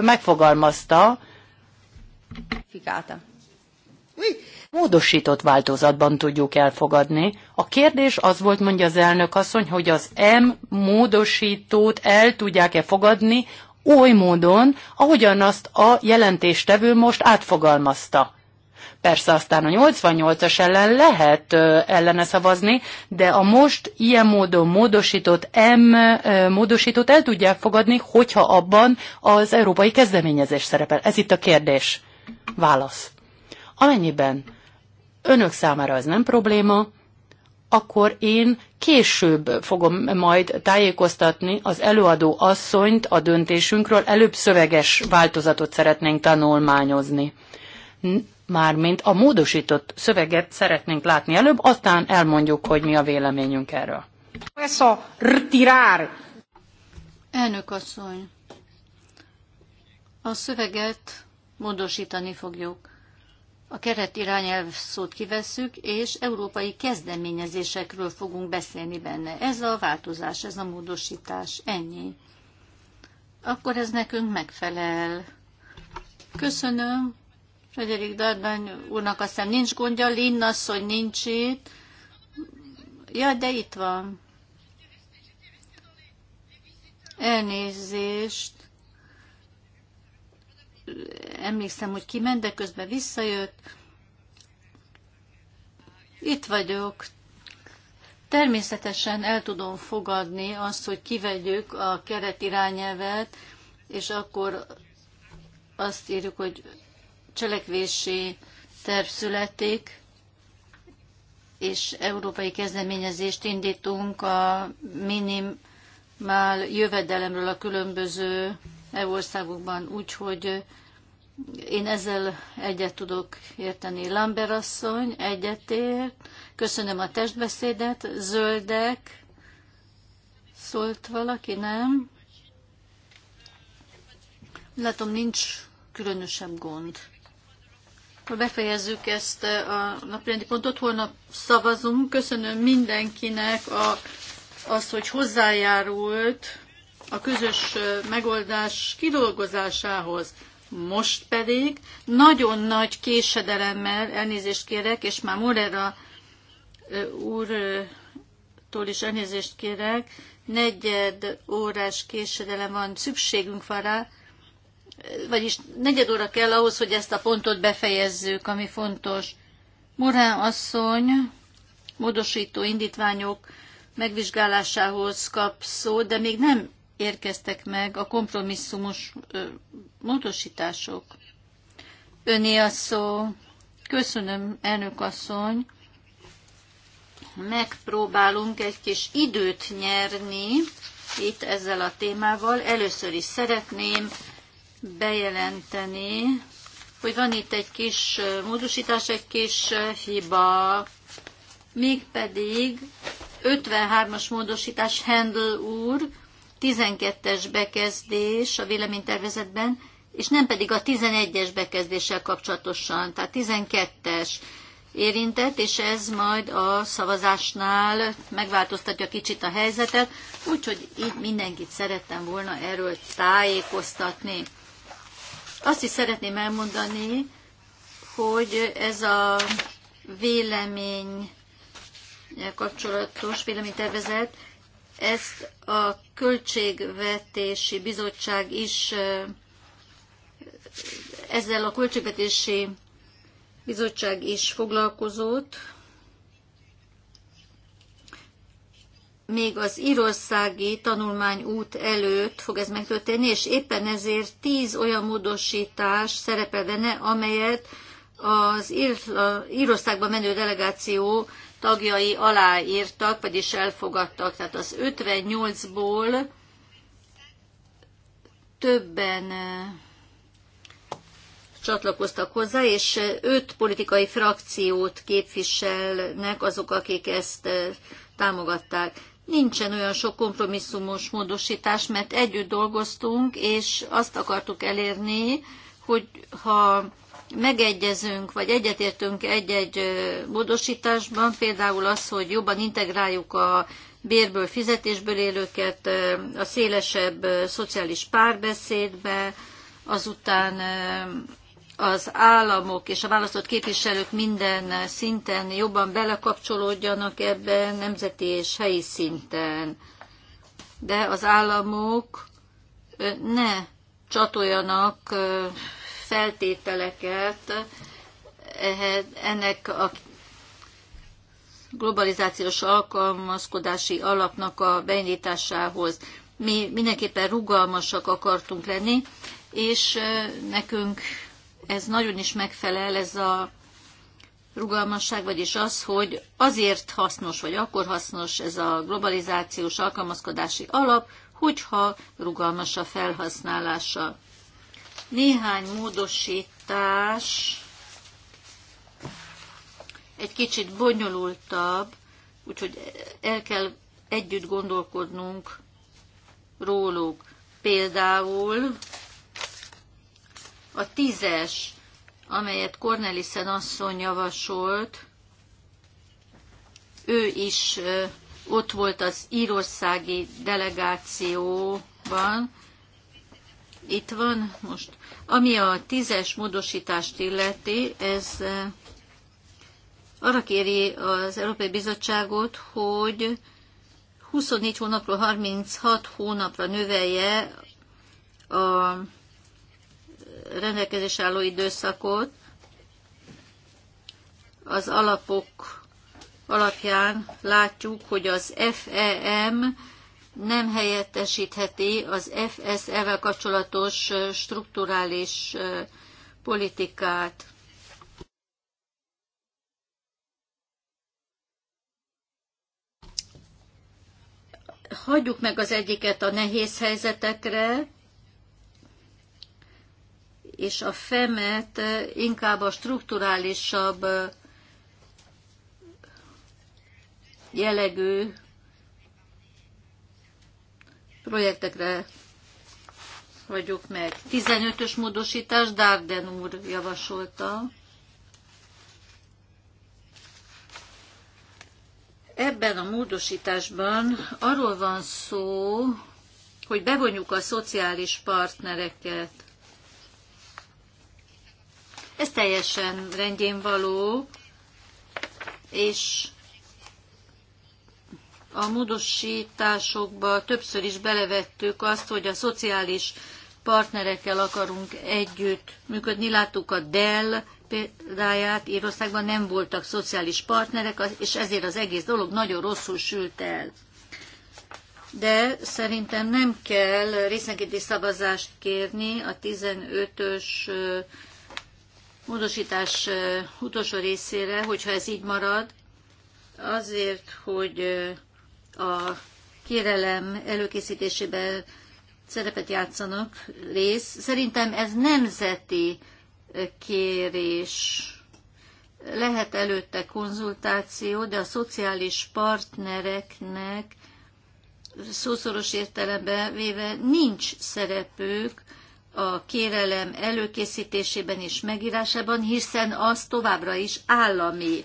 megfogalmazta. Fikáta. Módosított változatban tudjuk elfogadni. A kérdés az volt, mondja az elnök asszony, hogy az M módosítót el tudják-e fogadni oly módon, ahogyan azt a jelentéstevő most átfogalmazta. Persze aztán a 88-as ellen lehet ö, ellene szavazni, de a most ilyen módon módosított M ö, módosított el tudják fogadni, hogyha abban az európai kezdeményezés szerepel. Ez itt a kérdés. Válasz. Amennyiben önök számára ez nem probléma, akkor én később fogom majd tájékoztatni az előadó asszonyt a döntésünkről, előbb szöveges változatot szeretnénk tanulmányozni. Mármint a módosított szöveget szeretnénk látni előbb, aztán elmondjuk, hogy mi a véleményünk erről. Ez a rtirár. Elnök asszony, a szöveget módosítani fogjuk a keret irányelv szót kivesszük, és európai kezdeményezésekről fogunk beszélni benne. Ez a változás, ez a módosítás, ennyi. Akkor ez nekünk megfelel. Köszönöm. Frederik Dardány úrnak azt hiszem nincs gondja, Linn hogy nincs itt. Ja, de itt van. Elnézést emlékszem, hogy kiment, de közben visszajött. Itt vagyok. Természetesen el tudom fogadni azt, hogy kivegyük a irányelvet, és akkor azt írjuk, hogy cselekvési terv születik, és európai kezdeményezést indítunk a minimál jövedelemről a különböző EU országokban, úgyhogy én ezzel egyet tudok érteni. Lambert asszony, egyetért. Köszönöm a testbeszédet. Zöldek. Szólt valaki, nem? Látom, nincs különösebb gond. Ha befejezzük ezt a napirendi pontot, holnap szavazunk. Köszönöm mindenkinek a, az, hogy hozzájárult a közös megoldás kidolgozásához. Most pedig nagyon nagy késedelemmel, elnézést kérek, és már Morera úrtól is elnézést kérek, negyed órás késedelem van, szükségünk van rá, vagyis negyed óra kell ahhoz, hogy ezt a pontot befejezzük, ami fontos. Morán asszony módosító indítványok megvizsgálásához kap szó, de még nem érkeztek meg a kompromisszumos ö, módosítások. Öné a szó. Köszönöm, elnök asszony. Megpróbálunk egy kis időt nyerni itt ezzel a témával. Először is szeretném bejelenteni, hogy van itt egy kis módosítás, egy kis hiba, mégpedig 53-as módosítás Handel úr, 12-es bekezdés a véleménytervezetben, és nem pedig a 11-es bekezdéssel kapcsolatosan, tehát 12-es érintett, és ez majd a szavazásnál megváltoztatja kicsit a helyzetet, úgyhogy így mindenkit szerettem volna erről tájékoztatni. Azt is szeretném elmondani, hogy ez a vélemény kapcsolatos véleménytervezet ezt a Költségvetési Bizottság is ezzel a Költségvetési Bizottság is foglalkozott. Még az írországi tanulmány út előtt fog ez megtörténni, és éppen ezért tíz olyan módosítás szerepel benne, amelyet az írországban menő delegáció tagjai aláírtak, vagyis elfogadtak. Tehát az 58-ból többen csatlakoztak hozzá, és öt politikai frakciót képviselnek azok, akik ezt támogatták. Nincsen olyan sok kompromisszumos módosítás, mert együtt dolgoztunk, és azt akartuk elérni, hogy ha megegyezünk, vagy egyetértünk egy-egy módosításban, például az, hogy jobban integráljuk a bérből, fizetésből élőket a szélesebb szociális párbeszédbe, azután az államok és a választott képviselők minden szinten jobban belekapcsolódjanak ebbe, nemzeti és helyi szinten. De az államok ne csatoljanak feltételeket ennek a globalizációs alkalmazkodási alapnak a beindításához. Mi mindenképpen rugalmasak akartunk lenni, és nekünk ez nagyon is megfelel, ez a rugalmasság, vagyis az, hogy azért hasznos, vagy akkor hasznos ez a globalizációs alkalmazkodási alap, hogyha rugalmas a felhasználása. Néhány módosítás egy kicsit bonyolultabb, úgyhogy el kell együtt gondolkodnunk róluk. Például a tízes, amelyet Cornelissen asszony javasolt, ő is ott volt az írországi delegációban, itt van most. Ami a tízes módosítást illeti, ez eh, arra kéri az Európai Bizottságot, hogy 24 hónapról 36 hónapra növelje a rendelkezés álló időszakot az alapok alapján látjuk, hogy az FEM nem helyettesítheti az fsz vel kapcsolatos strukturális politikát. Hagyjuk meg az egyiket a nehéz helyzetekre, és a femet inkább a strukturálisabb jellegű projektekre vagyok meg. 15-ös módosítás Darden úr javasolta. Ebben a módosításban arról van szó, hogy bevonjuk a szociális partnereket. Ez teljesen rendjén való, és a módosításokba többször is belevettük azt, hogy a szociális partnerekkel akarunk együtt működni. Láttuk a Dell példáját, Írországban nem voltak szociális partnerek, és ezért az egész dolog nagyon rosszul sült el. De szerintem nem kell részenkéti szavazást kérni a 15-ös módosítás utolsó részére, hogyha ez így marad, azért, hogy a kérelem előkészítésében szerepet játszanak rész. Szerintem ez nemzeti kérés. Lehet előtte konzultáció, de a szociális partnereknek szószoros értelemben véve nincs szerepük a kérelem előkészítésében és megírásában, hiszen az továbbra is állami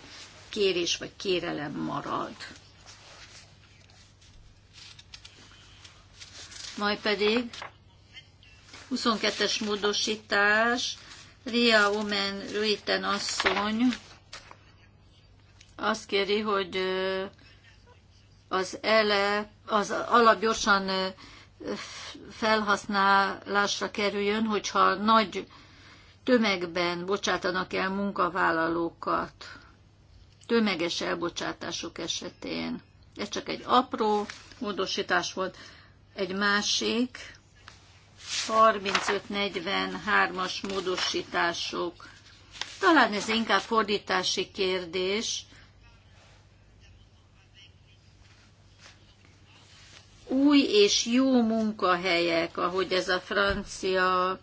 kérés vagy kérelem marad. majd pedig 22-es módosítás, Ria Omen Ruiten asszony azt kéri, hogy az, ele, az alap gyorsan felhasználásra kerüljön, hogyha nagy tömegben bocsátanak el munkavállalókat, tömeges elbocsátások esetén. Ez csak egy apró módosítás volt egy másik 35-43-as módosítások. Talán ez inkább fordítási kérdés. Új és jó munkahelyek, ahogy ez a francia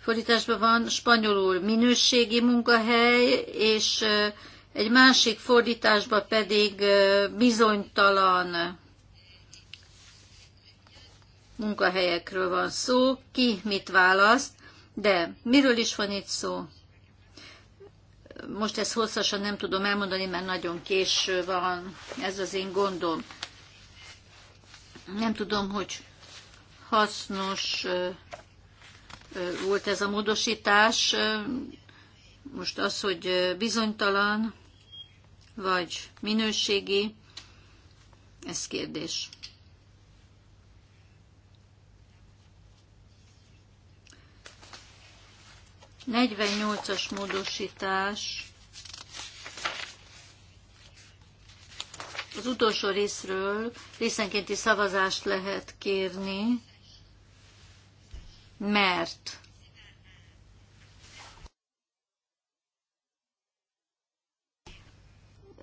fordításban van, spanyolul minőségi munkahely, és egy másik fordításban pedig bizonytalan munkahelyekről van szó, ki mit választ, de miről is van itt szó? Most ezt hosszasan nem tudom elmondani, mert nagyon késő van, ez az én gondom. Nem tudom, hogy hasznos volt ez a módosítás. Most az, hogy bizonytalan vagy minőségi, ez kérdés. 48-as módosítás az utolsó részről részenkénti szavazást lehet kérni, mert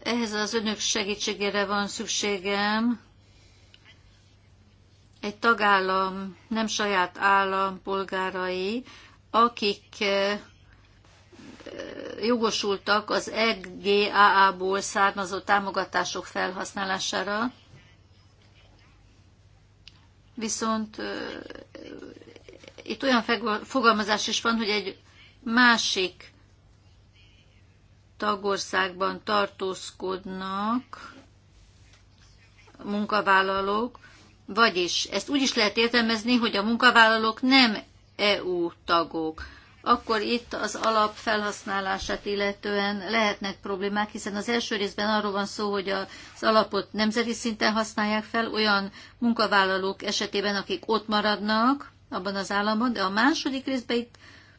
ehhez az önök segítségére van szükségem. Egy tagállam nem saját állampolgárai, akik eh, eh, jogosultak az EGAA-ból származó támogatások felhasználására, viszont eh, itt olyan fogalmazás is van, hogy egy másik tagországban tartózkodnak munkavállalók, vagyis ezt úgy is lehet értelmezni, hogy a munkavállalók nem EU tagok, akkor itt az alap felhasználását illetően lehetnek problémák, hiszen az első részben arról van szó, hogy az alapot nemzeti szinten használják fel olyan munkavállalók esetében, akik ott maradnak abban az államban, de a második részben itt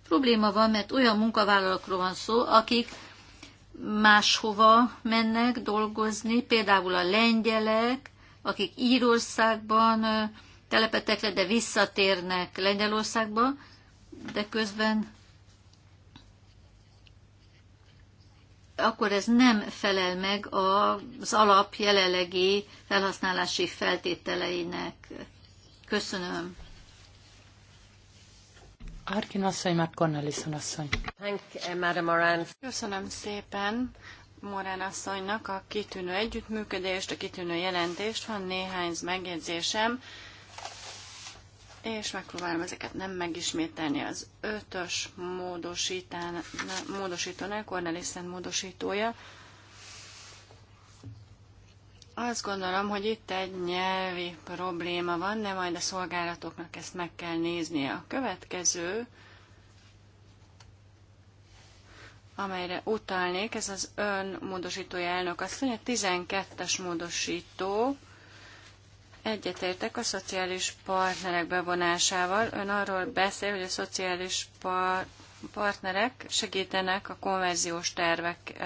probléma van, mert olyan munkavállalókról van szó, akik máshova mennek dolgozni, például a lengyelek, akik Írországban le, de visszatérnek Lengyelországba, de közben akkor ez nem felel meg az alap jelenlegi felhasználási feltételeinek. Köszönöm. Arkin asszony, már Cornelison asszony. Thank, eh, Madam Moran. Köszönöm szépen Morán asszonynak a kitűnő együttműködést, a kitűnő jelentést. Van néhány megjegyzésem és megpróbálom ezeket nem megismételni. Az ötös módosítónál, Cornelissen módosítója, azt gondolom, hogy itt egy nyelvi probléma van, de majd a szolgálatoknak ezt meg kell néznie. A következő, amelyre utalnék, ez az módosítója elnök azt mondja 12-es módosító, Egyetértek a szociális partnerek bevonásával. Ön arról beszél, hogy a szociális par- partnerek segítenek a konverziós tervek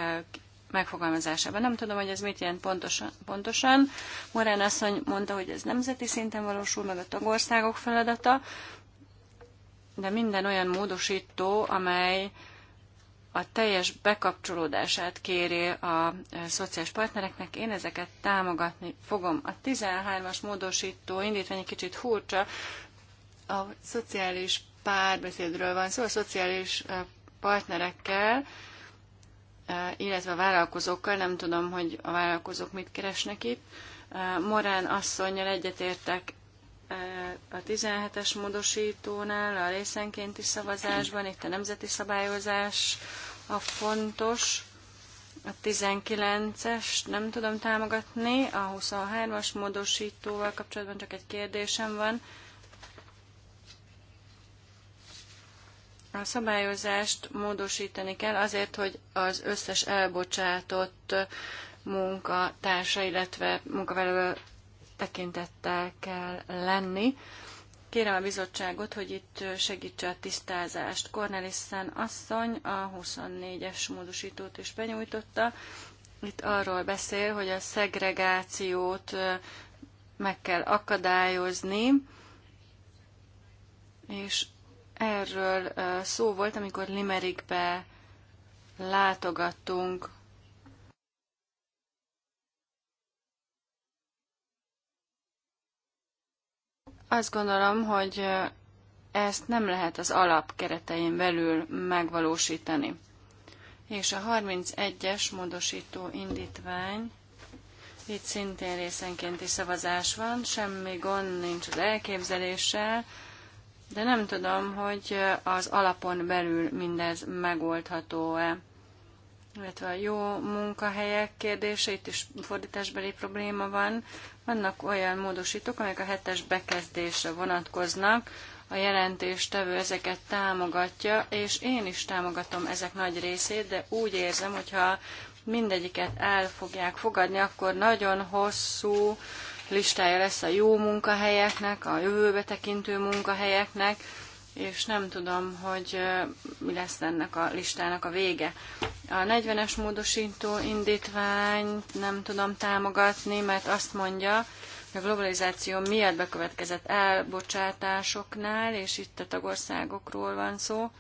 megfogalmazásában. Nem tudom, hogy ez mit jelent pontosan. pontosan. Morán asszony mondta, hogy ez nemzeti szinten valósul meg a tagországok feladata, de minden olyan módosító, amely a teljes bekapcsolódását kéri a szociális partnereknek, én ezeket támogatni fogom. A 13-as módosító indítvány egy kicsit furcsa, a szociális párbeszédről van szó, szóval a szociális partnerekkel, illetve a vállalkozókkal, nem tudom, hogy a vállalkozók mit keresnek itt. Morán asszonynal egyetértek a 17-es módosítónál, a részenkénti szavazásban, itt a nemzeti szabályozás a fontos, a 19-es nem tudom támogatni, a 23-as módosítóval kapcsolatban csak egy kérdésem van. A szabályozást módosítani kell azért, hogy az összes elbocsátott munkatársa, illetve munkavállaló tekintettel kell lenni. Kérem a bizottságot, hogy itt segítse a tisztázást. Cornelissen asszony a 24-es módosítót is benyújtotta. Itt arról beszél, hogy a szegregációt meg kell akadályozni, és erről szó volt, amikor Limerickbe látogattunk Azt gondolom, hogy ezt nem lehet az alap keretein belül megvalósítani. És a 31-es módosító indítvány, itt szintén részenkénti szavazás van, semmi gond nincs az elképzeléssel, de nem tudom, hogy az alapon belül mindez megoldható-e. Illetve a jó munkahelyek kérdése, itt is fordításbeli probléma van, vannak olyan módosítók, amelyek a hetes bekezdésre vonatkoznak, a jelentéstevő ezeket támogatja, és én is támogatom ezek nagy részét, de úgy érzem, hogyha mindegyiket el fogják fogadni, akkor nagyon hosszú listája lesz a jó munkahelyeknek, a jövőbe tekintő munkahelyeknek, és nem tudom, hogy mi lesz ennek a listának a vége. A 40-es módosító indítványt nem tudom támogatni, mert azt mondja, hogy a globalizáció miatt bekövetkezett elbocsátásoknál, és itt a tagországokról van szó,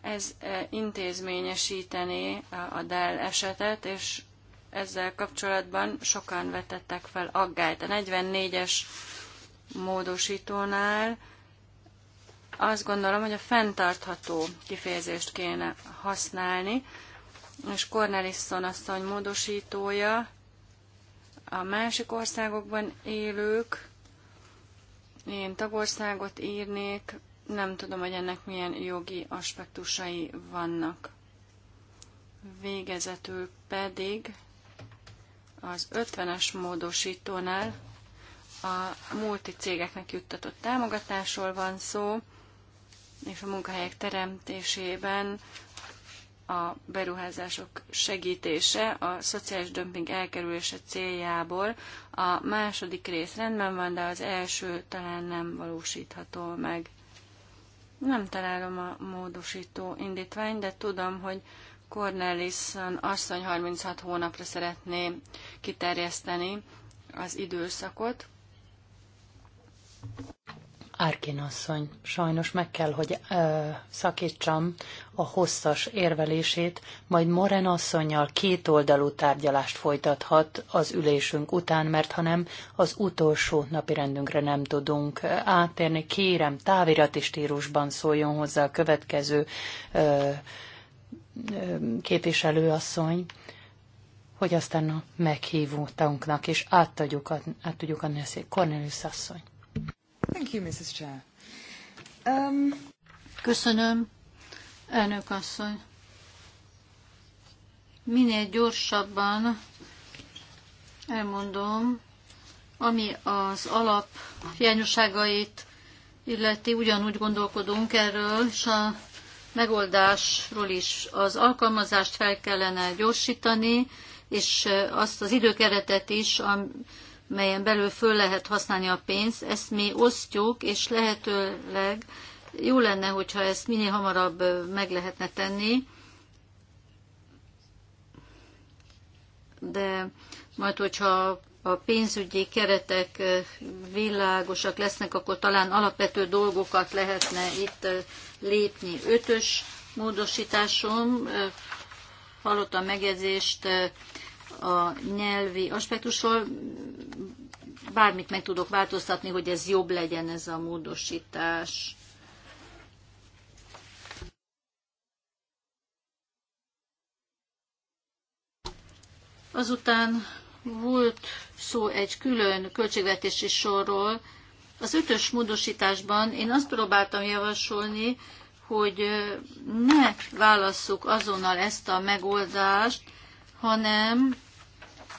ez intézményesítené a Dell esetet, és ezzel kapcsolatban sokan vetettek fel aggályt. A 44-es módosítónál azt gondolom, hogy a fenntartható kifejezést kéne használni, és Cornelisson asszony módosítója a másik országokban élők, én tagországot írnék, nem tudom, hogy ennek milyen jogi aspektusai vannak. Végezetül pedig az 50-es módosítónál a multi cégeknek juttatott támogatásról van szó, és a munkahelyek teremtésében a beruházások segítése a szociális dömping elkerülése céljából. A második rész rendben van, de az első talán nem valósítható meg. Nem találom a módosító indítványt, de tudom, hogy Cornelison asszony 36 hónapra szeretné kiterjeszteni az időszakot. Árkin asszony, sajnos meg kell, hogy ö, szakítsam a hosszas érvelését, majd Moren asszonynal kétoldalú tárgyalást folytathat az ülésünk után, mert ha nem, az utolsó napi rendünkre nem tudunk átérni. Kérem, távirati stílusban szóljon hozzá a következő ö, ö, képviselőasszony hogy aztán a meghívótunknak is át tudjuk adni, át tudjuk adni a szép Cornelius asszony. Um, Köszönöm, elnök asszony. Minél gyorsabban elmondom, ami az alap hiányosságait illeti, ugyanúgy gondolkodunk erről, és a megoldásról is az alkalmazást fel kellene gyorsítani, és azt az időkeretet is, melyen belül föl lehet használni a pénzt, ezt mi osztjuk, és lehetőleg jó lenne, hogyha ezt minél hamarabb meg lehetne tenni, de majd, hogyha a pénzügyi keretek világosak lesznek, akkor talán alapvető dolgokat lehetne itt lépni. Ötös módosításom, hallottam megjegyzést a nyelvi aspektusról. Bármit meg tudok változtatni, hogy ez jobb legyen ez a módosítás. Azután volt szó egy külön költségvetési sorról. Az ötös módosításban én azt próbáltam javasolni, hogy ne válasszuk azonnal ezt a megoldást, hanem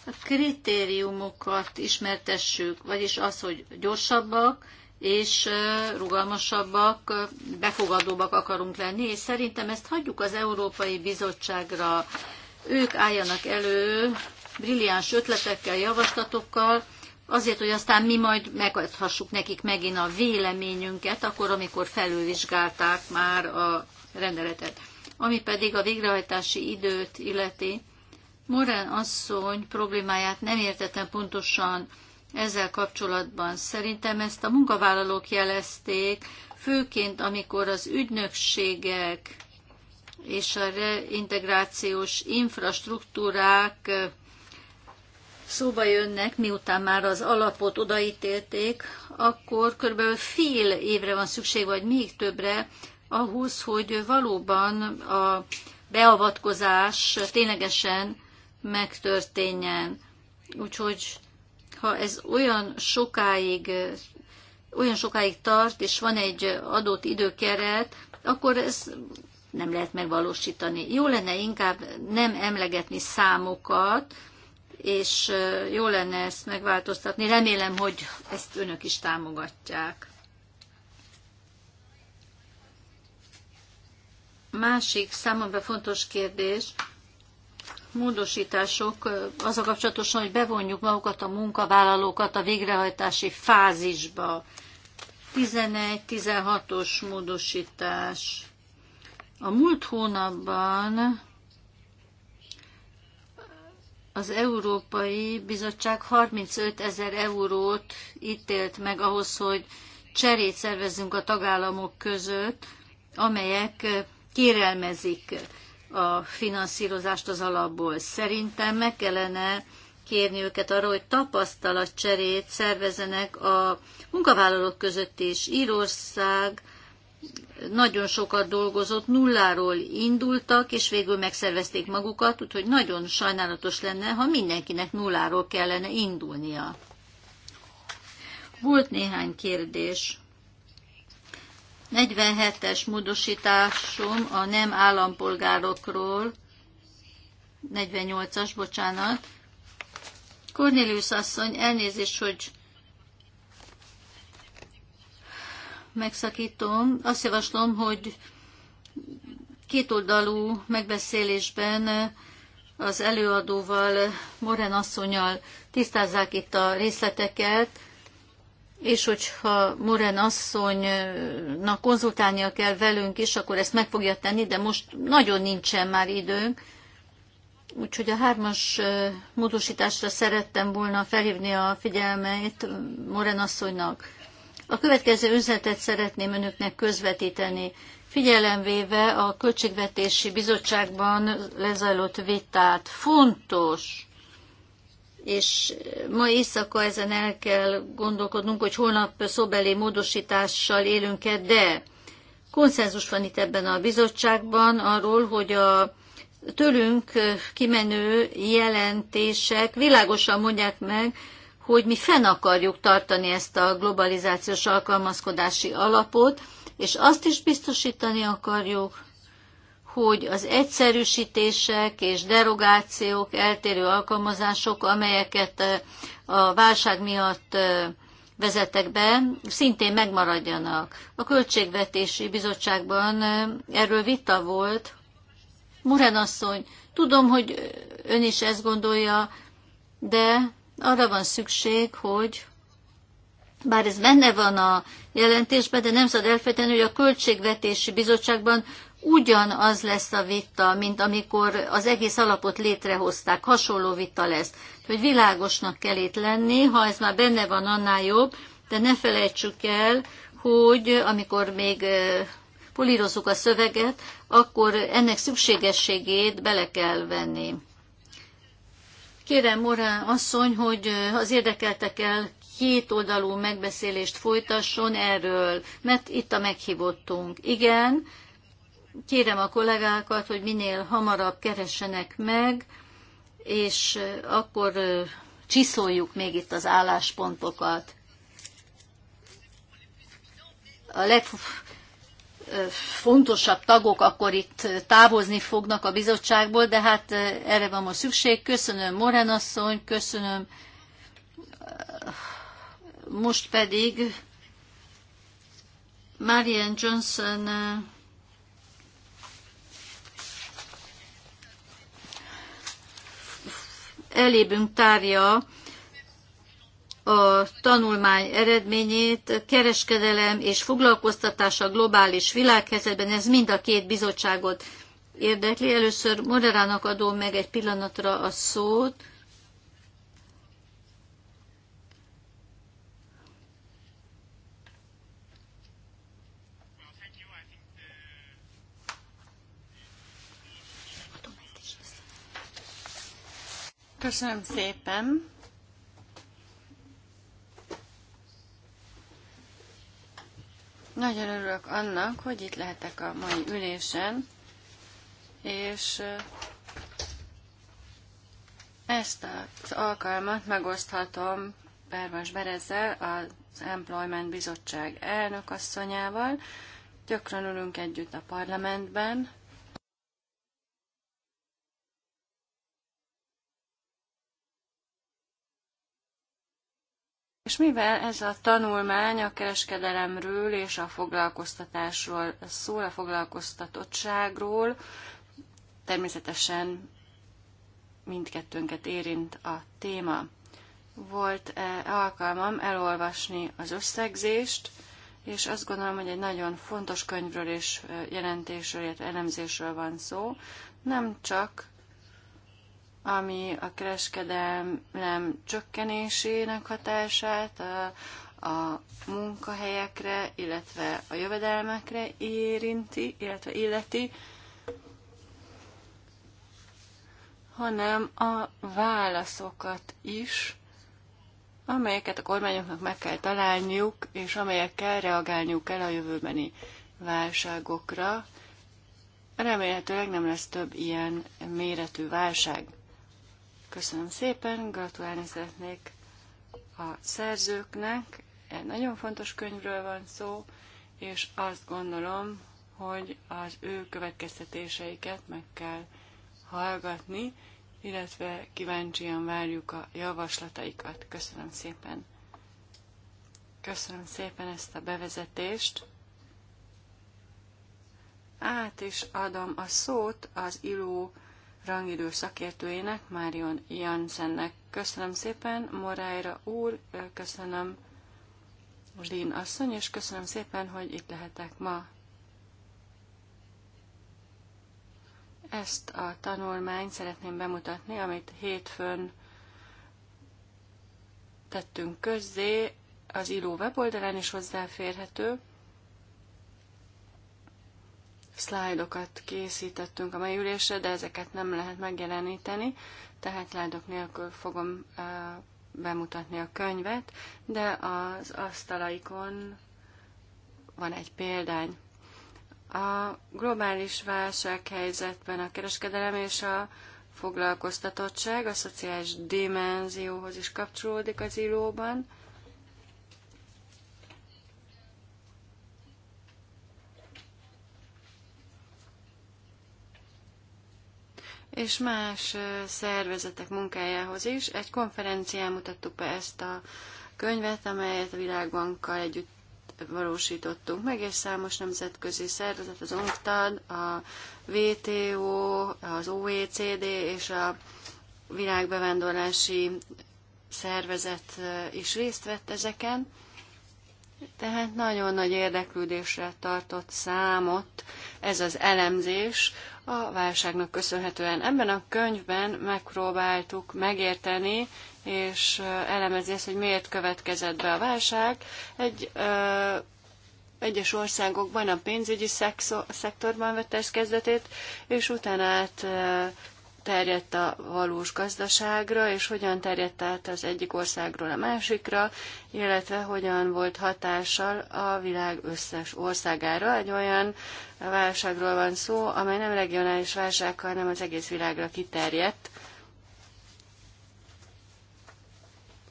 a kritériumokat ismertessük, vagyis az, hogy gyorsabbak és rugalmasabbak, befogadóbbak akarunk lenni, és szerintem ezt hagyjuk az Európai Bizottságra. Ők álljanak elő brilliáns ötletekkel, javaslatokkal, azért, hogy aztán mi majd megadhassuk nekik megint a véleményünket, akkor, amikor felülvizsgálták már a rendeletet. Ami pedig a végrehajtási időt illeti, Morán asszony problémáját nem értettem pontosan ezzel kapcsolatban. Szerintem ezt a munkavállalók jelezték, főként amikor az ügynökségek és a reintegrációs infrastruktúrák szóba jönnek, miután már az alapot odaítélték, akkor kb. fél évre van szükség, vagy még többre, ahhoz, hogy valóban a beavatkozás ténylegesen megtörténjen. Úgyhogy ha ez olyan sokáig, olyan sokáig tart, és van egy adott időkeret, akkor ez nem lehet megvalósítani. Jó lenne inkább nem emlegetni számokat, és jó lenne ezt megváltoztatni. Remélem, hogy ezt önök is támogatják. Másik számomra fontos kérdés, módosítások az a kapcsolatosan, hogy bevonjuk magukat a munkavállalókat a végrehajtási fázisba. 11-16-os módosítás. A múlt hónapban az Európai Bizottság 35 ezer eurót ítélt meg ahhoz, hogy cserét szervezzünk a tagállamok között, amelyek kérelmezik a finanszírozást az alapból. Szerintem meg kellene kérni őket arra, hogy tapasztalatcserét szervezenek a munkavállalók között is. Írország nagyon sokat dolgozott, nulláról indultak, és végül megszervezték magukat, úgyhogy nagyon sajnálatos lenne, ha mindenkinek nulláról kellene indulnia. Volt néhány kérdés 47-es módosításom a nem állampolgárokról, 48-as, bocsánat. Cornelius asszony, elnézést, hogy megszakítom. Azt javaslom, hogy kétoldalú megbeszélésben az előadóval, Moren asszonyal tisztázzák itt a részleteket, és hogyha Moren asszonynak konzultálnia kell velünk is, akkor ezt meg fogja tenni, de most nagyon nincsen már időnk. Úgyhogy a hármas módosításra szerettem volna felhívni a figyelmeit Moren asszonynak. A következő üzletet szeretném önöknek közvetíteni. Figyelemvéve a Költségvetési Bizottságban lezajlott vitát, fontos, és ma éjszaka ezen el kell gondolkodnunk, hogy holnap szobeli módosítással élünk-e, de konszenzus van itt ebben a bizottságban arról, hogy a tőlünk kimenő jelentések világosan mondják meg, hogy mi fenn akarjuk tartani ezt a globalizációs alkalmazkodási alapot, és azt is biztosítani akarjuk, hogy az egyszerűsítések és derogációk, eltérő alkalmazások, amelyeket eh, a válság miatt eh, vezetek be, szintén megmaradjanak. A Költségvetési Bizottságban eh, erről vita volt. Muren asszony, tudom, hogy ön is ezt gondolja, de arra van szükség, hogy bár ez benne van a jelentésben, de nem szabad elfejteni, hogy a Költségvetési Bizottságban ugyanaz lesz a vita, mint amikor az egész alapot létrehozták, hasonló vita lesz. Hogy világosnak kell itt lenni, ha ez már benne van, annál jobb, de ne felejtsük el, hogy amikor még polírozzuk a szöveget, akkor ennek szükségességét bele kell venni. Kérem Morán asszony, hogy az érdekeltekkel két oldalú megbeszélést folytasson erről, mert itt a meghívottunk. Igen, kérem a kollégákat, hogy minél hamarabb keressenek meg, és akkor csiszoljuk még itt az álláspontokat. A legfontosabb tagok akkor itt távozni fognak a bizottságból, de hát erre van most szükség. Köszönöm Morán asszony, köszönöm. Most pedig Marian Johnson elébünk tárja a tanulmány eredményét, kereskedelem és foglalkoztatás a globális világhelyzetben, ez mind a két bizottságot érdekli. Először Moderának adom meg egy pillanatra a szót, Köszönöm szépen. Nagyon örülök annak, hogy itt lehetek a mai ülésen, és ezt az alkalmat megoszthatom Pervas Berezzel, az Employment Bizottság elnökasszonyával. Gyakran ülünk együtt a parlamentben, És mivel ez a tanulmány a kereskedelemről és a foglalkoztatásról szól, a foglalkoztatottságról, természetesen mindkettőnket érint a téma. Volt alkalmam elolvasni az összegzést, és azt gondolom, hogy egy nagyon fontos könyvről és jelentésről, illetve elemzésről van szó, nem csak ami a kereskedelem csökkenésének hatását a, a munkahelyekre, illetve a jövedelmekre érinti, illetve illeti, hanem a válaszokat is, amelyeket a kormányoknak meg kell találniuk, és amelyekkel reagálniuk kell a jövőbeni válságokra. Remélhetőleg nem lesz több ilyen méretű válság. Köszönöm szépen, gratulálni szeretnék a szerzőknek. Egy nagyon fontos könyvről van szó, és azt gondolom, hogy az ő következtetéseiket meg kell hallgatni, illetve kíváncsian várjuk a javaslataikat. Köszönöm szépen. Köszönöm szépen ezt a bevezetést. Át is adom a szót az illó rangidő szakértőjének, Márion Janszennek. Köszönöm szépen, Morájra úr, köszönöm Lin asszony, és köszönöm szépen, hogy itt lehetek ma. Ezt a tanulmányt szeretném bemutatni, amit hétfőn tettünk közzé, az író weboldalán is hozzáférhető szlájdokat készítettünk a mai ülésre, de ezeket nem lehet megjeleníteni, tehát szlájdok nélkül fogom bemutatni a könyvet, de az asztalaikon van egy példány. A globális válsághelyzetben a kereskedelem és a foglalkoztatottság a szociális dimenzióhoz is kapcsolódik az illóban. és más szervezetek munkájához is. Egy konferencián mutattuk be ezt a könyvet, amelyet a Világbankkal együtt valósítottunk meg, és számos nemzetközi szervezet, az UNCTAD, a WTO, az OECD és a világbevándorlási szervezet is részt vett ezeken. Tehát nagyon nagy érdeklődésre tartott számot ez az elemzés, a válságnak köszönhetően. Ebben a könyvben megpróbáltuk megérteni és elemezni ezt, hogy miért következett be a válság. Egy ö, egyes országokban a pénzügyi szektorban vette ezt kezdetét, és utána át terjedt a valós gazdaságra, és hogyan terjedt át az egyik országról a másikra, illetve hogyan volt hatással a világ összes országára. Egy olyan válságról van szó, amely nem regionális válság, hanem az egész világra kiterjedt.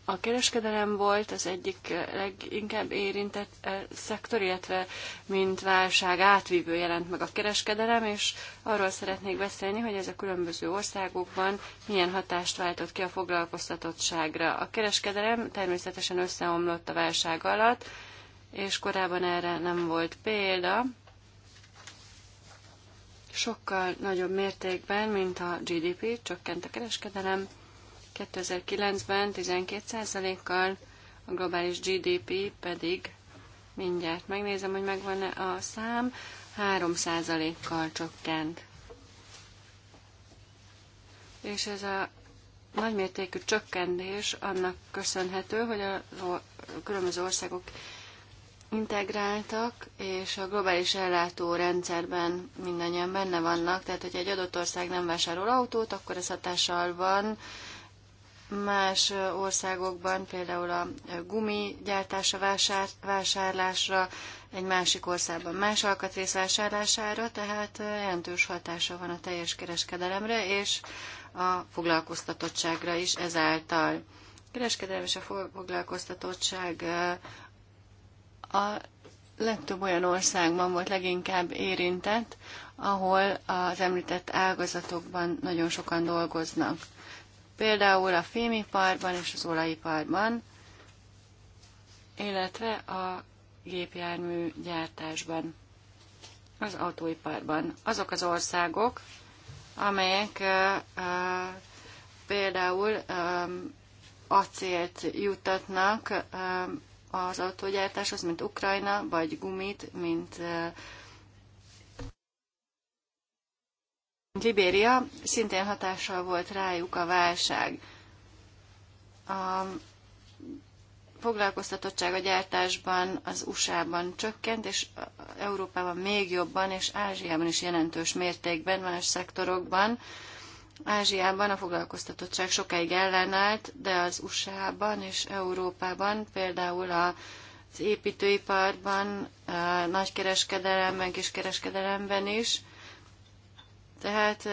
A kereskedelem volt az egyik leginkább érintett eh, szektor, illetve mint válság átvívő jelent meg a kereskedelem, és arról szeretnék beszélni, hogy ez a különböző országokban milyen hatást váltott ki a foglalkoztatottságra. A kereskedelem természetesen összeomlott a válság alatt, és korábban erre nem volt példa. Sokkal nagyobb mértékben, mint a GDP, csökkent a kereskedelem, 2009-ben 12%-kal, a globális GDP pedig, mindjárt megnézem, hogy megvan-e a szám, 3%-kal csökkent. És ez a nagymértékű csökkentés annak köszönhető, hogy a különböző országok integráltak, és a globális ellátó rendszerben mindannyian benne vannak, tehát hogyha egy adott ország nem vásárol autót, akkor ez hatással van Más országokban például a gumigyártása vásár, vásárlásra, egy másik országban más alkatrész vásárlására, tehát jelentős hatása van a teljes kereskedelemre és a foglalkoztatottságra is ezáltal. A kereskedelem és a foglalkoztatottság a legtöbb olyan országban volt leginkább érintett, ahol az említett ágazatokban nagyon sokan dolgoznak például a fémiparban és az olajiparban, illetve a gépjármű gyártásban, az autóiparban. Azok az országok, amelyek uh, uh, például um, acélt juttatnak um, az autógyártáshoz, mint Ukrajna, vagy gumit, mint uh, Libéria szintén hatással volt rájuk a válság. A foglalkoztatottság a gyártásban az USA-ban csökkent, és Európában még jobban, és Ázsiában is jelentős mértékben, más szektorokban. Ázsiában a foglalkoztatottság sokáig ellenállt, de az USA-ban és Európában, például az építőiparban, nagykereskedelemben, kiskereskedelemben is, tehát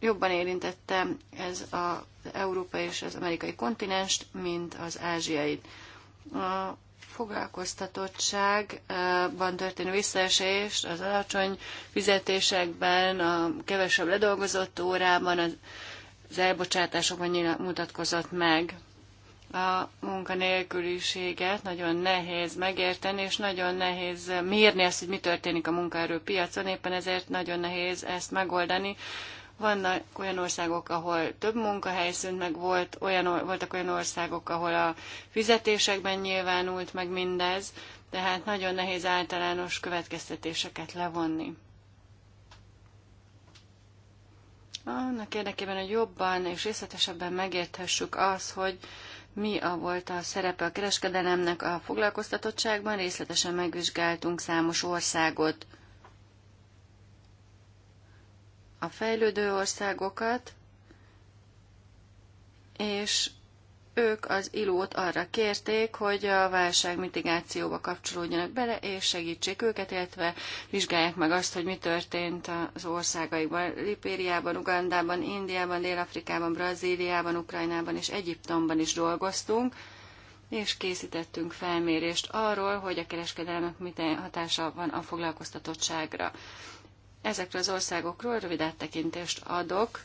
jobban érintette ez az európai és az amerikai kontinenst, mint az ázsiai A foglalkoztatottságban történő visszaesést az alacsony fizetésekben, a kevesebb ledolgozott órában, az elbocsátásokban mutatkozott meg a munkanélküliséget nagyon nehéz megérteni, és nagyon nehéz mérni azt, hogy mi történik a munkaerőpiacon, éppen ezért nagyon nehéz ezt megoldani. Vannak olyan országok, ahol több munkahely szűnt meg, volt olyan, voltak olyan országok, ahol a fizetésekben nyilvánult meg mindez, tehát nagyon nehéz általános következtetéseket levonni. Annak érdekében, hogy jobban és részletesebben megérthessük az, hogy mi a volt a szerepe a kereskedelemnek a foglalkoztatottságban, részletesen megvizsgáltunk számos országot. A fejlődő országokat, és ők az ilót arra kérték, hogy a válság mitigációba kapcsolódjanak bele, és segítsék őket, illetve vizsgálják meg azt, hogy mi történt az országaikban, Lipériában, Ugandában, Indiában, Dél-Afrikában, Brazíliában, Ukrajnában és Egyiptomban is dolgoztunk és készítettünk felmérést arról, hogy a kereskedelmek milyen hatása van a foglalkoztatottságra. Ezekről az országokról rövid áttekintést adok.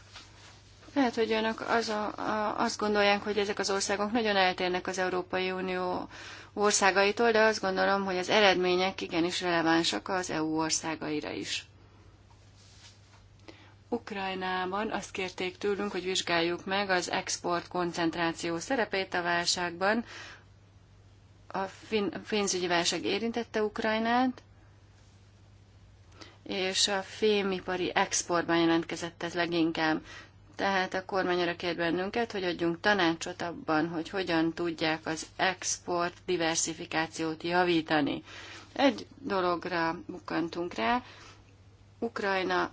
Lehet, hogy önök az a, a, azt gondolják, hogy ezek az országok nagyon eltérnek az Európai Unió országaitól, de azt gondolom, hogy az eredmények igenis relevánsak az EU országaira is. Ukrajnában azt kérték tőlünk, hogy vizsgáljuk meg az export koncentráció szerepét a válságban. A pénzügyi válság érintette Ukrajnát, és a fémipari exportban jelentkezett ez leginkább. Tehát a kormány arra kér bennünket, hogy adjunk tanácsot abban, hogy hogyan tudják az export diversifikációt javítani. Egy dologra bukantunk rá. Ukrajna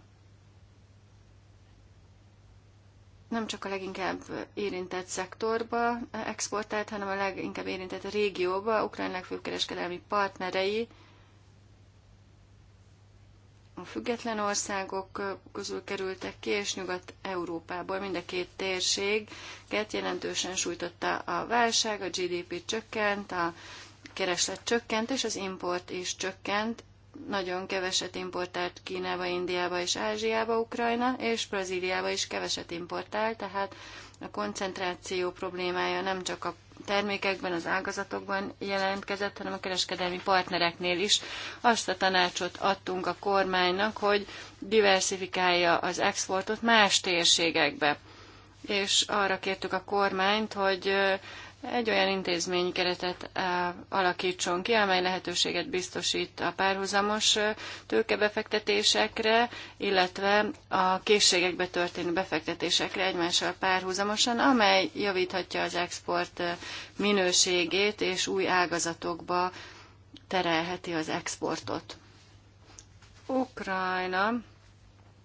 nem csak a leginkább érintett szektorba exportált, hanem a leginkább érintett régióba. Ukrajna legfőbb kereskedelmi partnerei a független országok közül kerültek ki, és Nyugat-Európából mind a két térséget jelentősen sújtotta a válság, a GDP csökkent, a kereslet csökkent, és az import is csökkent. Nagyon keveset importált Kínába, Indiába és Ázsiába Ukrajna, és Brazíliába is keveset importált, tehát a koncentráció problémája nem csak a termékekben, az ágazatokban jelentkezett, hanem a kereskedelmi partnereknél is. Azt a tanácsot adtunk a kormánynak, hogy diversifikálja az exportot más térségekbe. És arra kértük a kormányt, hogy egy olyan intézmény keretet eh, alakítson ki, amely lehetőséget biztosít a párhuzamos eh, tőkebefektetésekre, illetve a készségekbe történő befektetésekre egymással párhuzamosan, amely javíthatja az export eh, minőségét és új ágazatokba terelheti az exportot. Ukrajna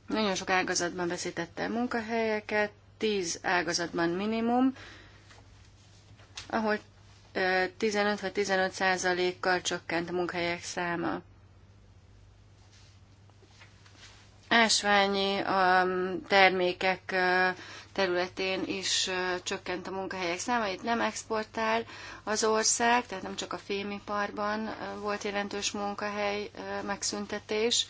nagyon sok ágazatban veszítette munkahelyeket, tíz ágazatban minimum, ahol 15 vagy 15 százalékkal csökkent a munkahelyek száma. Ásványi a termékek területén is csökkent a munkahelyek száma, itt nem exportál az ország, tehát nem csak a fémiparban volt jelentős munkahely megszüntetés,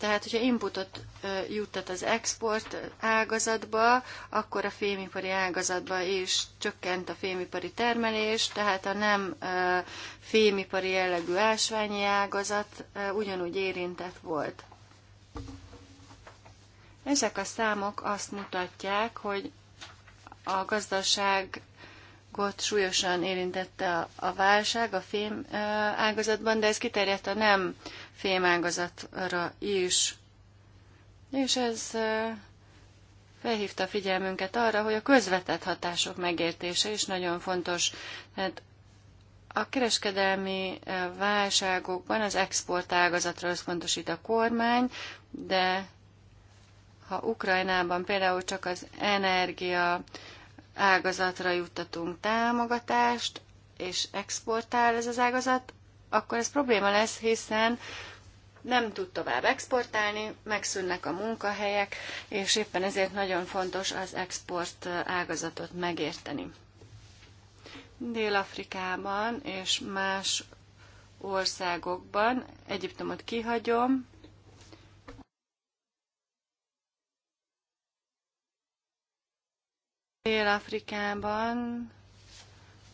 tehát, hogyha inputot juttat az export ágazatba, akkor a fémipari ágazatba is csökkent a fémipari termelés, tehát a nem fémipari jellegű ásványi ágazat ugyanúgy érintett volt. Ezek a számok azt mutatják, hogy a gazdaság ágazatot súlyosan érintette a, a válság a fém ágazatban, de ez kiterjedt a nem fémágazatra is. És ez felhívta figyelmünket arra, hogy a közvetett hatások megértése is nagyon fontos. Tehát a kereskedelmi válságokban az export ágazatra összpontosít a kormány, de ha Ukrajnában például csak az energia ágazatra juttatunk támogatást, és exportál ez az ágazat, akkor ez probléma lesz, hiszen nem tud tovább exportálni, megszűnnek a munkahelyek, és éppen ezért nagyon fontos az export ágazatot megérteni. Dél-Afrikában és más országokban, Egyiptomot kihagyom, Dél-Afrikában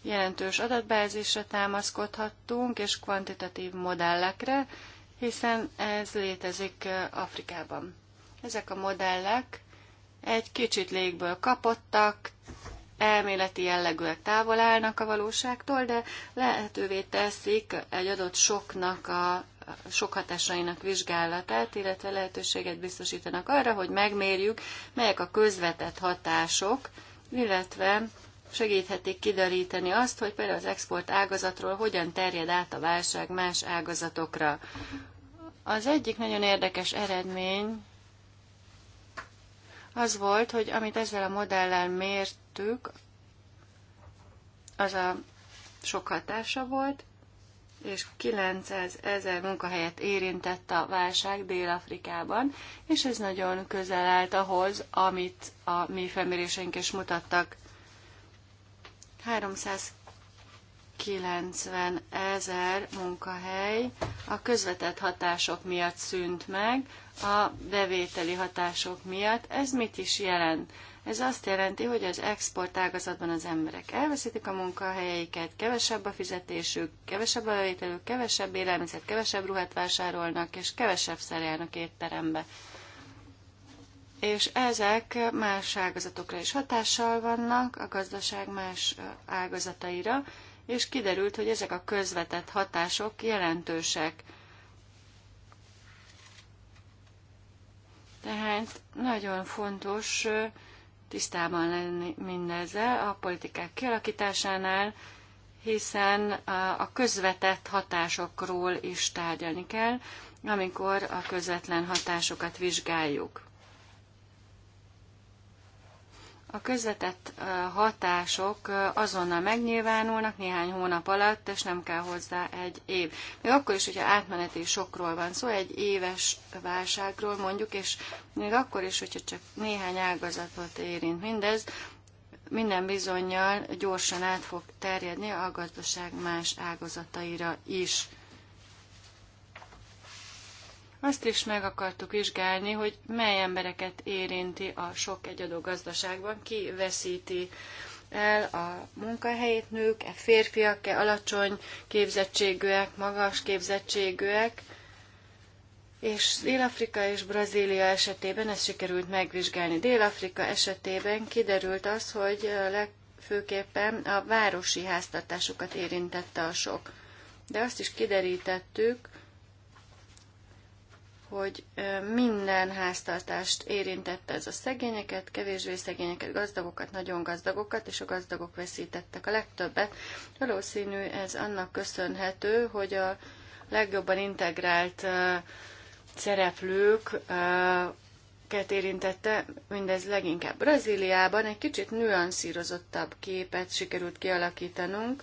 jelentős adatbázisra támaszkodhattunk, és kvantitatív modellekre, hiszen ez létezik Afrikában. Ezek a modellek egy kicsit légből kapottak, elméleti jellegűek távol állnak a valóságtól, de lehetővé teszik egy adott soknak a sok hatásainak vizsgálatát, illetve lehetőséget biztosítanak arra, hogy megmérjük, melyek a közvetett hatások, illetve segíthették kideríteni azt, hogy például az export ágazatról hogyan terjed át a válság más ágazatokra. Az egyik nagyon érdekes eredmény az volt, hogy amit ezzel a modellel mértük, az a sok hatása volt, és 900 ezer munkahelyet érintett a válság Dél-Afrikában, és ez nagyon közel állt ahhoz, amit a mi felméréseink is mutattak. 390 ezer munkahely a közvetett hatások miatt szűnt meg, a bevételi hatások miatt. Ez mit is jelent? Ez azt jelenti, hogy az exportágazatban az emberek elveszítik a munkahelyeiket, kevesebb a fizetésük, kevesebb a bevételük, kevesebb élelmiszer, kevesebb ruhát vásárolnak, és kevesebb szerelnek étterembe és ezek más ágazatokra is hatással vannak, a gazdaság más ágazataira, és kiderült, hogy ezek a közvetett hatások jelentősek. Tehát nagyon fontos tisztában lenni mindezzel a politikák kialakításánál, hiszen a közvetett hatásokról is tárgyalni kell, amikor a közvetlen hatásokat vizsgáljuk. A közvetett hatások azonnal megnyilvánulnak néhány hónap alatt, és nem kell hozzá egy év. Még akkor is, hogyha átmeneti sokról van szó, szóval egy éves válságról mondjuk, és még akkor is, hogyha csak néhány ágazatot érint mindez, minden bizonyal gyorsan át fog terjedni a gazdaság más ágazataira is. Azt is meg akartuk vizsgálni, hogy mely embereket érinti a sok egyadó gazdaságban, ki veszíti el a munkahelyét nők, e férfiak, e alacsony képzettségűek, magas képzettségűek, és Dél-Afrika és Brazília esetében ezt sikerült megvizsgálni. Dél-Afrika esetében kiderült az, hogy legfőképpen a városi háztartásokat érintette a sok. De azt is kiderítettük, hogy minden háztartást érintette ez a szegényeket, kevésbé szegényeket, gazdagokat, nagyon gazdagokat, és a gazdagok veszítettek a legtöbbet. Valószínű ez annak köszönhető, hogy a legjobban integrált szereplők ket érintette, mindez leginkább Brazíliában egy kicsit nüanszírozottabb képet sikerült kialakítanunk,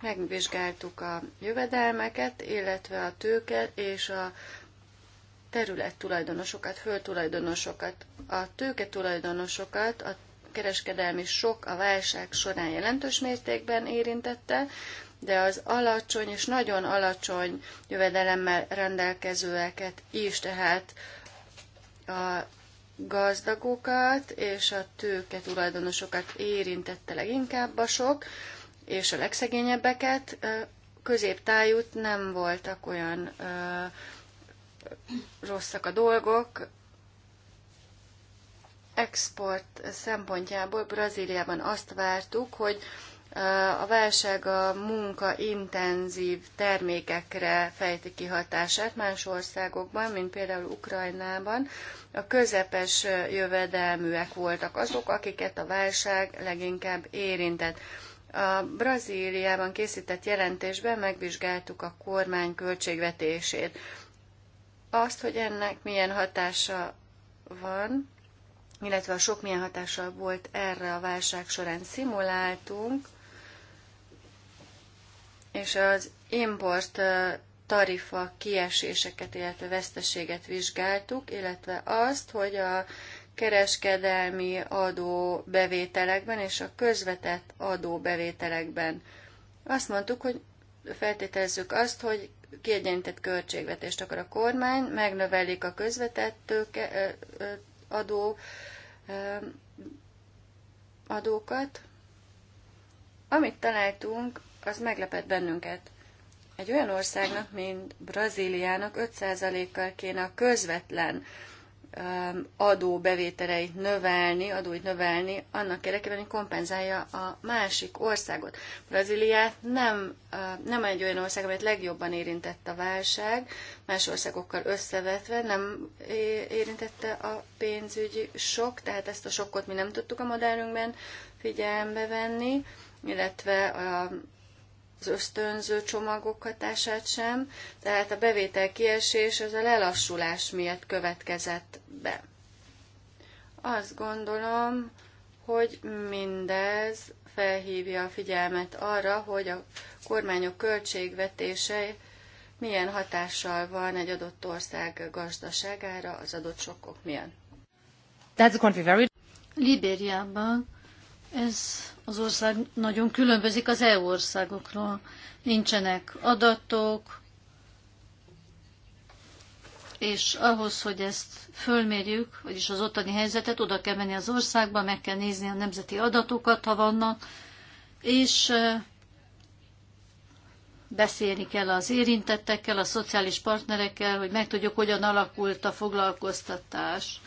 Megvizsgáltuk a jövedelmeket, illetve a tőke és a terület tulajdonosokat, föltulajdonosokat, A tőke tulajdonosokat a kereskedelmi sok a válság során jelentős mértékben érintette, de az alacsony és nagyon alacsony jövedelemmel rendelkezőeket is, tehát a gazdagokat és a tőke tulajdonosokat érintette leginkább a sok, és a legszegényebbeket. Középtájút nem voltak olyan rosszak a dolgok. Export szempontjából Brazíliában azt vártuk, hogy a válság a munka intenzív termékekre fejti ki hatását más országokban, mint például Ukrajnában. A közepes jövedelműek voltak azok, akiket a válság leginkább érintett. A Brazíliában készített jelentésben megvizsgáltuk a kormány költségvetését. Azt, hogy ennek milyen hatása van, illetve a sok milyen hatással volt erre a válság során szimuláltunk, és az import tarifa kieséseket, illetve veszteséget vizsgáltuk, illetve azt, hogy a kereskedelmi adóbevételekben és a közvetett adóbevételekben. Azt mondtuk, hogy feltételezzük azt, hogy kiegyenített költségvetést akar a kormány, megnövelik a közvetett tőke, adó, adókat. Amit találtunk, az meglepett bennünket. Egy olyan országnak, mint Brazíliának 5%-kal kéne a közvetlen Um, adóbevételeit növelni, adóit növelni, annak érdekében, hogy kompenzálja a másik országot. Brazíliát nem, uh, nem egy olyan ország, amelyet legjobban érintett a válság, más országokkal összevetve nem érintette a pénzügyi sok, tehát ezt a sokkot mi nem tudtuk a modellünkben figyelembe venni, illetve a az ösztönző csomagok hatását sem, tehát a bevétel kiesés az a lelassulás miatt következett be. Azt gondolom, hogy mindez felhívja a figyelmet arra, hogy a kormányok költségvetése milyen hatással van egy adott ország gazdaságára az adott sokok miatt. That's going to be very... Libériában ez az ország nagyon különbözik az EU országokról. Nincsenek adatok, és ahhoz, hogy ezt fölmérjük, vagyis az ottani helyzetet, oda kell menni az országba, meg kell nézni a nemzeti adatokat, ha vannak, és beszélni kell az érintettekkel, a szociális partnerekkel, hogy megtudjuk, hogyan alakult a foglalkoztatás.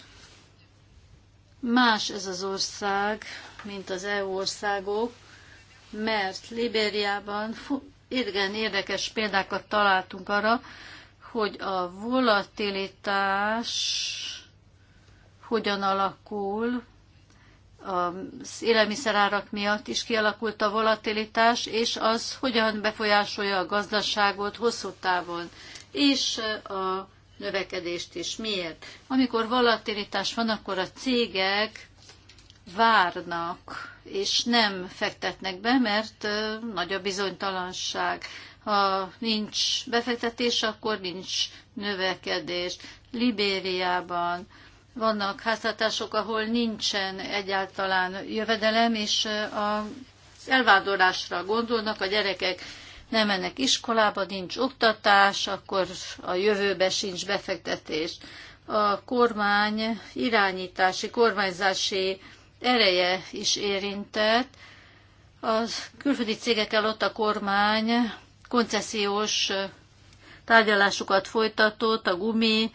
Más ez az ország, mint az EU országok, mert Libériában igen érdekes példákat találtunk arra, hogy a volatilitás hogyan alakul, az élelmiszerárak miatt is kialakult a volatilitás, és az hogyan befolyásolja a gazdaságot hosszú távon, és a növekedést is. Miért? Amikor volatilitás van, akkor a cégek várnak, és nem fektetnek be, mert nagy a bizonytalanság. Ha nincs befektetés, akkor nincs növekedés. Libériában vannak háztartások, ahol nincsen egyáltalán jövedelem, és az elvándorlásra gondolnak, a gyerekek nem mennek iskolába, nincs oktatás, akkor a jövőbe sincs befektetés. A kormány irányítási, kormányzási ereje is érintett. A külföldi cégekkel ott a kormány koncesziós tárgyalásokat folytatott a gumi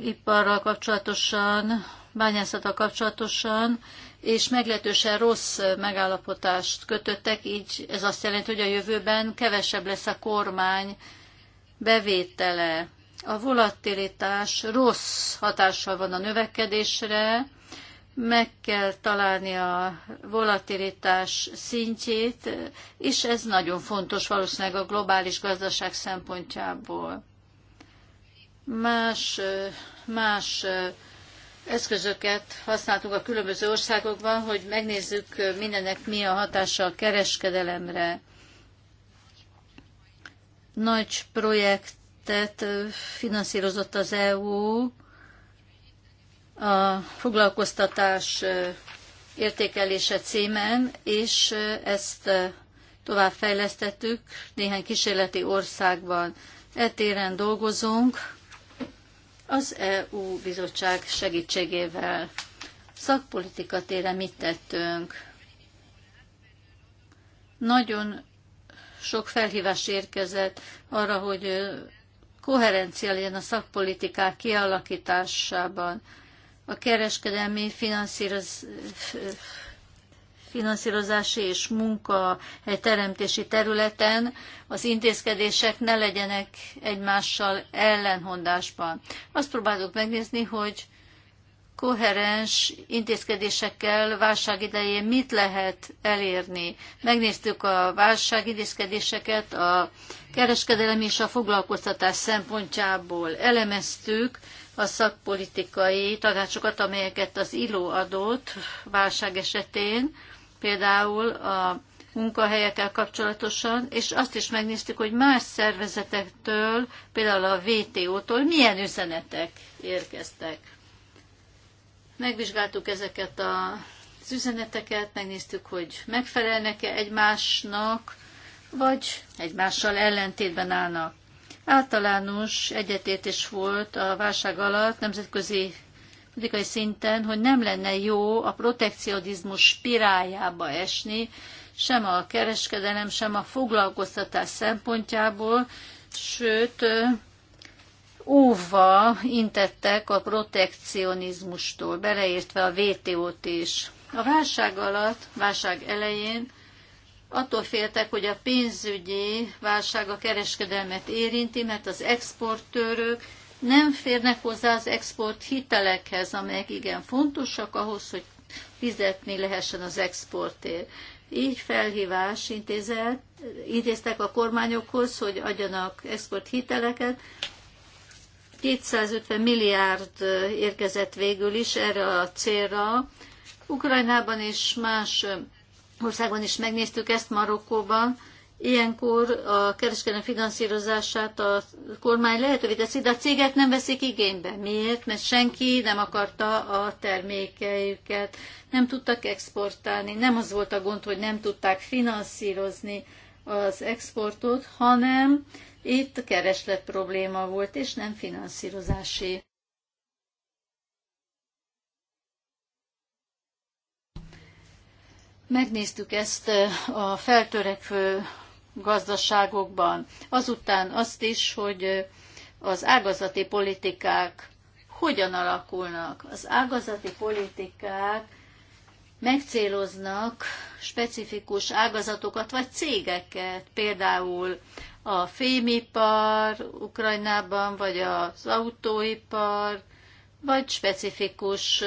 iparral kapcsolatosan, bányászata kapcsolatosan, és meglehetősen rossz megállapotást kötöttek, így ez azt jelenti, hogy a jövőben kevesebb lesz a kormány bevétele. A volatilitás rossz hatással van a növekedésre, meg kell találni a volatilitás szintjét, és ez nagyon fontos valószínűleg a globális gazdaság szempontjából. Más, más eszközöket használtunk a különböző országokban, hogy megnézzük mindennek mi a hatása a kereskedelemre. Nagy projektet finanszírozott az EU a foglalkoztatás értékelése címen, és ezt továbbfejlesztettük néhány kísérleti országban. Etéren dolgozunk, az EU bizottság segítségével. Szakpolitika téren mit tettünk? Nagyon sok felhívás érkezett arra, hogy koherencia legyen a szakpolitikák kialakításában. A kereskedelmi finanszírozás finanszírozási és munkahelyteremtési területen az intézkedések ne legyenek egymással ellenhondásban. Azt próbáltuk megnézni, hogy koherens intézkedésekkel válság idején mit lehet elérni. Megnéztük a válság intézkedéseket a kereskedelem és a foglalkoztatás szempontjából. Elemeztük a szakpolitikai tanácsokat, amelyeket az ILO adott válság esetén, például a munkahelyekkel kapcsolatosan, és azt is megnéztük, hogy más szervezetektől, például a VTO-tól milyen üzenetek érkeztek. Megvizsgáltuk ezeket az üzeneteket, megnéztük, hogy megfelelnek-e egymásnak, vagy egymással ellentétben állnak. Általános egyetértés volt a válság alatt nemzetközi politikai szinten, hogy nem lenne jó a protekcionizmus spiráljába esni, sem a kereskedelem, sem a foglalkoztatás szempontjából, sőt, óva intettek a protekcionizmustól, beleértve a vto t is. A válság alatt, válság elején attól féltek, hogy a pénzügyi válság a kereskedelmet érinti, mert az exportőrök nem férnek hozzá az export hitelekhez, amelyek igen fontosak ahhoz, hogy fizetni lehessen az exportért. Így felhívás intézett, intéztek a kormányokhoz, hogy adjanak export hiteleket. 250 milliárd érkezett végül is erre a célra. Ukrajnában és más országban is megnéztük ezt, Marokkóban Ilyenkor a kereskedelmi finanszírozását a kormány lehetővé teszi, de a cégek nem veszik igénybe. Miért? Mert senki nem akarta a termékeiket, nem tudtak exportálni, nem az volt a gond, hogy nem tudták finanszírozni az exportot, hanem itt kereslet probléma volt, és nem finanszírozási. Megnéztük ezt a feltörekvő gazdaságokban. Azután azt is, hogy az ágazati politikák hogyan alakulnak. Az ágazati politikák megcéloznak specifikus ágazatokat vagy cégeket, például a fémipar Ukrajnában, vagy az autóipar, vagy specifikus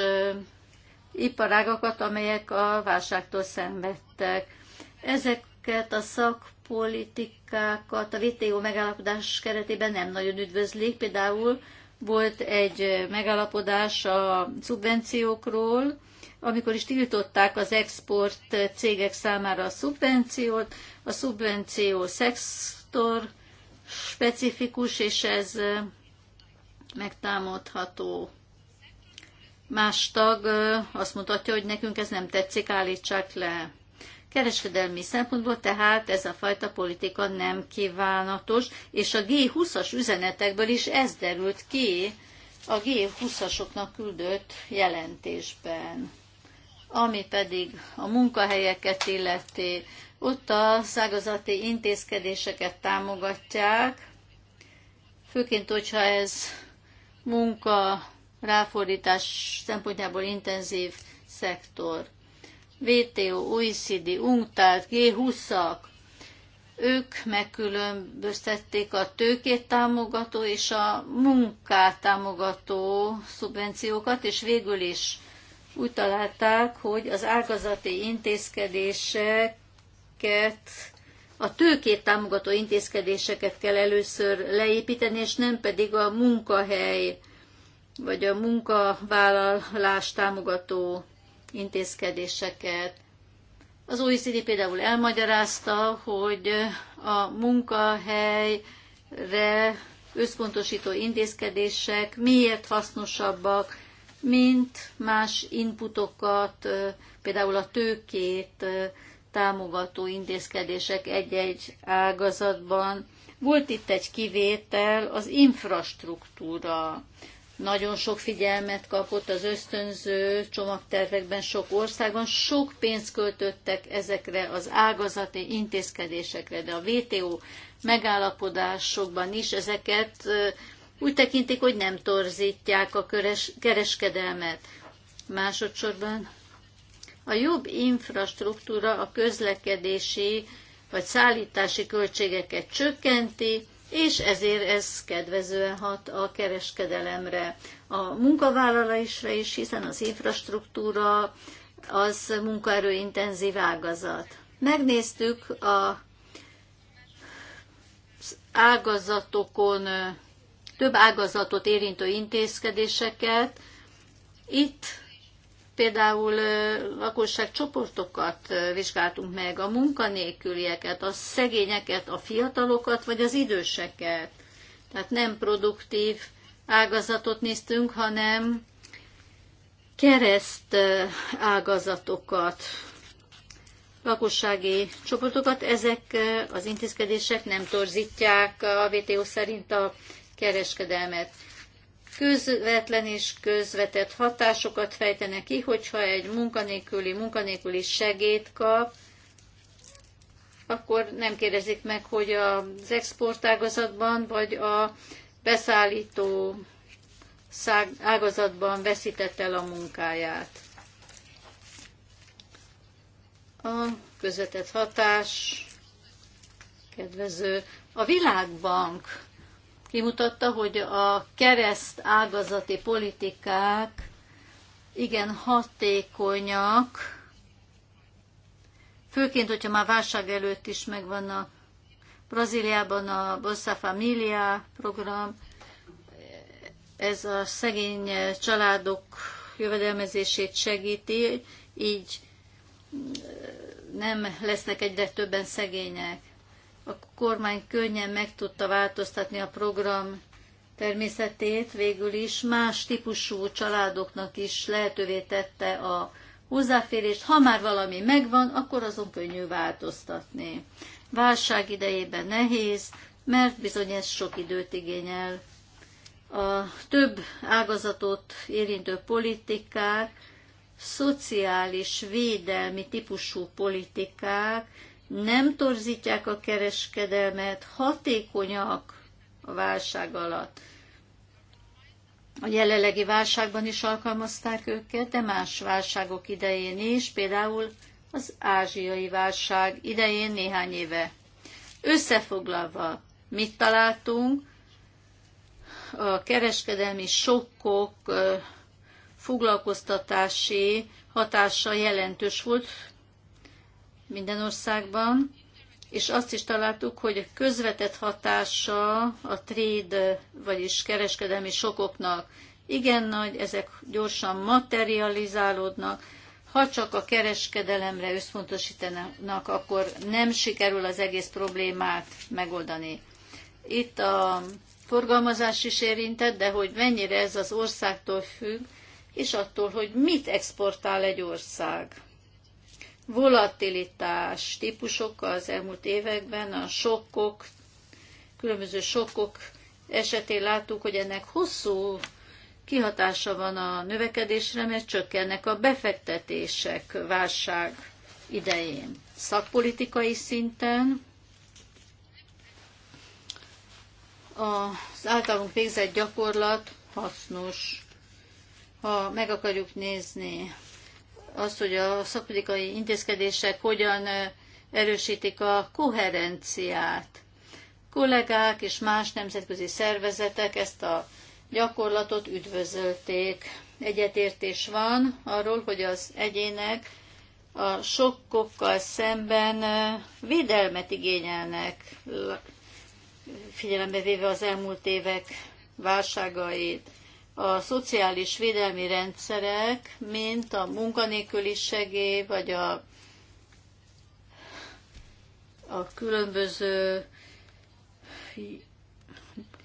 iparágakat, amelyek a válságtól szenvedtek. Ezeket a szak politikákat a WTO megállapodás keretében nem nagyon üdvözlik. Például volt egy megállapodás a szubvenciókról, amikor is tiltották az export cégek számára a szubvenciót, a szubvenció szektor specifikus, és ez megtámadható. Más tag azt mutatja, hogy nekünk ez nem tetszik, állítsák le. Kereskedelmi szempontból tehát ez a fajta politika nem kívánatos, és a G20-as üzenetekből is ez derült ki a G20-asoknak küldött jelentésben. Ami pedig a munkahelyeket illeti, ott a szágazati intézkedéseket támogatják, főként, hogyha ez munka ráfordítás szempontjából intenzív szektor. WTO, OECD, UNCTAD, G20-ak, ők megkülönböztették a tőkét támogató és a munkát támogató szubvenciókat, és végül is úgy találták, hogy az ágazati intézkedéseket, a tőkét támogató intézkedéseket kell először leépíteni, és nem pedig a munkahely vagy a munkavállalás támogató intézkedéseket. Az OECD például elmagyarázta, hogy a munkahelyre összpontosító intézkedések miért hasznosabbak, mint más inputokat, például a tőkét támogató intézkedések egy-egy ágazatban. Volt itt egy kivétel, az infrastruktúra nagyon sok figyelmet kapott az ösztönző csomagtervekben sok országban, sok pénzt költöttek ezekre az ágazati intézkedésekre, de a WTO megállapodásokban is ezeket úgy tekintik, hogy nem torzítják a kereskedelmet. Másodszorban a jobb infrastruktúra a közlekedési vagy szállítási költségeket csökkenti, és ezért ez kedvezően hat a kereskedelemre, a munkavállalásra is, hiszen az infrastruktúra az munkaerőintenzív ágazat. Megnéztük a ágazatokon, több ágazatot érintő intézkedéseket. Itt például lakosságcsoportokat vizsgáltunk meg, a munkanélkülieket, a szegényeket, a fiatalokat, vagy az időseket. Tehát nem produktív ágazatot néztünk, hanem kereszt ágazatokat, lakossági csoportokat. Ezek az intézkedések nem torzítják a WTO szerint a kereskedelmet közvetlen és közvetett hatásokat fejtenek ki, hogyha egy munkanélküli munkanélküli segét kap, akkor nem kérdezik meg, hogy az exportágazatban vagy a beszállító ágazatban veszített el a munkáját. A közvetett hatás kedvező. A világbank kimutatta, hogy a kereszt ágazati politikák igen hatékonyak, főként, hogyha már válság előtt is megvan a Brazíliában a Bossa Familia program, ez a szegény családok jövedelmezését segíti, így nem lesznek egyre többen szegények a kormány könnyen meg tudta változtatni a program természetét, végül is más típusú családoknak is lehetővé tette a hozzáférést. Ha már valami megvan, akkor azon könnyű változtatni. Válság idejében nehéz, mert bizony ez sok időt igényel. A több ágazatot érintő politikák, szociális védelmi típusú politikák, nem torzítják a kereskedelmet, hatékonyak a válság alatt. A jelenlegi válságban is alkalmazták őket, de más válságok idején is, például az ázsiai válság idején néhány éve. Összefoglalva, mit találtunk? A kereskedelmi sokkok foglalkoztatási hatása jelentős volt, minden országban, és azt is találtuk, hogy a közvetett hatása a trade, vagyis kereskedelmi sokoknak igen nagy, ezek gyorsan materializálódnak, ha csak a kereskedelemre összpontosítanak, akkor nem sikerül az egész problémát megoldani. Itt a forgalmazás is érintett, de hogy mennyire ez az országtól függ, és attól, hogy mit exportál egy ország volatilitás típusok az elmúlt években, a sokkok, különböző sokkok esetén láttuk, hogy ennek hosszú kihatása van a növekedésre, mert csökkennek a befektetések válság idején. Szakpolitikai szinten az általunk végzett gyakorlat hasznos, ha meg akarjuk nézni azt, hogy a szakpolitikai intézkedések hogyan erősítik a koherenciát. Kollégák és más nemzetközi szervezetek ezt a gyakorlatot üdvözölték. Egyetértés van arról, hogy az egyének a sokkokkal szemben védelmet igényelnek, figyelembe véve az elmúlt évek válságait a szociális védelmi rendszerek, mint a munkanélküli segély, vagy a, a különböző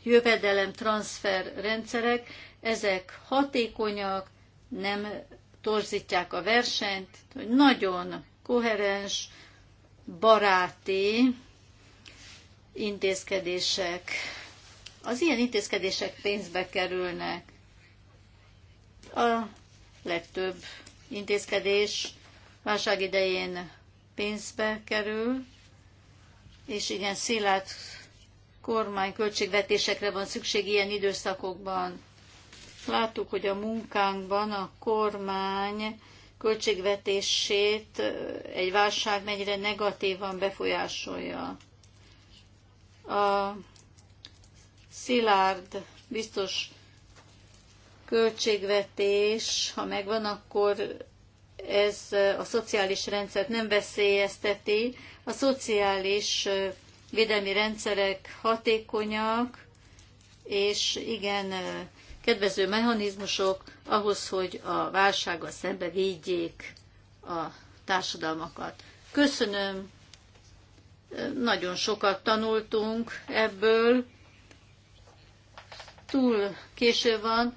jövedelem transfer rendszerek, ezek hatékonyak, nem torzítják a versenyt, hogy nagyon koherens, baráti intézkedések. Az ilyen intézkedések pénzbe kerülnek a legtöbb intézkedés válság idején pénzbe kerül, és igen, szilárd kormány költségvetésekre van szükség ilyen időszakokban. Láttuk, hogy a munkánkban a kormány költségvetését egy válság mennyire negatívan befolyásolja. A szilárd, biztos költségvetés, ha megvan, akkor ez a szociális rendszert nem veszélyezteti. A szociális védelmi rendszerek hatékonyak, és igen, kedvező mechanizmusok ahhoz, hogy a válsággal szembe védjék a társadalmakat. Köszönöm, nagyon sokat tanultunk ebből, túl késő van,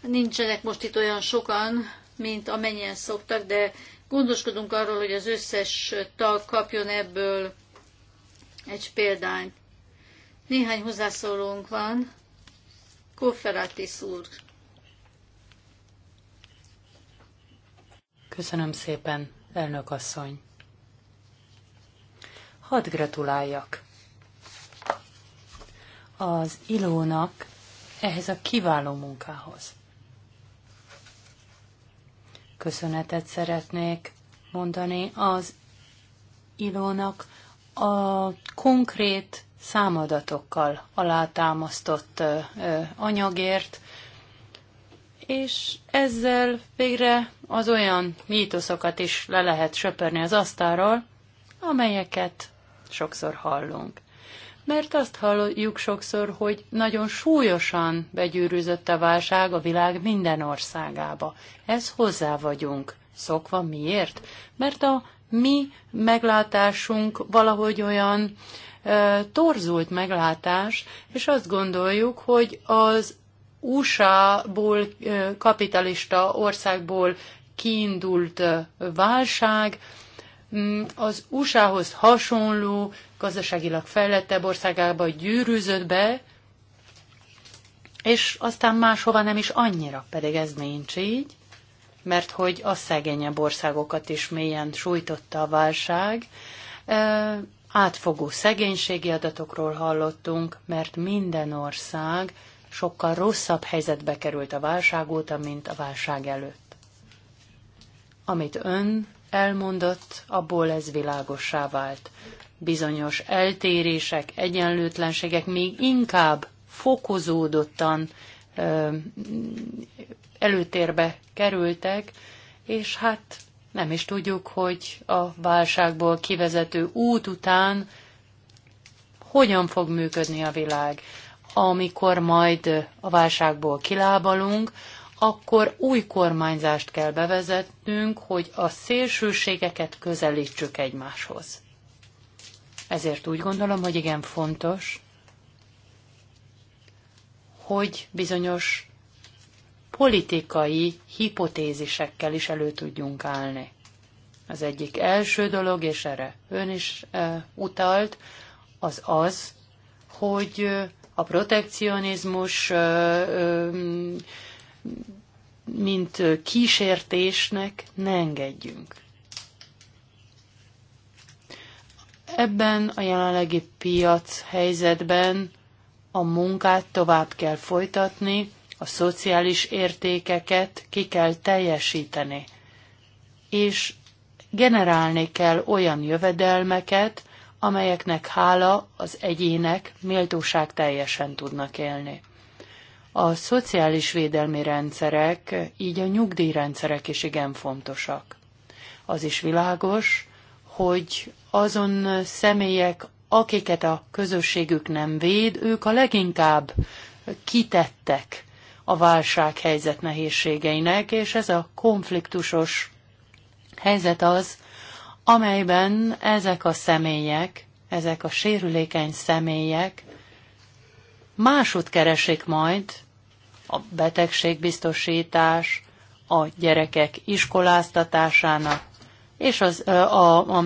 Nincsenek most itt olyan sokan, mint amennyien szoktak, de gondoskodunk arról, hogy az összes tag kapjon ebből egy példányt. Néhány hozzászólónk van. Kofferatis úr. Köszönöm szépen, elnök asszony. Hadd gratuláljak az Ilónak ehhez a kiváló munkához köszönetet szeretnék mondani az Ilónak a konkrét számadatokkal alátámasztott anyagért, és ezzel végre az olyan mítoszokat is le lehet söpörni az asztalról, amelyeket sokszor hallunk mert azt halljuk sokszor, hogy nagyon súlyosan begyűrűzött a válság a világ minden országába. Ez hozzá vagyunk. Szokva miért? Mert a mi meglátásunk valahogy olyan e, torzult meglátás, és azt gondoljuk, hogy az USA-ból, kapitalista országból kiindult válság, az USA-hoz hasonló, gazdaságilag fejlettebb országába gyűrűzött be, és aztán máshova nem is annyira, pedig ez nincs így, mert hogy a szegényebb országokat is mélyen sújtotta a válság. Átfogó szegénységi adatokról hallottunk, mert minden ország sokkal rosszabb helyzetbe került a válság óta, mint a válság előtt. Amit ön elmondott, abból ez világossá vált. Bizonyos eltérések, egyenlőtlenségek még inkább fokozódottan ö, előtérbe kerültek, és hát nem is tudjuk, hogy a válságból kivezető út után hogyan fog működni a világ. Amikor majd a válságból kilábalunk, akkor új kormányzást kell bevezetnünk, hogy a szélsőségeket közelítsük egymáshoz. Ezért úgy gondolom, hogy igen fontos, hogy bizonyos politikai hipotézisekkel is elő tudjunk állni. Az egyik első dolog, és erre ön is e, utalt, az az, hogy eh, a protekcionizmus e, e, mint kísértésnek ne engedjünk. Ebben a jelenlegi piac helyzetben a munkát tovább kell folytatni, a szociális értékeket ki kell teljesíteni, és generálni kell olyan jövedelmeket, amelyeknek hála az egyének méltóság teljesen tudnak élni. A szociális védelmi rendszerek, így a nyugdíjrendszerek is igen fontosak. Az is világos, hogy azon személyek, akiket a közösségük nem véd, ők a leginkább kitettek a válsághelyzet nehézségeinek, és ez a konfliktusos helyzet az, amelyben ezek a személyek, ezek a sérülékeny személyek másút keresik majd a betegségbiztosítás, a gyerekek iskoláztatásának és az, a, a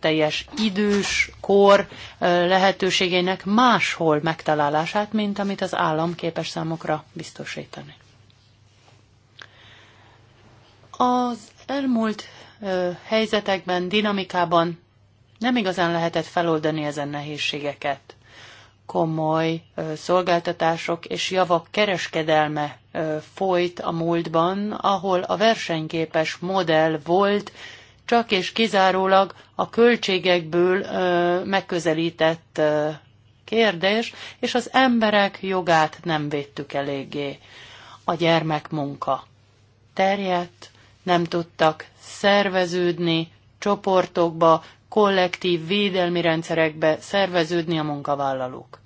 teljes idős kor lehetőségének máshol megtalálását, mint amit az állam képes számokra biztosítani. Az elmúlt helyzetekben, dinamikában nem igazán lehetett feloldani ezen nehézségeket komoly szolgáltatások és javak kereskedelme folyt a múltban, ahol a versenyképes modell volt csak és kizárólag a költségekből megközelített kérdés, és az emberek jogát nem védtük eléggé. A gyermekmunka terjedt, nem tudtak szerveződni, csoportokba, kollektív védelmi rendszerekbe szerveződni a munkavállalók.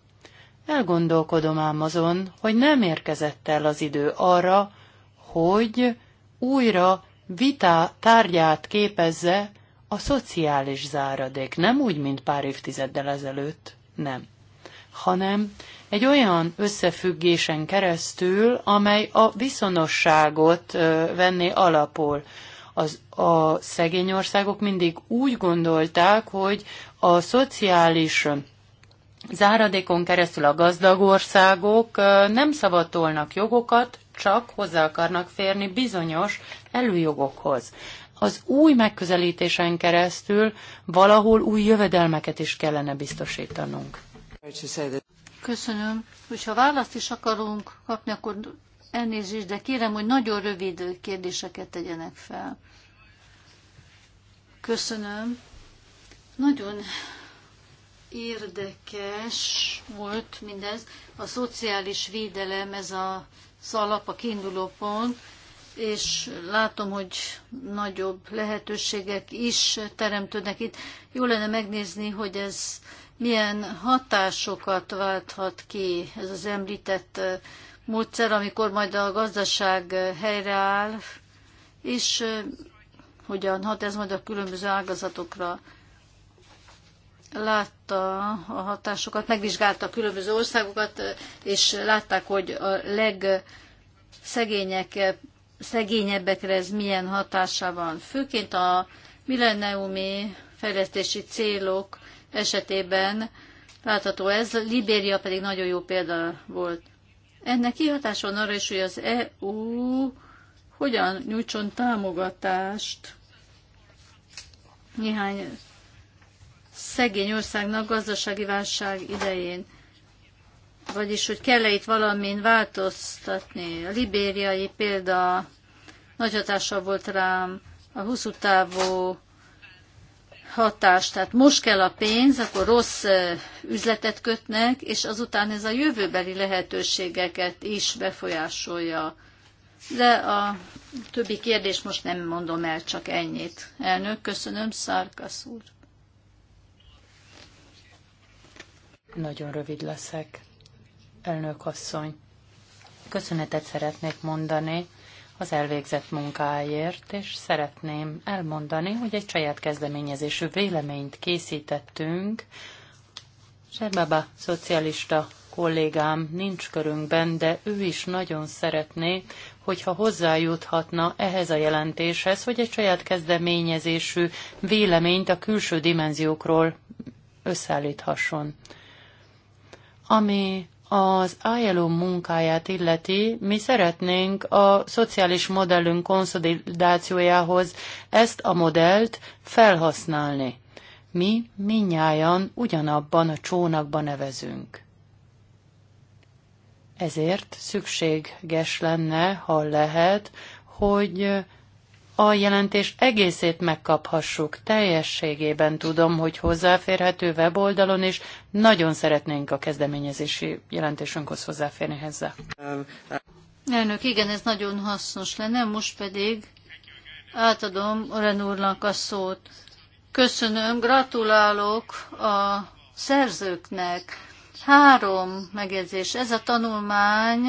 Elgondolkodom ám azon, hogy nem érkezett el az idő arra, hogy újra vita tárgyát képezze a szociális záradék, nem úgy, mint pár évtizeddel ezelőtt, nem, hanem egy olyan összefüggésen keresztül, amely a viszonosságot venné alapul. Az a szegény országok mindig úgy gondolták, hogy a szociális záradékon keresztül a gazdag országok nem szavatolnak jogokat, csak hozzá akarnak férni bizonyos előjogokhoz. Az új megközelítésen keresztül valahol új jövedelmeket is kellene biztosítanunk. Köszönöm. Hogyha választ is akarunk kapni, akkor elnézést, de kérem, hogy nagyon rövid kérdéseket tegyenek fel. Köszönöm. Nagyon érdekes volt mindez. A szociális védelem, ez a szalap, a kiinduló pont, és látom, hogy nagyobb lehetőségek is teremtődnek itt. Jó lenne megnézni, hogy ez milyen hatásokat válthat ki ez az említett módszer, amikor majd a gazdaság helyreáll, és hogyan hat ez majd a különböző ágazatokra. Látta a hatásokat, megvizsgálta a különböző országokat, és látták, hogy a legszegényebbekre ez milyen hatása van. Főként a milleniumi fejlesztési célok esetében látható ez, Libéria pedig nagyon jó példa volt. Ennek kihatása van arra is, hogy az EU hogyan nyújtson támogatást néhány szegény országnak gazdasági válság idején. Vagyis, hogy kell-e itt valamin változtatni. A libériai példa nagy hatással volt rám a hosszú távú hatás. Tehát most kell a pénz, akkor rossz üzletet kötnek, és azután ez a jövőbeli lehetőségeket is befolyásolja. De a Többi kérdés most nem mondom el, csak ennyit. Elnök, köszönöm, Szarkasz úr. Nagyon rövid leszek, elnök asszony. Köszönetet szeretnék mondani az elvégzett munkáért, és szeretném elmondani, hogy egy saját kezdeményezésű véleményt készítettünk Serbaba szocialista kollégám nincs körünkben, de ő is nagyon szeretné, hogyha hozzájuthatna ehhez a jelentéshez, hogy egy saját kezdeményezésű véleményt a külső dimenziókról összeállíthasson. Ami az ILO munkáját illeti, mi szeretnénk a szociális modellünk konszolidációjához ezt a modellt felhasználni. Mi minnyáján ugyanabban a csónakban nevezünk. Ezért szükséges lenne, ha lehet, hogy a jelentés egészét megkaphassuk. Teljességében tudom, hogy hozzáférhető weboldalon is. Nagyon szeretnénk a kezdeményezési jelentésünkhoz hozzáférni hozzá. Elnök, igen, ez nagyon hasznos lenne. Most pedig átadom Oren úrnak a szót. Köszönöm, gratulálok a szerzőknek Három megjegyzés. Ez a tanulmány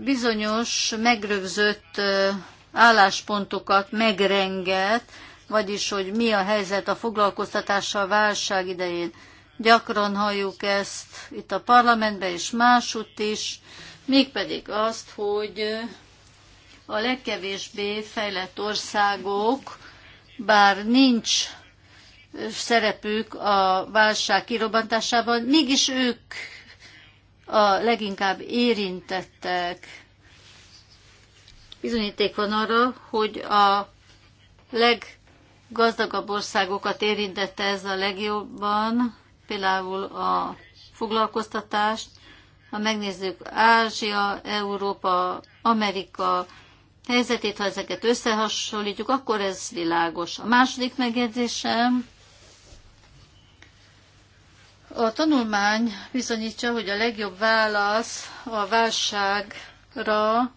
bizonyos megrögzött álláspontokat megrenget, vagyis hogy mi a helyzet a foglalkoztatással válság idején. Gyakran halljuk ezt itt a parlamentben és másutt is, mégpedig azt, hogy a legkevésbé fejlett országok, bár nincs szerepük a válság kirobbantásában, mégis ők a leginkább érintettek. Bizonyíték van arra, hogy a leggazdagabb országokat érintette ez a legjobban, például a foglalkoztatást. Ha megnézzük Ázsia, Európa, Amerika helyzetét, ha ezeket összehasonlítjuk, akkor ez világos. A második megjegyzésem, a tanulmány bizonyítja, hogy a legjobb válasz a válságra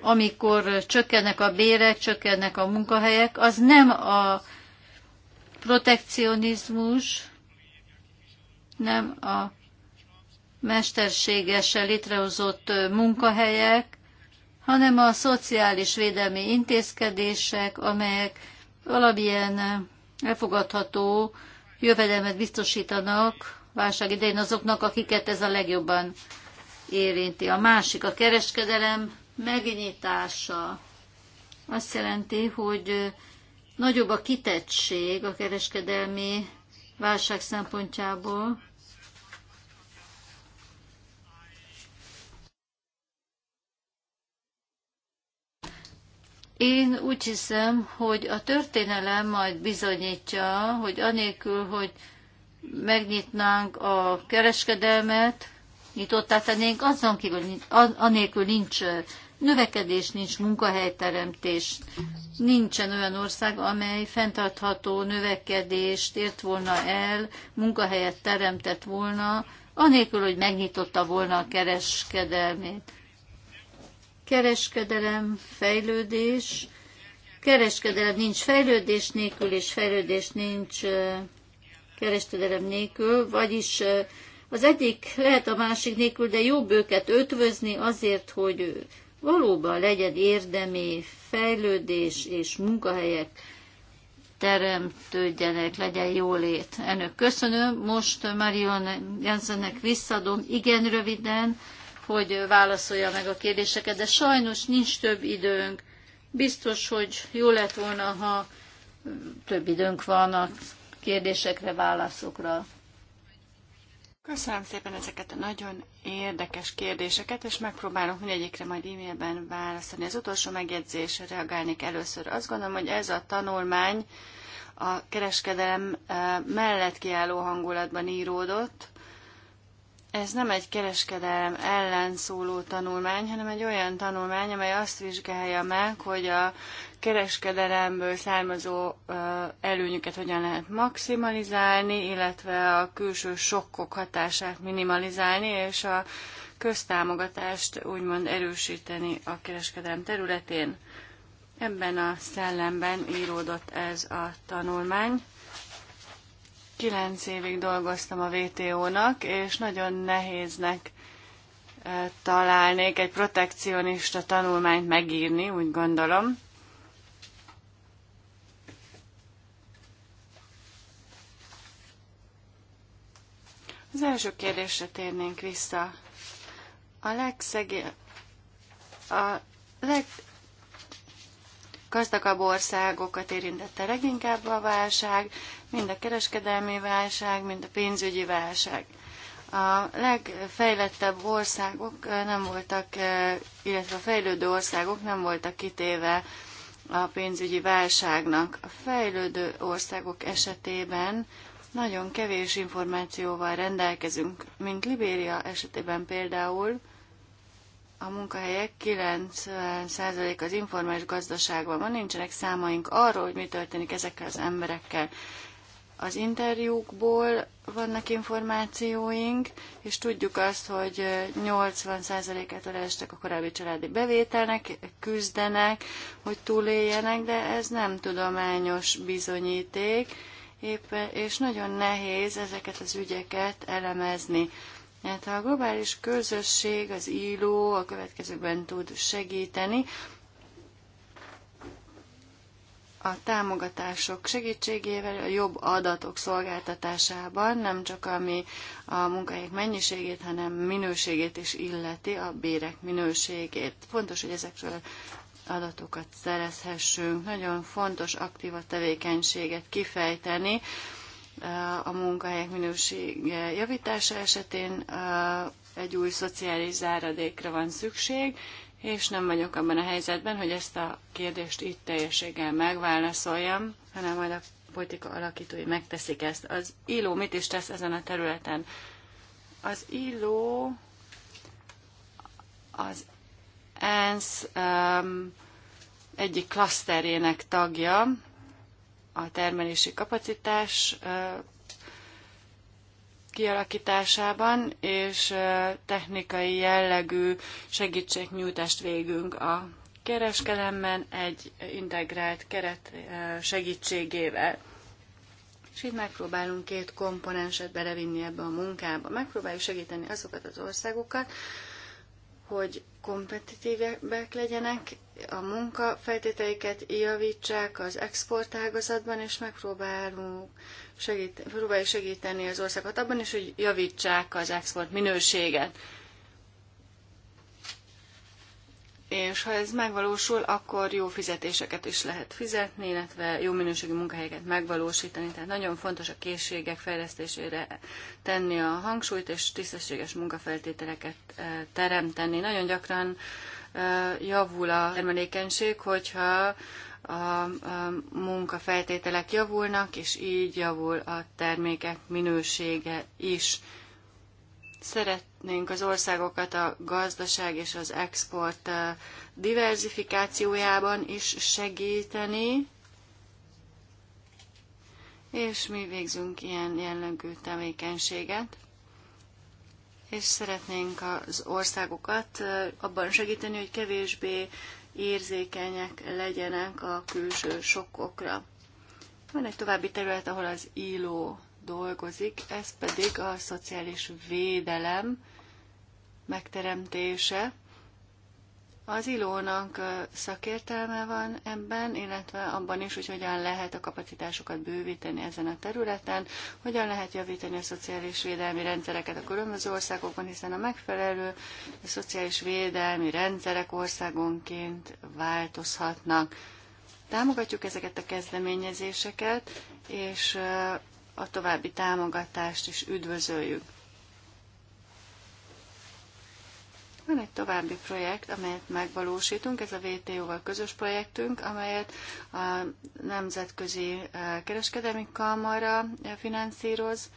amikor csökkennek a bérek, csökkennek a munkahelyek, az nem a protekcionizmus, nem a mesterségesen létrehozott munkahelyek, hanem a szociális védelmi intézkedések, amelyek valamilyen elfogadható jövedelmet biztosítanak válság idején azoknak, akiket ez a legjobban érinti. A másik a kereskedelem megnyitása. Azt jelenti, hogy nagyobb a kitettség a kereskedelmi válság szempontjából, Én úgy hiszem, hogy a történelem majd bizonyítja, hogy anélkül, hogy megnyitnánk a kereskedelmet, nyitottá tennénk, azon kívül, anélkül nincs növekedés, nincs munkahelyteremtés. Nincsen olyan ország, amely fenntartható növekedést ért volna el, munkahelyet teremtett volna, anélkül, hogy megnyitotta volna a kereskedelmét kereskedelem, fejlődés, kereskedelem nincs fejlődés nélkül, és fejlődés nincs kereskedelem nélkül, vagyis az egyik lehet a másik nélkül, de jobb őket ötvözni azért, hogy valóban legyen érdemi fejlődés és munkahelyek teremtődjenek, legyen jólét. Ennek köszönöm. Most Marion Jensennek visszadom igen röviden hogy válaszolja meg a kérdéseket, de sajnos nincs több időnk. Biztos, hogy jó lett volna, ha több időnk van a kérdésekre, válaszokra. Köszönöm szépen ezeket a nagyon érdekes kérdéseket, és megpróbálok mindegyikre majd e-mailben válaszolni. Az utolsó megjegyzésre reagálnék először. Azt gondolom, hogy ez a tanulmány a kereskedelem eh, mellett kiálló hangulatban íródott, ez nem egy kereskedelem ellen szóló tanulmány, hanem egy olyan tanulmány, amely azt vizsgálja meg, hogy a kereskedelemből származó előnyöket hogyan lehet maximalizálni, illetve a külső sokkok hatását minimalizálni, és a köztámogatást úgymond erősíteni a kereskedelem területén. Ebben a szellemben íródott ez a tanulmány. Kilenc évig dolgoztam a vto nak és nagyon nehéznek találnék egy protekcionista tanulmányt megírni, úgy gondolom. Az első kérdésre térnénk vissza. A legszegé... A leg gazdagabb országokat érintette leginkább a válság, mind a kereskedelmi válság, mind a pénzügyi válság. A legfejlettebb országok nem voltak, illetve a fejlődő országok nem voltak kitéve a pénzügyi válságnak. A fejlődő országok esetében nagyon kevés információval rendelkezünk, mint Libéria esetében például, a munkahelyek 90% az informális gazdaságban van, nincsenek számaink arról, hogy mi történik ezekkel az emberekkel. Az interjúkból vannak információink, és tudjuk azt, hogy 80%-át elestek a korábbi családi bevételnek, küzdenek, hogy túléljenek, de ez nem tudományos bizonyíték, épp, és nagyon nehéz ezeket az ügyeket elemezni mert hát, ha a globális közösség, az író a következőkben tud segíteni, a támogatások segítségével, a jobb adatok szolgáltatásában, nem csak ami a munkahelyek mennyiségét, hanem minőségét is illeti, a bérek minőségét. Fontos, hogy ezekről adatokat szerezhessünk. Nagyon fontos aktíva tevékenységet kifejteni a munkahelyek minősége javítása esetén egy új szociális záradékra van szükség, és nem vagyok abban a helyzetben, hogy ezt a kérdést itt teljességgel megválaszoljam, hanem majd a politika alakítói megteszik ezt. Az illó mit is tesz ezen a területen? Az illó az ENSZ um, egyik klaszterének tagja, a termelési kapacitás kialakításában, és technikai jellegű segítségnyújtást végünk a kereskedelemben egy integrált keret segítségével. És itt megpróbálunk két komponenset belevinni ebbe a munkába. Megpróbáljuk segíteni azokat az országokat, hogy kompetitívebbek legyenek, a munkafeltételeiket javítsák az exportágazatban, és megpróbálunk segíteni, próbáljuk segíteni az országot abban is, hogy javítsák az export minőséget. És ha ez megvalósul, akkor jó fizetéseket is lehet fizetni, illetve jó minőségű munkahelyeket megvalósítani. Tehát nagyon fontos a készségek fejlesztésére tenni a hangsúlyt, és tisztességes munkafeltételeket eh, teremteni. Nagyon gyakran javul a termelékenység, hogyha a munkafeltételek javulnak, és így javul a termékek minősége is. Szeretnénk az országokat a gazdaság és az export diversifikációjában is segíteni, és mi végzünk ilyen jellegű tevékenységet és szeretnénk az országokat abban segíteni, hogy kevésbé érzékenyek legyenek a külső sokkokra. Van egy további terület, ahol az ILO dolgozik, ez pedig a szociális védelem megteremtése. Az ilónak szakértelme van ebben, illetve abban is, hogy hogyan lehet a kapacitásokat bővíteni ezen a területen, hogyan lehet javítani a szociális védelmi rendszereket a különböző országokban, hiszen a megfelelő a szociális védelmi rendszerek országonként változhatnak. Támogatjuk ezeket a kezdeményezéseket, és a további támogatást is üdvözöljük. Van egy további projekt, amelyet megvalósítunk, ez a vto val közös projektünk, amelyet a Nemzetközi eh, Kereskedelmi Kamara eh, finanszíroz.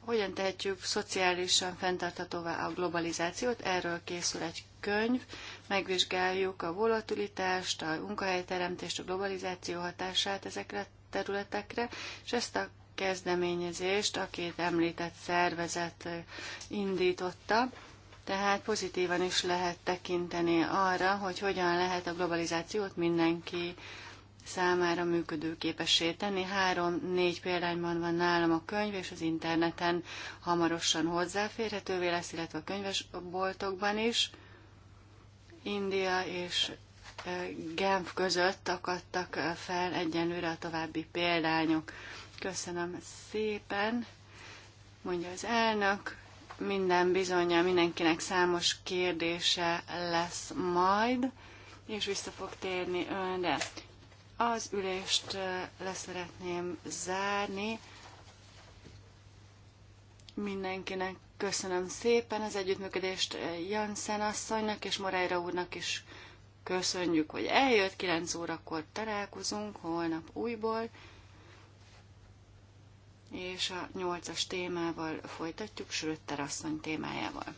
Hogyan tehetjük szociálisan fenntarthatóvá a globalizációt? Erről készül egy könyv. Megvizsgáljuk a volatilitást, a munkahelyteremtést, a globalizáció hatását ezekre a területekre, és ezt a kezdeményezést a két említett szervezet eh, indította tehát pozitívan is lehet tekinteni arra, hogy hogyan lehet a globalizációt mindenki számára működőképessé tenni. Három-négy példányban van nálam a könyv, és az interneten hamarosan hozzáférhetővé lesz, illetve a könyvesboltokban is. India és Genf között akadtak fel egyenlőre a további példányok. Köszönöm szépen, mondja az elnök minden bizonyja mindenkinek számos kérdése lesz majd, és vissza fog térni önre. Az ülést leszeretném zárni. Mindenkinek köszönöm szépen az együttműködést Janssen asszonynak és Moreira úrnak is köszönjük, hogy eljött, 9 órakor találkozunk, holnap újból és a nyolcas témával folytatjuk, Schröter asszony témájával.